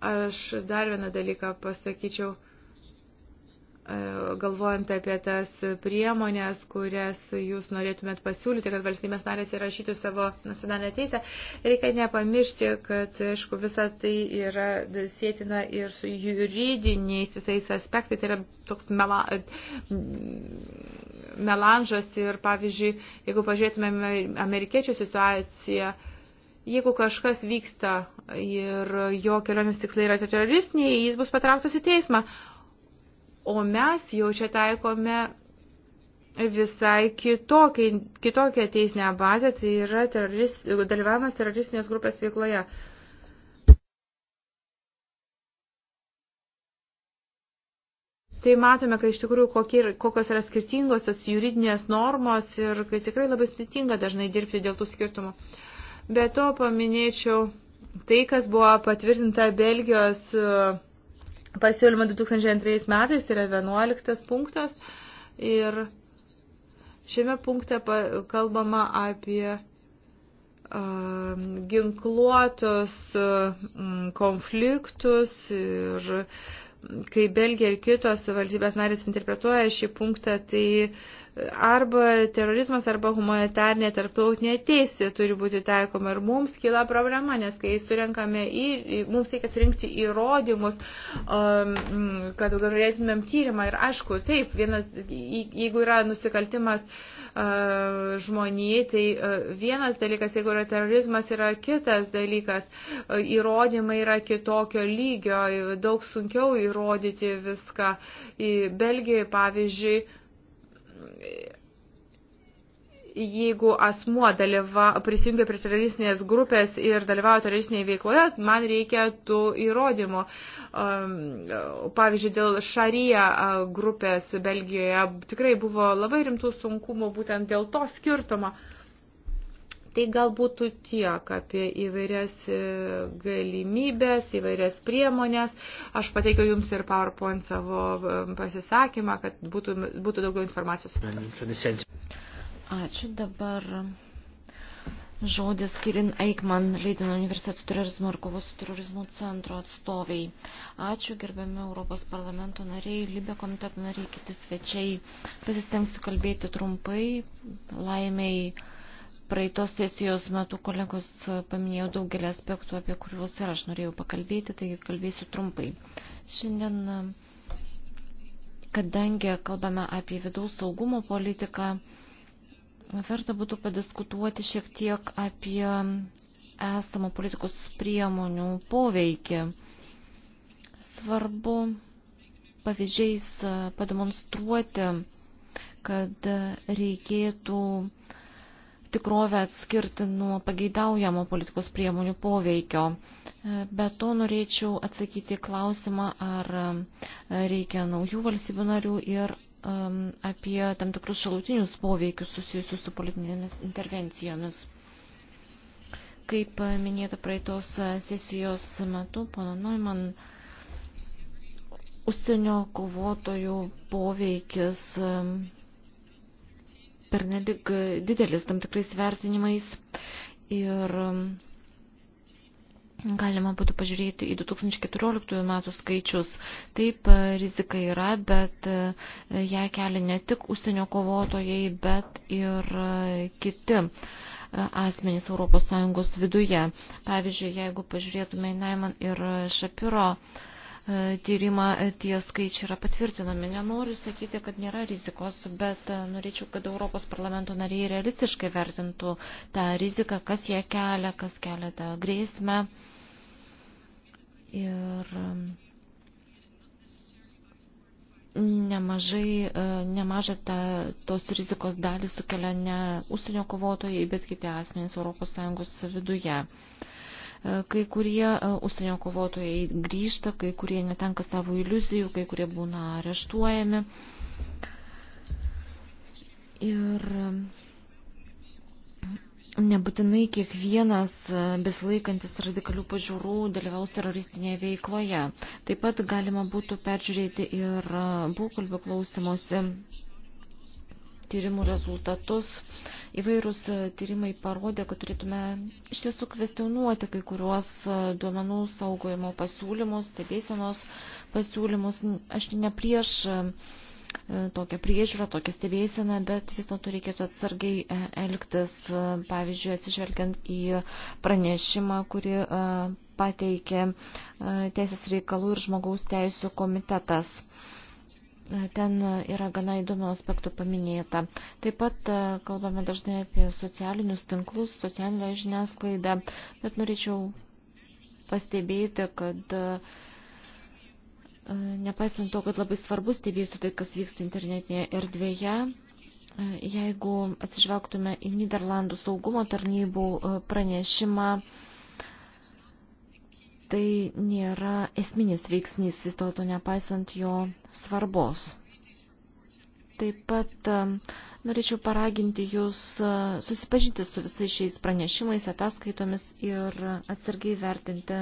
aš dar vieną dalyką pasakyčiau, e, galvojant apie tas priemonės, kurias jūs norėtumėt pasiūlyti, kad valstybės narės įrašytų savo nacionalinę teisę, reikia nepamiršti, kad, aišku, visa tai yra sėtina ir su juridiniais visais aspektais, tai yra toks mela, melanžas ir, pavyzdžiui, jeigu pažiūrėtumėme amerikiečių situaciją, Jeigu kažkas vyksta ir jo kelionės tikslai yra teroristiniai, jis bus patrauktas į teismą. O mes jau čia taikome visai kitokią, kitokią teisinę bazę, tai yra terorist, dalyvavimas teroristinės grupės veikloje. Tai matome, kad iš tikrųjų kokie, kokios yra skirtingos tos juridinės normos ir kad tikrai labai sudėtinga dažnai dirbti dėl tų skirtumų. Uh, Be to paminėčiau tai, kas buvo patvirtinta Belgijos e, pasiūlymą 2002 metais, tai yra 11 punktas. Ir šiame punkte kalbama apie e, ginkluotus e, konfliktus ir kai Belgija ir kitos valstybės narės interpretuoja šį punktą, tai uh, arba terorizmas, arba humanitarnė tarptautinė teisė turi būti taikoma. Ir mums kyla problema, nes kai surinkame į, mums reikia surinkti įrodymus, um, kad galėtumėm tyrimą. Ir aišku, taip, vienas, jeigu yra nusikaltimas uh, žmonijai, tai uh, vienas dalykas, jeigu yra terorizmas, yra kitas dalykas. Uh, įrodymai yra kitokio lygio, daug sunkiau įrodyti viską. Belgijoje, pavyzdžiui, jeigu asmuo dalyva, prisijungia prie teroristinės grupės ir dalyvauja teroristinėje veikloje, man reikia tų įrodymų. Pavyzdžiui, dėl šaryje grupės Belgijoje tikrai buvo labai rimtų sunkumų būtent dėl to skirtumo. Tai galbūt tiek apie įvairias e, galimybės, įvairias priemonės. Aš pateikiau Jums ir PowerPoint savo e, pasisakymą, kad būtų, būtų daugiau informacijos. Ačiū dabar. Žodis Kirin Eikman, Leidino universiteto terorizmo ir kovos su terorizmu centro atstoviai. Ačiū gerbiami Europos parlamento nariai, Libė komiteto nariai, kiti svečiai. Pasistengsiu kalbėti trumpai, laimiai Praeitos sesijos metu kolegos paminėjo daugelį aspektų, apie kuriuos ir aš norėjau pakalbėti, taigi kalbėsiu trumpai. Šiandien, kadangi kalbame apie vidaus saugumo politiką, verta būtų padiskutuoti šiek tiek apie esamą politikos priemonių poveikį. Svarbu pavyzdžiais pademonstruoti, kad reikėtų tikrovę atskirti nuo pageidaujamo politikos priemonių poveikio. Be to norėčiau atsakyti klausimą, ar e, reikia naujų valstybių narių ir um, apie tam tikrus šalutinius poveikius susijusius su politinėmis intervencijomis. Kaip e, minėta praeitos sesijos metu, pana Neumann, užsienio kovotojų poveikis um, pernelik e, didelis tam tikrais vertinimais ir e, galima būtų pažiūrėti į 2014 metų skaičius. Taip, e, rizika yra, bet ją kelia ne tik užsienio kovotojai, bet ir kiti asmenys ES viduje. Pavyzdžiui, jeigu pažiūrėtume į Naiman ir Šapiro, uh, E, tyrimą, e, tie skaičiai yra patvirtinami. Nenoriu sakyti, kad nėra rizikos, bet e, norėčiau, kad Europos parlamento nariai realistiškai vertintų tą riziką, kas ją kelia, kas kelia tą grėsmę. Ir nemažai, nemažą tą, tos rizikos dalį sukelia ne užsienio kovotojai, bet kiti asmenys ES viduje. Kai kurie e, užsienio kovotojai grįžta, kai kurie netenka savo iliuzijų, kai kurie būna areštuojami. Ir e, nebūtinai kiekvienas e, besilaikantis radikalių pažiūrų dalyvaus teroristinėje veikloje. Taip pat galima būtų peržiūrėti ir pokalbio klausimuose tyrimų rezultatus. Įvairūs e, tyrimai parodė, kad turėtume iš tiesų kvestionuoti kai kuriuos e, duomenų saugojimo pasiūlymus, stebėsenos pasiūlymus. Aš ne prieš e, tokią priežiūrą, tokią stebėseną, bet vis dėlto reikėtų atsargiai elgtis, pavyzdžiui, atsižvelgiant į pranešimą, kurį pateikė Teisės reikalų ir žmogaus teisų komitetas. Ten yra gana įdomių aspektų paminėta. Taip pat e, kalbame dažnai apie socialinius tinklus, socialinę žiniasklaidą, bet norėčiau pastebėti, kad e, nepaisant to, kad labai svarbu stebėsiu tai, kas vyksta internetinėje erdvėje, e, jeigu atsižvelgtume į Niderlandų saugumo tarnybų pranešimą, tai nėra esminis veiksnys, vis dėlto nepaisant jo svarbos. Taip pat um, norėčiau paraginti Jūs uh, susipažinti su visais šiais pranešimais, ataskaitomis ir atsargiai vertinti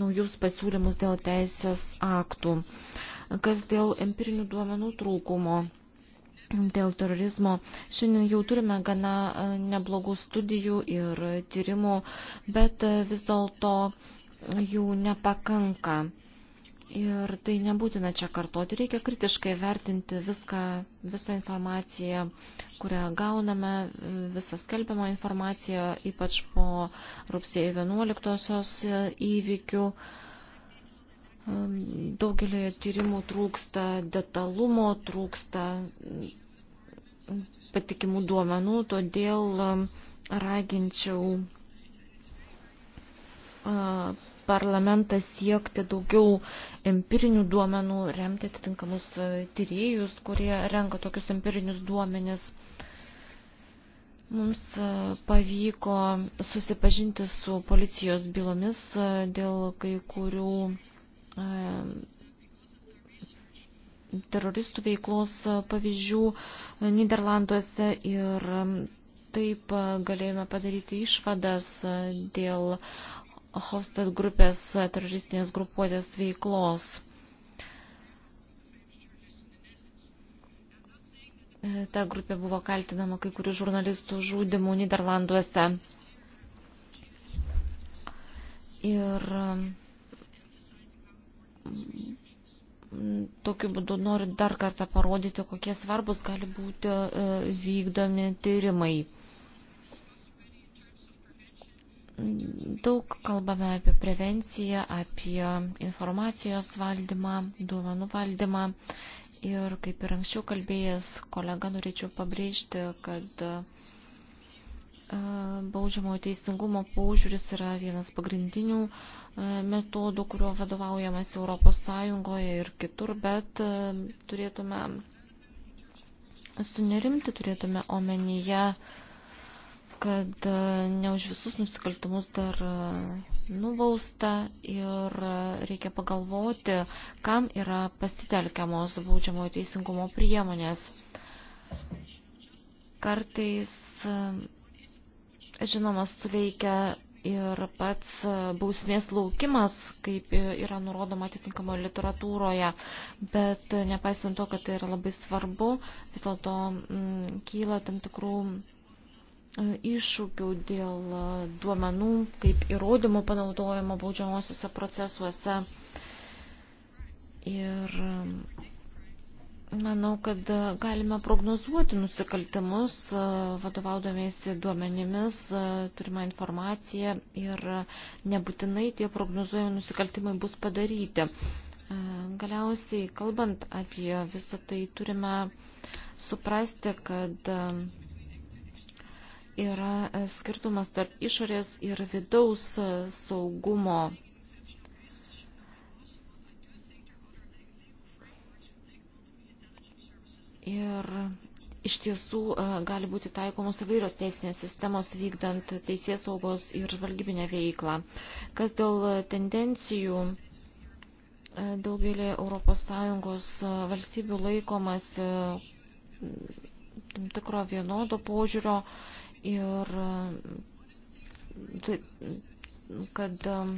naujus pasiūlymus dėl teisės aktų. Kas dėl empirinių duomenų trūkumo? Dėl terorizmo šiandien jau turime gana uh, neblogų studijų ir tyrimų, bet uh, vis dėlto to jų nepakanka. Ir tai nebūtina čia kartoti, reikia kritiškai vertinti viską, visą informaciją, kurią gauname, visą skelbiamą informaciją, ypač po rugsėjo 11-osios įvykių. Ehm, daugelį tyrimų trūksta detalumo, trūksta patikimų duomenų, todėl ehm, raginčiau parlamentas siekti daugiau empirinių duomenų, remti atitinkamus tyriejus, kurie renka tokius empirinius duomenis. Mums pavyko susipažinti su policijos bylomis dėl kai kurių teroristų veiklos pavyzdžių Niderlanduose ir taip galėjome padaryti išvadas dėl Hofstad grupės e, teroristinės grupuotės veiklos. E, ta grupė buvo kaltinama kai kurių žurnalistų žudimų Niderlanduose. Ir e, tokiu būdu noriu dar kartą parodyti, kokie svarbus gali būti vykdomi tyrimai. Daug kalbame apie prevenciją, apie informacijos valdymą, duomenų valdymą. Ir kaip ir anksčiau kalbėjęs kolega, norėčiau pabrėžti, kad e, baudžiamojo teisingumo paužiūris yra vienas pagrindinių e, metodų, kuriuo vadovaujamas Europos Sąjungoje ir kitur, bet e, turėtume sunerimti, turėtume omenyje kad e, ne už visus nusikaltimus dar e, nubausta ir e, reikia pagalvoti, kam yra pasitelkiamos baudžiamojo teisingumo priemonės. Kartais, žinoma, suveikia ir pats bausmės laukimas, kaip yra nurodoma atitinkamo literatūroje, bet nepaisant to, kad tai yra labai svarbu, vis dėlto kyla tam tikrų E, iššūkių dėl e, duomenų kaip įrodymų panaudojimo baudžiamosiuose procesuose. Ir e, manau, kad galime prognozuoti nusikaltimus, vadovaudomėsi duomenimis, turime informaciją ir nebūtinai tie prognozuojami nusikaltimai bus padaryti. Galiausiai, kalbant apie visą tai, turime suprasti, kad yra skirtumas tarp išorės ir vidaus saugumo. Ir iš tiesų e, gali būti taikomos įvairios teisinės sistemos vykdant teisės saugos ir žvalgybinę veiklą. Kas dėl tendencijų e, daugelį ES e, valstybių laikomas tam tikro vienodo požiūrio, ir tai, kad um,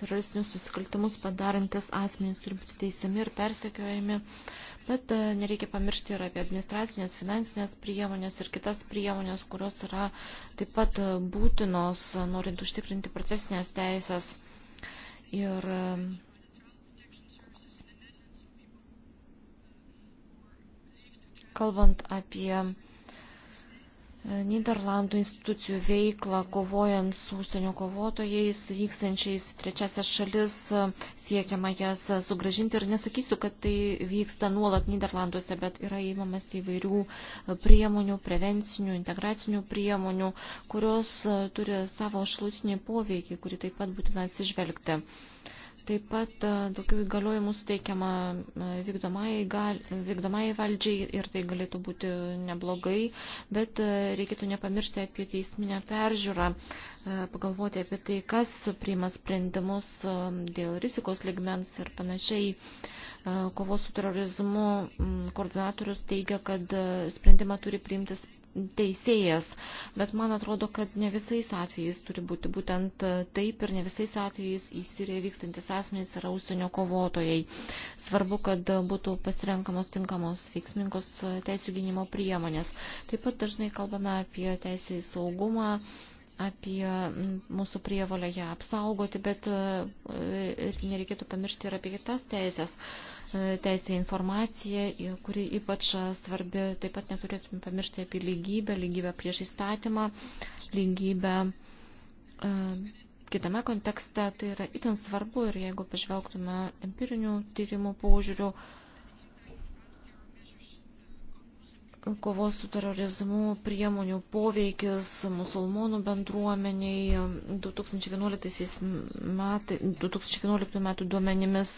teroristinius susikaltimus padarantis asmenys turi būti teisiami ir persekiojami, bet e, nereikia pamiršti ir apie administracinės, finansinės priemonės ir kitas priemonės, kurios yra taip pat e, būtinos, e, norint užtikrinti procesinės teisės. Ir kalbant apie E, Niderlandų institucijų veiklą kovojant su užsienio kovotojais vykstančiais trečiasias šalis, e, siekiama jas e, sugražinti ir nesakysiu, kad tai vyksta nuolat Niderlanduose, bet yra įmamas įvairių priemonių, prevencinių, integracinių priemonių, kurios turi savo šalutinį poveikį, kurį taip pat būtina atsižvelgti. Uh, Taip pat e, tokių įgaliojimų suteikiama e, vykdomai, gal, vykdomai valdžiai ir tai galėtų būti neblogai, bet e, reikėtų nepamiršti apie teisminę peržiūrą, pagalvoti apie tai, kas priima sprendimus dėl rizikos ligmens ir panašiai. Kovos su terorizmu koordinatorius teigia, kad sprendimą turi priimtis teisėjas, bet man atrodo, kad ne visais atvejais turi būti būtent taip ir ne visais atvejais į Siriją vykstantis asmenys yra užsienio kovotojai. Svarbu, kad būtų pasirenkamos tinkamos veiksmingos teisų gynimo priemonės. Taip pat dažnai kalbame apie teisę į saugumą, apie mūsų prievolę ją apsaugoti, bet e, e, nereikėtų pamiršti ir apie kitas teisės. E, Teisė informacija, kuri ypač svarbi, taip pat neturėtume pamiršti apie lygybę, lygybę prieš įstatymą, lygybę kitame kontekste. Tai yra itin svarbu ir jeigu pažvelgtume empirinių tyrimų paužiūrių, po kovos su terorizmu priemonių poveikis musulmonų bendruomeniai 2011, metai, 2011 metų duomenimis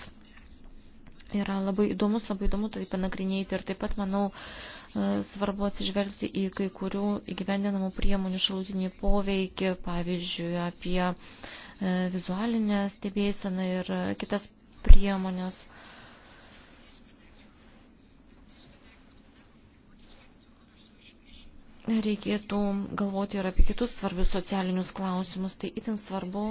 yra labai įdomus, labai įdomu tai panagrinėti ir taip pat, manau, e, svarbu atsižvelgti į kai kurių įgyvendinamų priemonių šalutinį poveikį, pavyzdžiui, apie e, vizualinę stebėseną ir kitas priemonės. reikėtų galvoti ir apie kitus svarbius socialinius klausimus. Tai itin svarbu,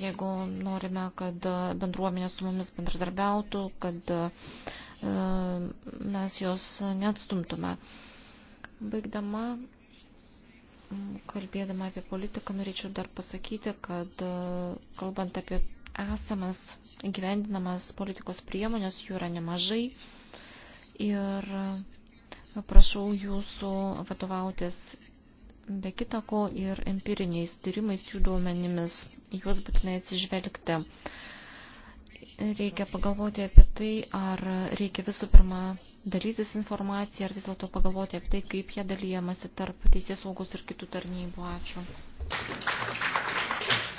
jeigu norime, kad e, bendruomenė su mumis bendradarbiautų, kad e, mes jos neatstumtume. Baigdama, kalbėdama apie politiką, norėčiau dar pasakyti, kad e, kalbant apie esamas gyvendinamas politikos priemonės, jų yra nemažai. Ir Prašau jūsų vadovautis be kitako ir empiriniais tyrimais jų duomenimis. Juos būtinai atsižvelgti. Reikia pagalvoti apie tai, ar reikia visų pirma dalytis informaciją, ar vis dėlto pagalvoti apie tai, kaip jie dalyjamasi tarp teisės saugos ir kitų tarnybų. Ačiū.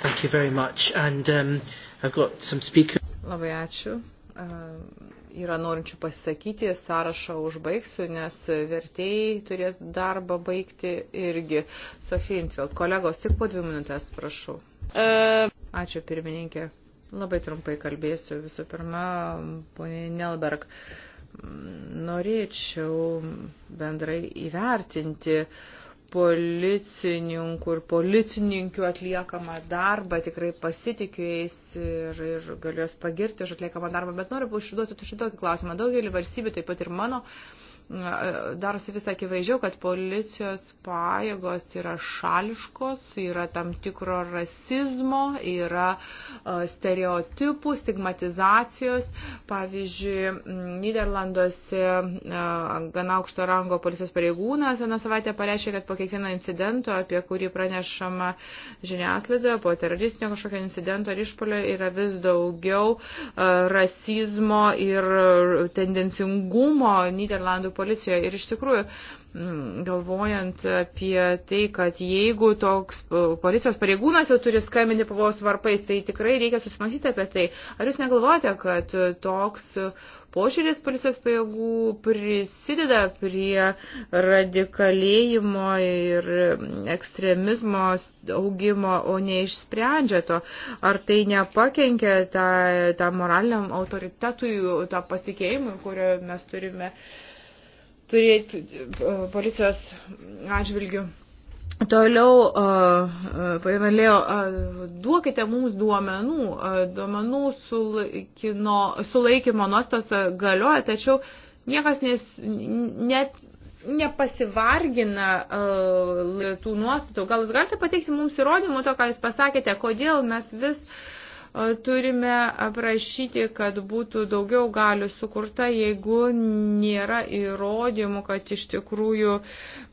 Thank you very much. And um, I've got some speakers. Labai ačiū. Uh, yra norinčių pasisakyti, sąrašą užbaigsiu, nes vertėjai turės darbą baigti irgi. Sofija Intveld, kolegos, tik po dvi minutės, prašau. E. Ačiū, pirmininkė. Labai trumpai kalbėsiu. Visų pirma, ponė Nelberg, norėčiau bendrai įvertinti uh, policininkų ir policininkių atliekamą darbą, tikrai pasitikiu jais ir, ir galiu juos pagirti už atliekamą darbą, bet noriu užduoti šitokį klausimą. Daugelį valstybių, taip pat ir mano, uh, E, darosi vis akivaizdžiau, kad policijos pajėgos yra šališkos, yra tam tikro rasizmo, yra e, stereotipų, stigmatizacijos. Pavyzdžiui, Niderlanduose e, gana aukšto rango policijos pareigūnas vieną savaitę pareiškė, kad po kiekvieno incidento, apie kurį pranešama žiniasklaidoje, po teroristinio kažkokio incidento ar išpolio yra vis daugiau rasizmo ir tendencingumo Niderlandų policijos koalicijoje. Ir iš tikrųjų, mm, galvojant apie tai, kad jeigu toks policijos e, pareigūnas jau turi skambinti pavojus varpais, tai tikrai reikia susimastyti apie tai. Ar jūs negalvojate, kad toks požiūris policijos pajėgų prisideda prie radikalėjimo ir ekstremizmo augimo, o neišsprendžia to. Ar tai nepakenkia tą, tą moraliniam autoritetui, tą pasikeimui, kurio mes turime uh, turėti e, policijos atžvilgių. Toliau, e, e, pavanlėjo, duokite mums duomenų, duomenų sulaikino, sulaikymo nuostos galioja, tačiau niekas nes, net nepasivargina uh, tų nuostatų. Gal jūs galite pateikti mums įrodymų to, ką jūs pasakėte, kodėl mes vis uh, turime aprašyti, kad būtų daugiau galių sukurta, jeigu nėra įrodymų, kad iš tikrųjų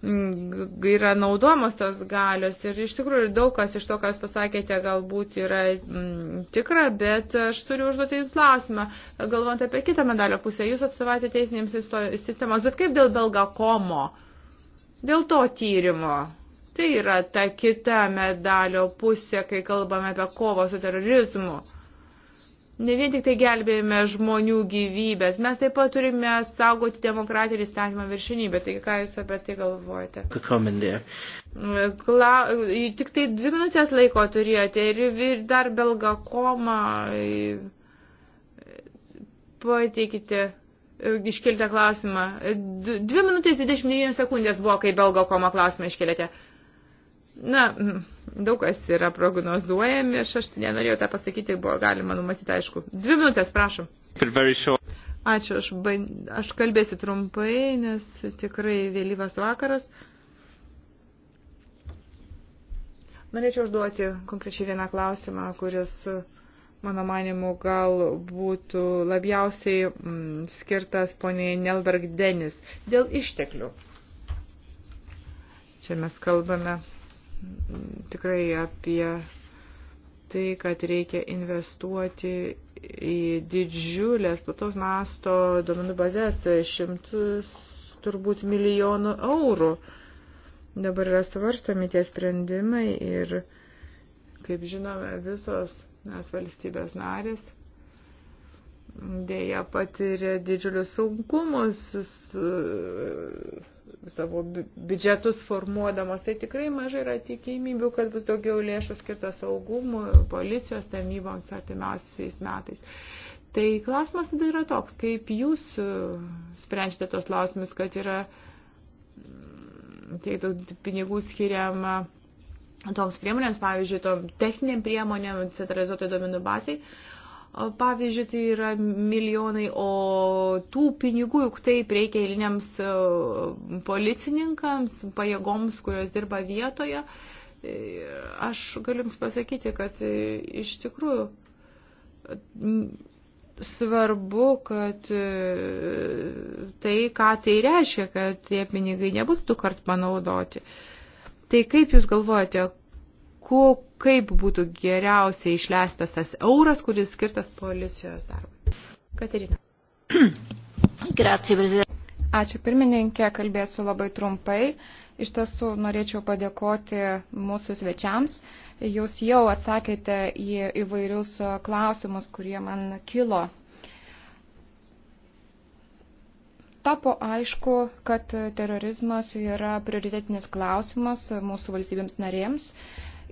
mm, yra naudojamos tos galios. Ir iš tikrųjų daug kas iš to, ką jūs pasakėte, galbūt yra mm, tikra, bet aš turiu užduoti jums klausimą. Galvant apie kitą medalio pusę, jūs atstovate teisinėms sistemos, bet kaip dėl Belgakomo? Dėl to tyrimo tai yra ta kita medalio pusė, kai kalbame apie kovą su terorizmu. Ne vien tik tai gelbėjame žmonių gyvybės, mes taip pat turime saugoti demokratiją ir įstatymą viršinybę. Taigi, ką Jūs apie tai galvojate? Kla... Tik tai dvi minutės laiko turėjote ir, ir dar belgakoma. Pateikite e, iškeltą klausimą. 2 minutės 29 sekundės buvo, kai belgo komo klausimą iškelėte. Na, daug kas yra prognozuojami, aš, aš nenorėjau tą pasakyti, buvo galima numatyti, aišku. Dvi minutės, prašom. Ačiū, aš, aš kalbėsiu trumpai, nes tikrai vėlyvas vakaras. Norėčiau užduoti konkrečiai vieną klausimą, kuris, mano manimu, gal būtų labiausiai mm, skirtas poniai Nelberg Denis dėl išteklių. Čia mes kalbame tikrai apie tai, kad reikia investuoti į didžiulės plataus masto duomenų bazės tai šimtus turbūt milijonų eurų. Dabar yra svarstomi tie sprendimai ir, kaip žinome, visos mes valstybės narės dėja patiria didžiulius sunkumus. Su, savo biudžetus formuodamos, tai tikrai mažai yra tikimybių, kad bus daugiau lėšų skirta saugumui, policijos tarnyboms artimiausiais metais. Tai klausimas tada yra toks, kaip jūs e, sprendžiate tos klausimus, kad yra mm, tiek daug pinigų skiriama toms priemonėms, pavyzdžiui, tom techniniam priemonėm, centralizuotai domenų baziai, Pavyzdžiui, tai yra milijonai, o tų pinigų juk taip reikia eiliniams e, policininkams, pajėgoms, kurios dirba vietoje. E, aš galiu Jums pasakyti, kad e, iš tikrųjų svarbu, kad tai, ką tai reiškia, kad tie pinigai nebus du kart panaudoti. Tai kaip Jūs galvojate, ko, kaip būtų geriausiai išleistas tas euras, kuris skirtas policijos darbui. Katerina. [clears throat] Grazie, prezidentė. Ačiū pirmininkė, kalbėsiu labai trumpai. Iš tiesų norėčiau padėkoti mūsų svečiams. Jūs jau atsakėte į įvairius klausimus, kurie man kilo. Tapo aišku, kad terorizmas yra prioritetinis klausimas mūsų valstybėms narėms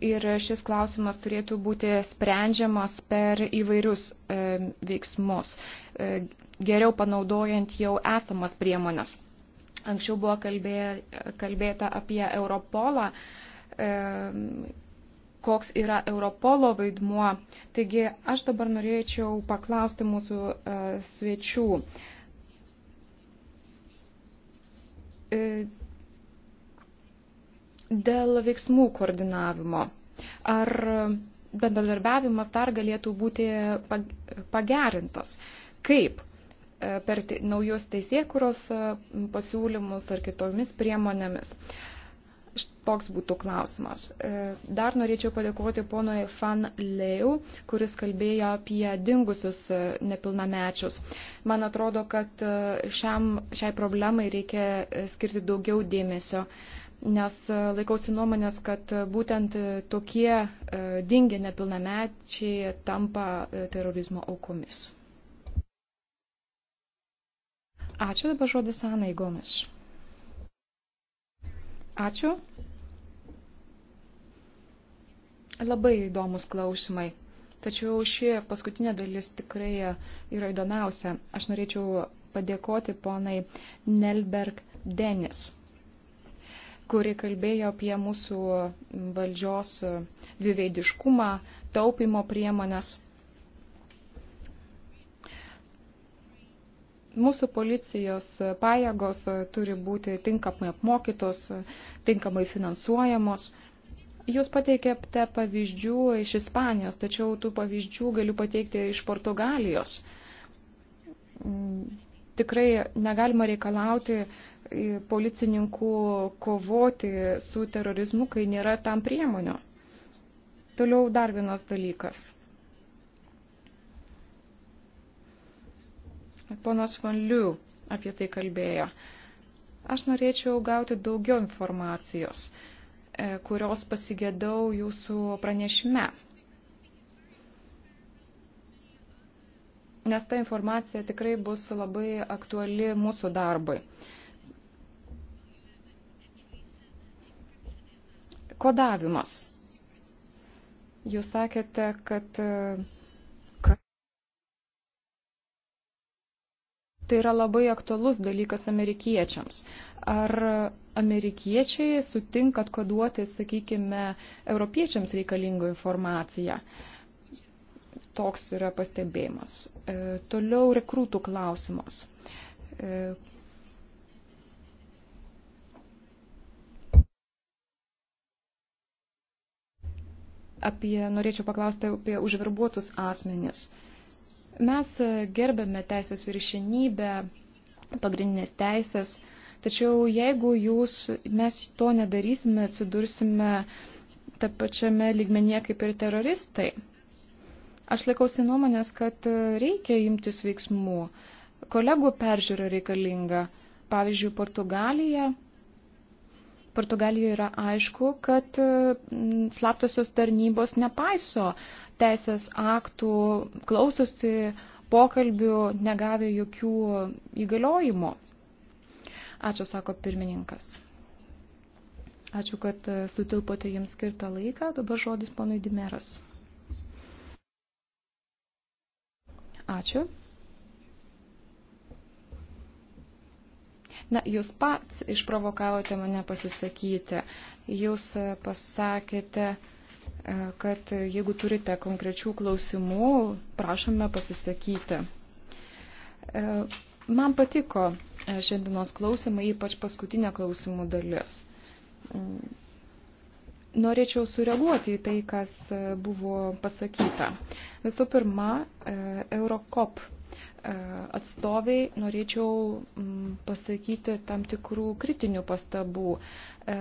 ir šis klausimas turėtų būti sprendžiamas per įvairius e, veiksmus, e, geriau panaudojant jau esamas priemonės. Anksčiau buvo kalbė, kalbėta apie Europolą, e, koks yra Europolo vaidmuo. Taigi aš dabar norėčiau paklausti mūsų e, svečių. E, Dėl veiksmų koordinavimo. Ar bendradarbiavimas dar galėtų būti pagerintas? Kaip? E, per naujus teisėkuros e, pasiūlymus ar kitomis priemonėmis. Toks būtų klausimas. E, dar norėčiau padėkoti ponui Fan Leu, kuris kalbėjo apie dingusius nepilnamečius. Man atrodo, kad šiam, šiai problemai reikia skirti daugiau dėmesio nes e, laikausi nuomonės, kad e, būtent e, tokie dingę nepilnamečiai tampa terorizmo aukomis. Ačiū dabar žodis Anai Gomes. Ačiū. Labai įdomus klausimai. Tačiau ši paskutinė dalis tikrai yra įdomiausia. Aš norėčiau padėkoti ponai Nelberg Denis kuri kalbėjo apie mūsų valdžios dviveidiškumą, taupimo priemonės. Mūsų policijos pajėgos turi būti tinkamai apmokytos, tinkamai finansuojamos. Jūs pateikėte pavyzdžių iš Ispanijos, tačiau tų pavyzdžių galiu pateikti iš Portugalijos. Tikrai negalima reikalauti policininkų kovoti su terorizmu, kai nėra tam priemonių. Toliau dar vienas dalykas. Ponas Van Liu apie tai kalbėjo. Aš norėčiau gauti daugiau informacijos, e, kurios pasigėdau jūsų pranešime. Nes ta informacija tikrai bus labai aktuali mūsų darbui. kodavimas. Jūs sakėte, kad, e, kad tai yra labai aktualus dalykas amerikiečiams. Ar amerikiečiai sutinkat koduoti, sakykime, europiečiams reikalingą informaciją? Toks yra pastebėjimas. E, toliau rekrūtų klausimas e, apie, norėčiau paklausti apie užverbuotus asmenis. Mes e, gerbėme teisės viršinybę, pagrindinės teisės, tačiau jeigu jūs, mes to nedarysime, atsidursime tą pačiame lygmenyje kaip ir teroristai. Aš laikausi nuomonės, kad e, reikia imtis veiksmų. Kolegų peržiūra reikalinga. Pavyzdžiui, Portugalija Portugalijoje yra aišku, kad mm, slaptosios tarnybos nepaiso teisės aktų, klausosi pokalbių, negavė jokių įgaliojimų. Ačiū, sako pirmininkas. Ačiū, kad e, sutilpote jums skirtą laiką. Dabar žodis ponui Dimeras. Ačiū. Na, jūs pats išprovokavote mane pasisakyti. Jūs e, pasakėte, e, kad jeigu turite konkrečių klausimų, prašome pasisakyti. E, man patiko šiandienos klausimai, ypač paskutinė klausimų dalis. Mm. Norėčiau sureaguoti į tai, kas buvo pasakyta. Visų pirma, Eurokop E, atstoviai norėčiau mm, pasakyti tam tikrų kritinių pastabų. E,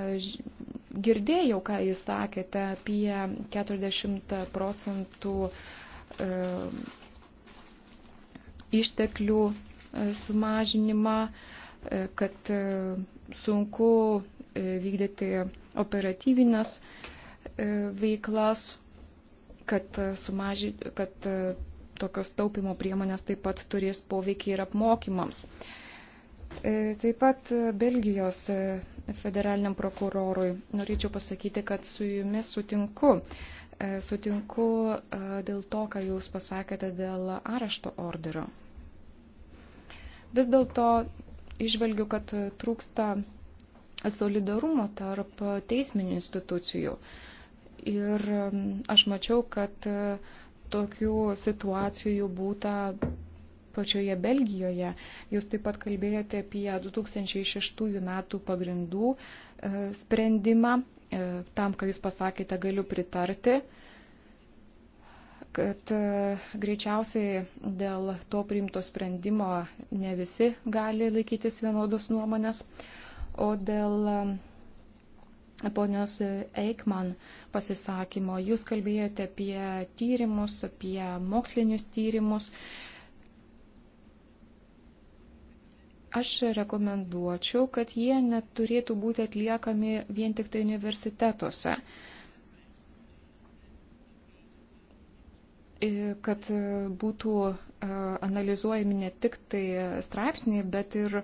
girdėjau, ką jūs sakėte apie 40 procentų e, išteklių sumažinimą, kad sunku vykdyti operatyvinės veiklas, kad, sumaži, kad tokios taupimo priemonės taip pat turės poveikį ir apmokymams. E, taip pat e, Belgijos e, federaliniam prokurorui norėčiau pasakyti, kad su jumis sutinku. Sutinku dėl to, ką jūs pasakėte dėl arešto orderio. Vis dėlto išvelgiu, kad trūksta solidarumo tarp teisminių institucijų. Ir aš mačiau, kad uh, tokių situacijų būta pačioje Belgijoje. Jūs taip pat kalbėjote apie 2006 metų pagrindų e, sprendimą. E, tam, ką jūs pasakėte, galiu pritarti kad e, greičiausiai dėl to priimto sprendimo ne visi gali laikytis vienodos nuomonės, o dėl ponios Eikman pasisakymo. Jūs kalbėjote apie tyrimus, apie mokslinius tyrimus. Aš rekomenduočiau, kad jie neturėtų būti atliekami vien tik tai universitetuose. Kad būtų e, analizuojami ne tik tai straipsniai, bet ir e,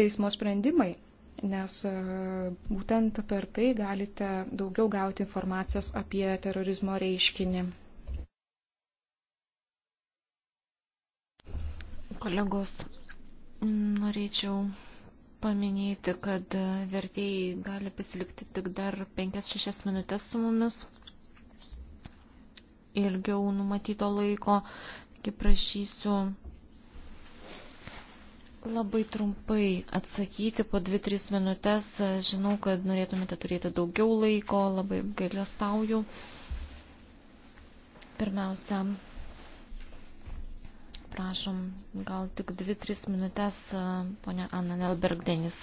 teismo sprendimai nes e, būtent per tai galite daugiau gauti informacijos apie terorizmo reiškinį. Kolegos, norėčiau paminėti, kad e, vertėjai gali pasilikti tik dar 5-6 minutės su mumis ilgiau numatyto laiko, tik prašysiu Labai trumpai atsakyti po 2-3 minutės. Žinau, kad norėtumėte turėti daugiau laiko, labai gailestauju. Pirmiausia, prašom, gal tik 2-3 minutės, ponia Anna Nelbergdenis.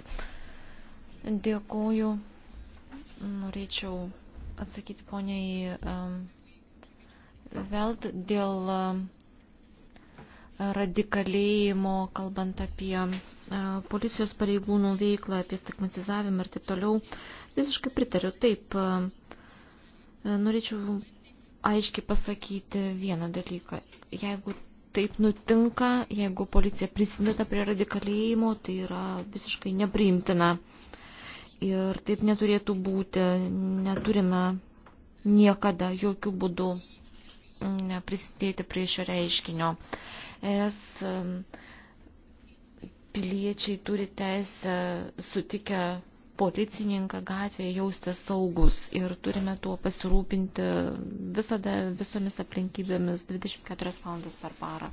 Dėkoju. Norėčiau atsakyti poniai um, Velt dėl um, radikalėjimo, kalbant apie e, policijos pareigūnų veiklą, apie stigmatizavimą ir taip toliau. Visiškai pritariu. Taip, e, norėčiau aiškiai pasakyti vieną dalyką. Jeigu taip nutinka, jeigu policija prisideda prie radikalėjimo, tai yra visiškai nepriimtina. Ir taip neturėtų būti. Neturime niekada jokių būdų mm, prisidėti prie šio reiškinio. Uh, Es piliečiai turi teisę sutikę policininką gatvėje jaustis saugus ir turime tuo pasirūpinti visada visomis aplinkybėmis 24 valandas per parą.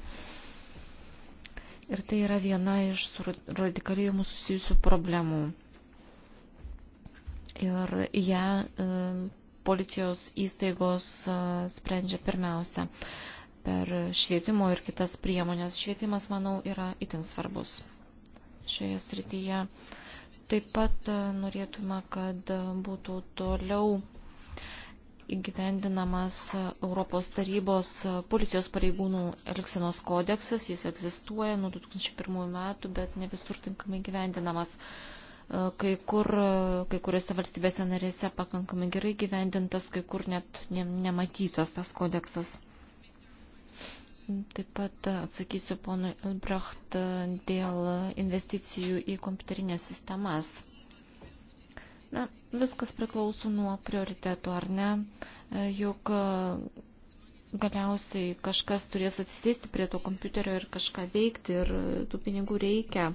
Ir tai yra viena iš radikalėjimų susijusių problemų. Ir ją e, policijos įstaigos e, sprendžia pirmiausia. E, per švietimo ir kitas priemonės. Švietimas, manau, yra itin svarbus šioje srityje. Taip pat e, norėtume, kad būtų toliau įgyvendinamas Europos tarybos policijos pareigūnų elgsenos kodeksas. Jis egzistuoja nuo 2001 metų, bet ne visur tinkamai gyvendinamas. E, kai, kur, e, kai kuriuose valstybėse narėse pakankamai gerai gyvendintas, kai kur net ne, nematytas tas kodeksas. Taip pat atsakysiu ponui Elbracht dėl investicijų į kompiuterinės sistemas. Na, viskas priklauso nuo prioritetų, ar ne? Juk e, galiausiai kažkas turės atsisėsti prie to kompiuterio ir kažką veikti ir tų pinigų reikia.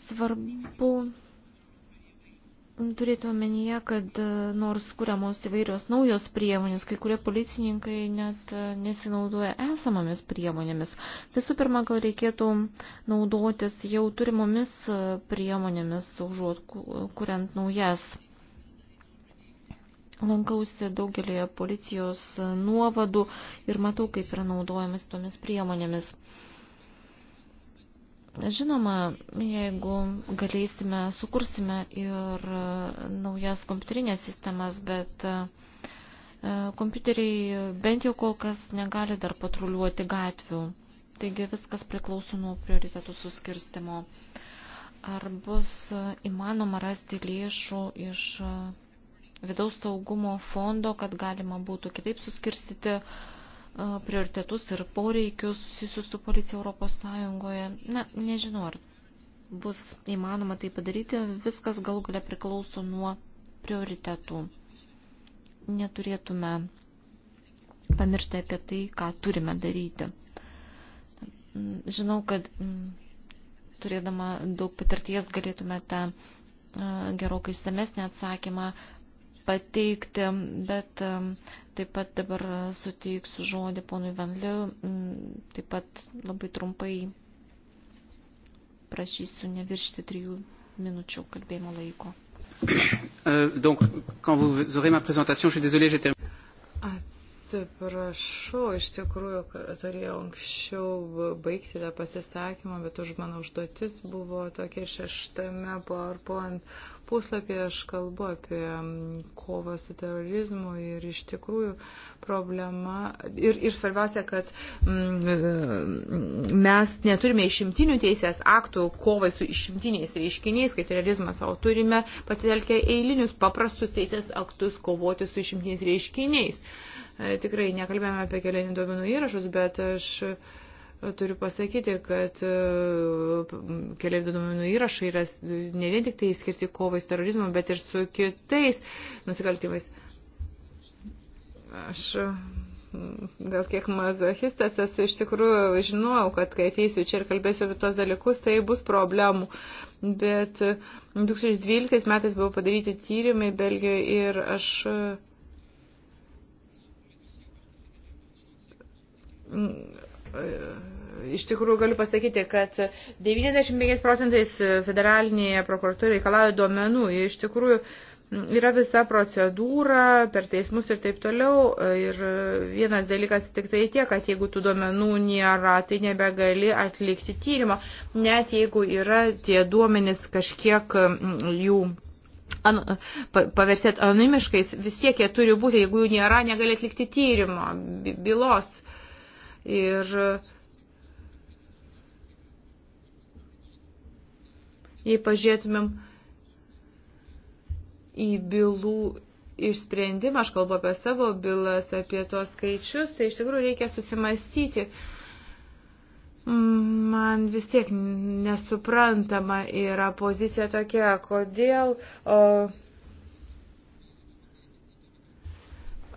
Svarbu Turėtų omenyje, kad e, nors kuriamos įvairios naujos priemonės, kai kurie policininkai net e, nesinaudoja esamomis priemonėmis. Visų pirma, gal reikėtų naudotis jau turimomis e, priemonėmis, užuot kuriant naujas. Lankausi daugelėje policijos nuovadų ir matau, kaip yra naudojamas tomis priemonėmis. Uh, Žinoma, jeigu galėsime, sukursime ir e, naujas kompiuterinės sistemas, bet e, e, kompiuteriai bent jau kol kas negali dar patruliuoti gatvių. Taigi viskas priklauso nuo prioritetų suskirstimo. Ar bus įmanoma rasti lėšų iš vidaus saugumo fondo, kad galima būtų kitaip suskirstyti uh, prioritetus ir poreikius susijusius su policija Europos Sąjungoje. Na, nežinau, ar bus įmanoma tai padaryti, viskas galų galia priklauso nuo prioritetų. Neturėtume pamiršti apie tai, ką turime daryti. Žinau, kad mm, turėdama daug patirties galėtumėte gerokai samesnį atsakymą pateikti, bet taip pat dabar suteiksiu žodį ponui Vanliu, taip pat labai trumpai prašysiu neviršti trijų minučių kalbėjimo laiko. Euh, donc, quand vous aurez ma présentation, je suis désolé, j'étais. Atsiprašau, iš tikrųjų, turėjau anksčiau baigti tą pasisakymą, bet už mano užduotis buvo tokia šeštame PowerPoint puslapį aš kalbu apie kovą su terorizmu ir iš tikrųjų problema. Ir, ir svarbiausia, kad mm, mes neturime išimtinių teisės aktų kovai su išimtiniais reiškiniais, kaip terorizmas, o turime pasitelkę eilinius paprastus teisės aktus kovoti su išimtiniais reiškiniais. E, tikrai nekalbėjome apie kelionių duomenų įrašus, bet aš. Uh, Turiu pasakyti, kad e, keliaivių duomenų įrašai yra ne vien tik tai skirti kovai su terorizmu, bet ir su kitais nusikaltimais. Aš gal kiek mazochistas esu, iš tikrųjų žinojau, kad kai ateisiu čia ir kalbėsiu apie tos dalykus, tai bus problemų. Bet 2012 e, metais buvo padaryti tyrimai Belgijoje ir aš e, iš tikrųjų galiu pasakyti, kad 95 procentais federalinėje prokuratūroje reikalauja duomenų. Iš tikrųjų yra visa procedūra per teismus ir taip toliau. Ir vienas dalykas tik tai tiek, kad jeigu tų duomenų nėra, tai nebegali atlikti tyrimo, net jeigu yra tie duomenys kažkiek jų an, paversėt anonimiškais, vis tiek jie turi būti, jeigu jų nėra, negali atlikti tyrimo, bylos. Ir uh, Jei pažiūrėtumėm į bylų išsprendimą, aš kalbu apie savo bylas, apie tuos skaičius, tai iš tikrųjų reikia susimastyti. Man vis tiek nesuprantama yra pozicija tokia, kodėl. O,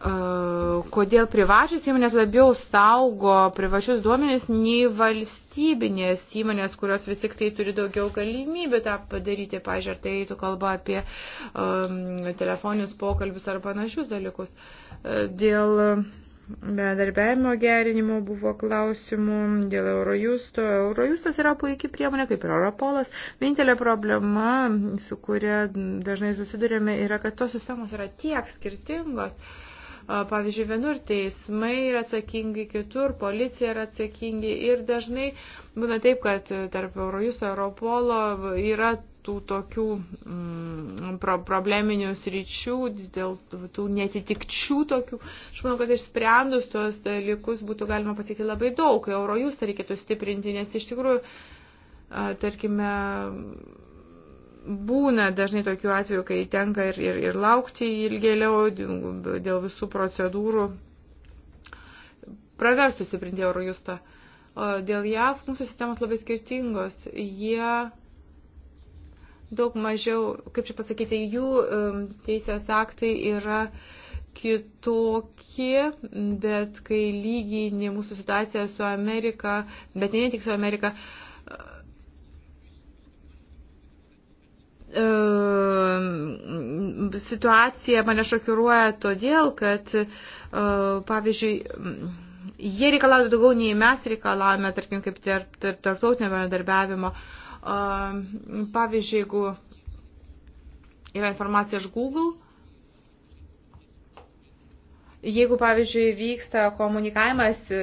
kodėl privačios įmonės labiau saugo privačius duomenis nei valstybinės įmonės, kurios vis tik tai turi daugiau galimybių tą padaryti, pažiūrėjau, tai tu kalba apie um, telefoninius pokalbius ar panašius dalykus. Dėl bendarbiavimo gerinimo buvo klausimų, dėl Eurojusto. Eurojustas yra puikiai priemonė, kaip ir Europolas. Vienintelė problema, su kuria dažnai susidurėme, yra, kad tos sistemos yra tiek skirtingos. Uh, Pavyzdžiui, vienur teismai yra atsakingi, kitur policija yra atsakingi ir dažnai būna taip, kad tarp Eurojuso Europolo yra tų tokių mm, pro, probleminių sričių, dėl tų netitikčių tokių. Aš manau, kad išsprendus tuos dalykus būtų galima pasiekti labai daug. Eurojus reikėtų stiprinti, nes iš tikrųjų, tarkime, būna dažnai tokių atvejų, kai tenka ir, ir, ir laukti ilgėliau dėl visų procedūrų. Praverstų stiprinti euro justą. Dėl JAV mūsų sistemos labai skirtingos. Jie daug mažiau, kaip čia pasakyti, jų um, teisės aktai yra kitokie, bet kai lyginė mūsų situacija su Amerika, bet ne tik su Amerika, uh, Ehm, situacija mane šokiruoja todėl, kad, e, pavyzdžiui, mm, jie reikalauja daugiau nei mes reikalavome, tarkim, kaip tarp, tarp, tarptautinio bendradarbiavimo. Ehm, pavyzdžiui, jeigu yra informacija iš Google, Jeigu, pavyzdžiui, vyksta komunikavimas e,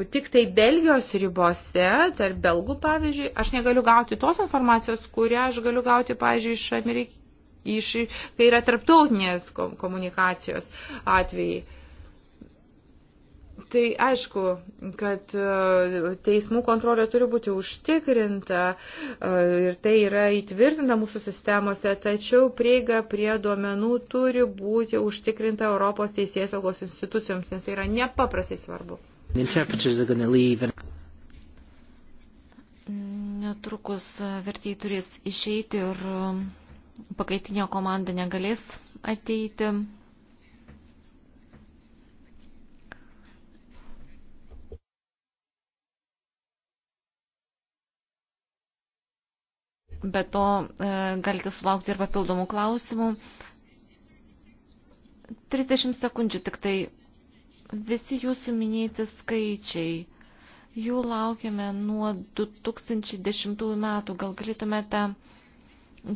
e, tik tai Belgijos ribose, tarp Belgų, pavyzdžiui, aš negaliu gauti tos informacijos, kurią aš galiu gauti, pavyzdžiui, iš Amerikos, iš, kai yra tarptautinės komunikacijos atvejai. Tai aišku, kad e, teismų kontrolė turi būti užtikrinta e, ir tai yra įtvirtinta mūsų sistemose, tačiau prieiga prie duomenų turi būti užtikrinta Europos teisės saugos institucijoms, nes tai yra nepaprastai svarbu. Netrukus e, vertėjai turės išeiti ir pakaitinė komanda negalės ateiti. Be to e, galite sulaukti ir papildomų klausimų. 30 sekundžių tik tai visi jūsų minėti skaičiai. Jų laukiame nuo 2010 metų. Gal galėtumėte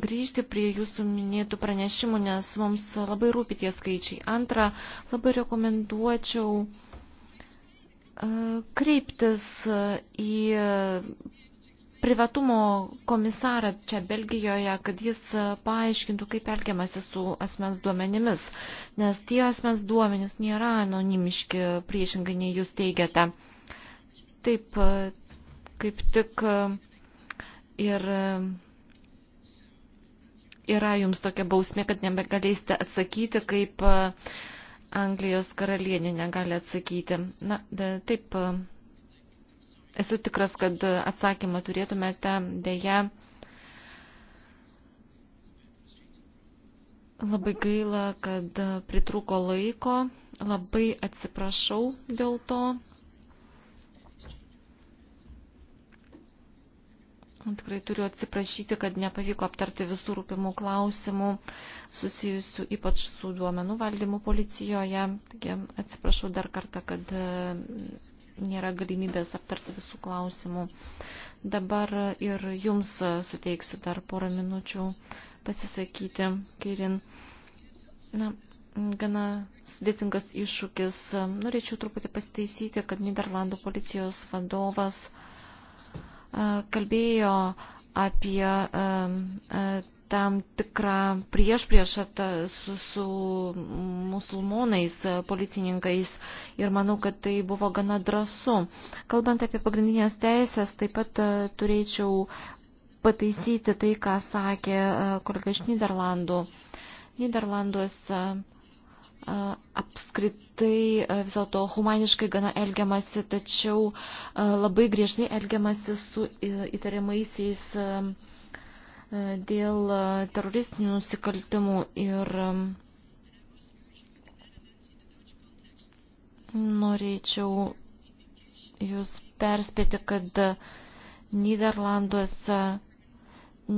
grįžti prie jūsų minėtų pranešimų, nes mums labai rūpi tie skaičiai. Antra, labai rekomenduočiau e, kreiptis į privatumo komisarą čia Belgijoje, kad jis e, paaiškintų, kaip elgiamasi su asmens duomenimis, nes tie asmens duomenys nėra anonimiški, priešingai nei jūs teigiate. Taip, e, kaip tik e, ir yra jums tokia bausmė, kad nebegalėsite atsakyti, kaip Anglijos karalienė negali atsakyti. Na, taip, Esu tikras, kad atsakymą turėtumėte dėja. Labai gaila, kad pritruko laiko. Labai atsiprašau dėl to. Tikrai turiu atsiprašyti, kad nepavyko aptarti visų rūpimų klausimų susijusių ypač su duomenų valdymu policijoje. Taigi atsiprašau dar kartą, kad nėra galimybės aptarti visų klausimų. Dabar ir jums suteiksiu dar porą minučių pasisakyti, Kirin. Na, gana sudėtingas iššūkis. Norėčiau truputį pasiteisyti, kad Niderlandų policijos vadovas kalbėjo apie tam tikrą priešpriešą su, su musulmonais policininkais ir manau, kad tai buvo gana drasu. Kalbant apie pagrindinės teisės, taip pat e, turėčiau pataisyti tai, ką sakė e, kolega iš Niderlandų. Niderlanduose e, apskritai vis dėlto humaniškai gana elgiamasi, tačiau labai griežtai elgiamasi su įtariamaisiais dėl e, teroristinių nusikaltimų ir e, norėčiau Jūs perspėti, kad Niderlanduose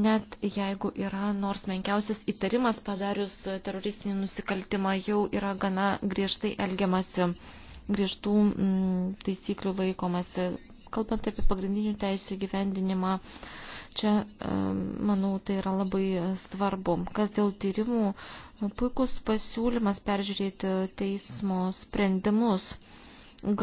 net jeigu yra nors menkiausias įtarimas padarius teroristinį nusikaltimą, jau yra gana griežtai elgiamasi, griežtų m, mm, taisyklių laikomasi. Kalbant apie pagrindinių teisų gyvendinimą, uh, Čia, e, manau, tai yra labai svarbu. Kas dėl tyrimų, puikus pasiūlymas peržiūrėti teismo sprendimus.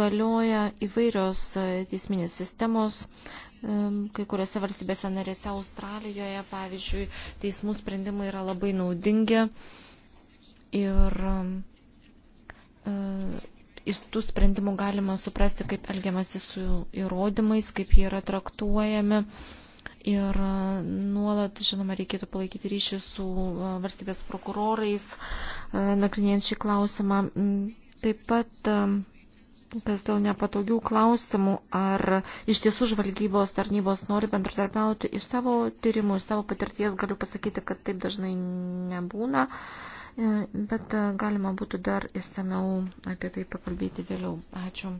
Galioja įvairios e, teisminės sistemos, e, kai kuriuose valstybėse narėse Australijoje, pavyzdžiui, teismų sprendimai yra labai naudingi ir iš tų sprendimų galima suprasti, kaip elgiamasi su įrodymais, kaip jie yra traktuojami. Ir e, nuolat, žinoma, reikėtų palaikyti ryšį su e, varstybės prokurorais, e, nagrinėjant šį klausimą. Mm, taip pat kas dėl nepatogių klausimų, ar iš tiesų žvalgybos tarnybos nori bendradarbiauti iš savo tyrimų, iš savo patirties, galiu pasakyti, kad taip dažnai nebūna, bet galima būtų dar įsameu apie tai pakalbėti vėliau. Ačiū.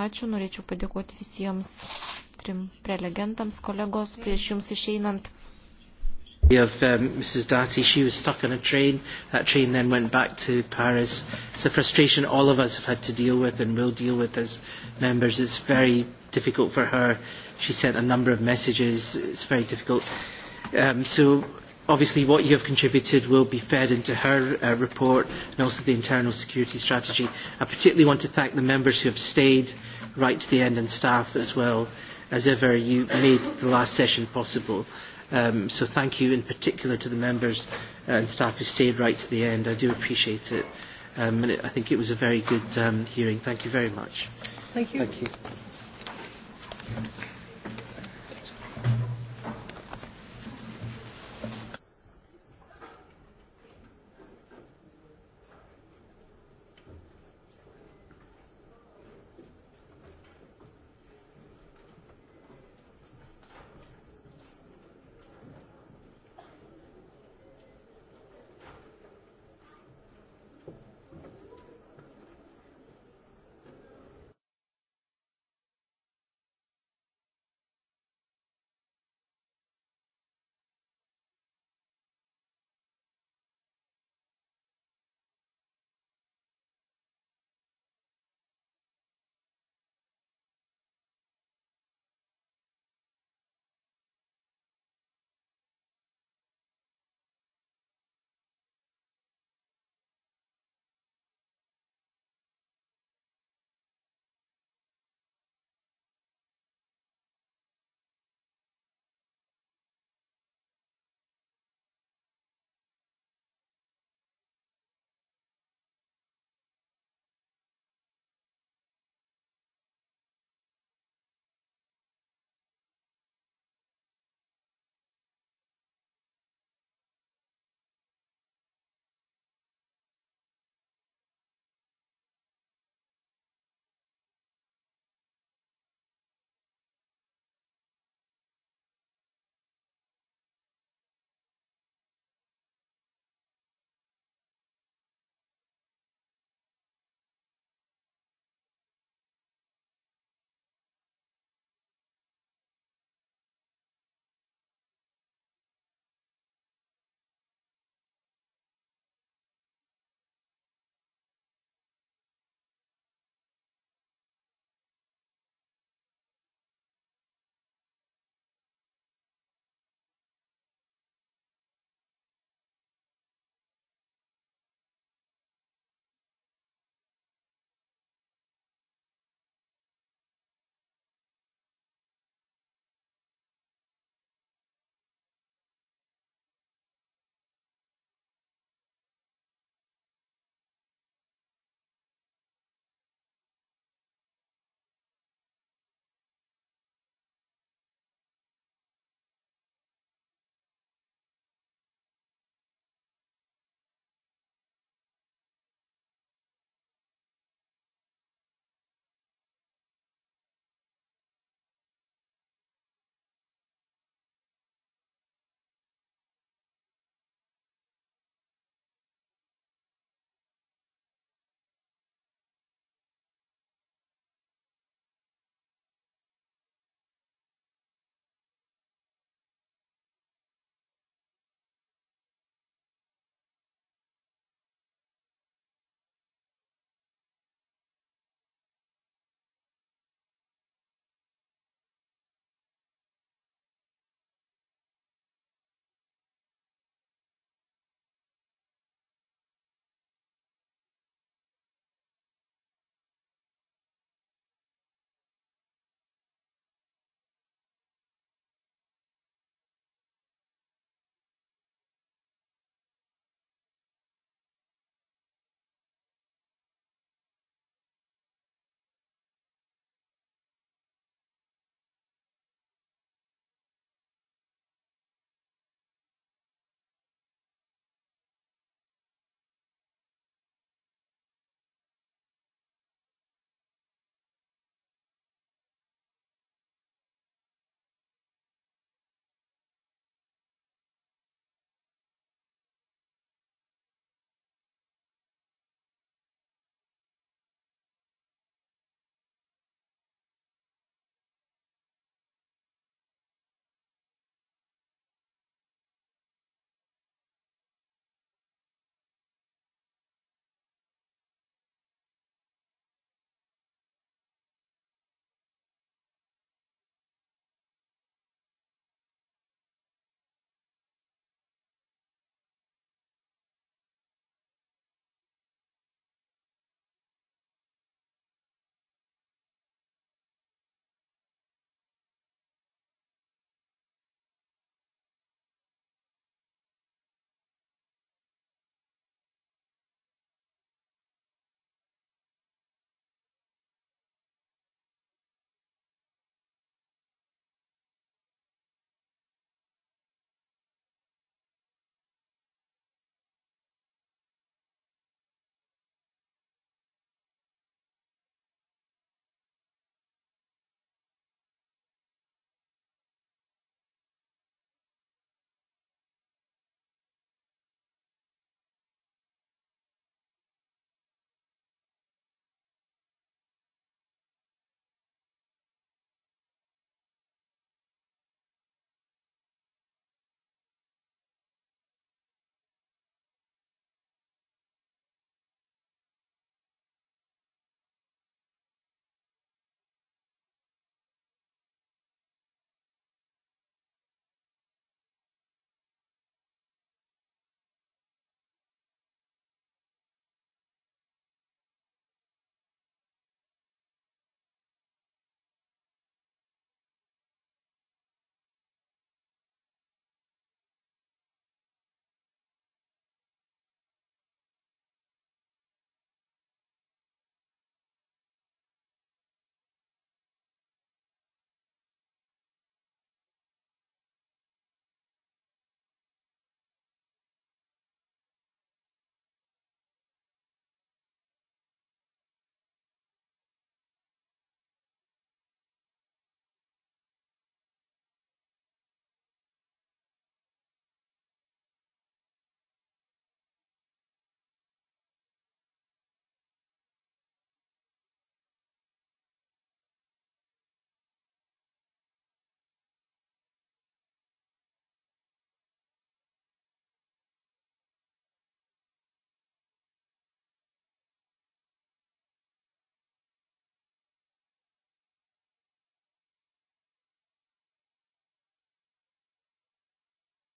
Ačiū, norėčiau padėkoti visiems trim prelegentams, kolegos, prieš jums išeinant. Of um, Mrs. Dati, she was stuck on a train. That train then went back to Paris. It's a frustration all of us have had to deal with and will deal with as members. It's very difficult for her. She sent a number of messages. It's very difficult. Um, so obviously what you have contributed will be fed into her uh, report and also the internal security strategy. I particularly want to thank the members who have stayed right to the end and staff as well as ever, you made the last session possible. Um, so thank you in particular to the members uh, and staff who stayed right to the end. I do appreciate it. Um, and it, I think it was a very good um, hearing. Thank you very much. Thank you. Thank you.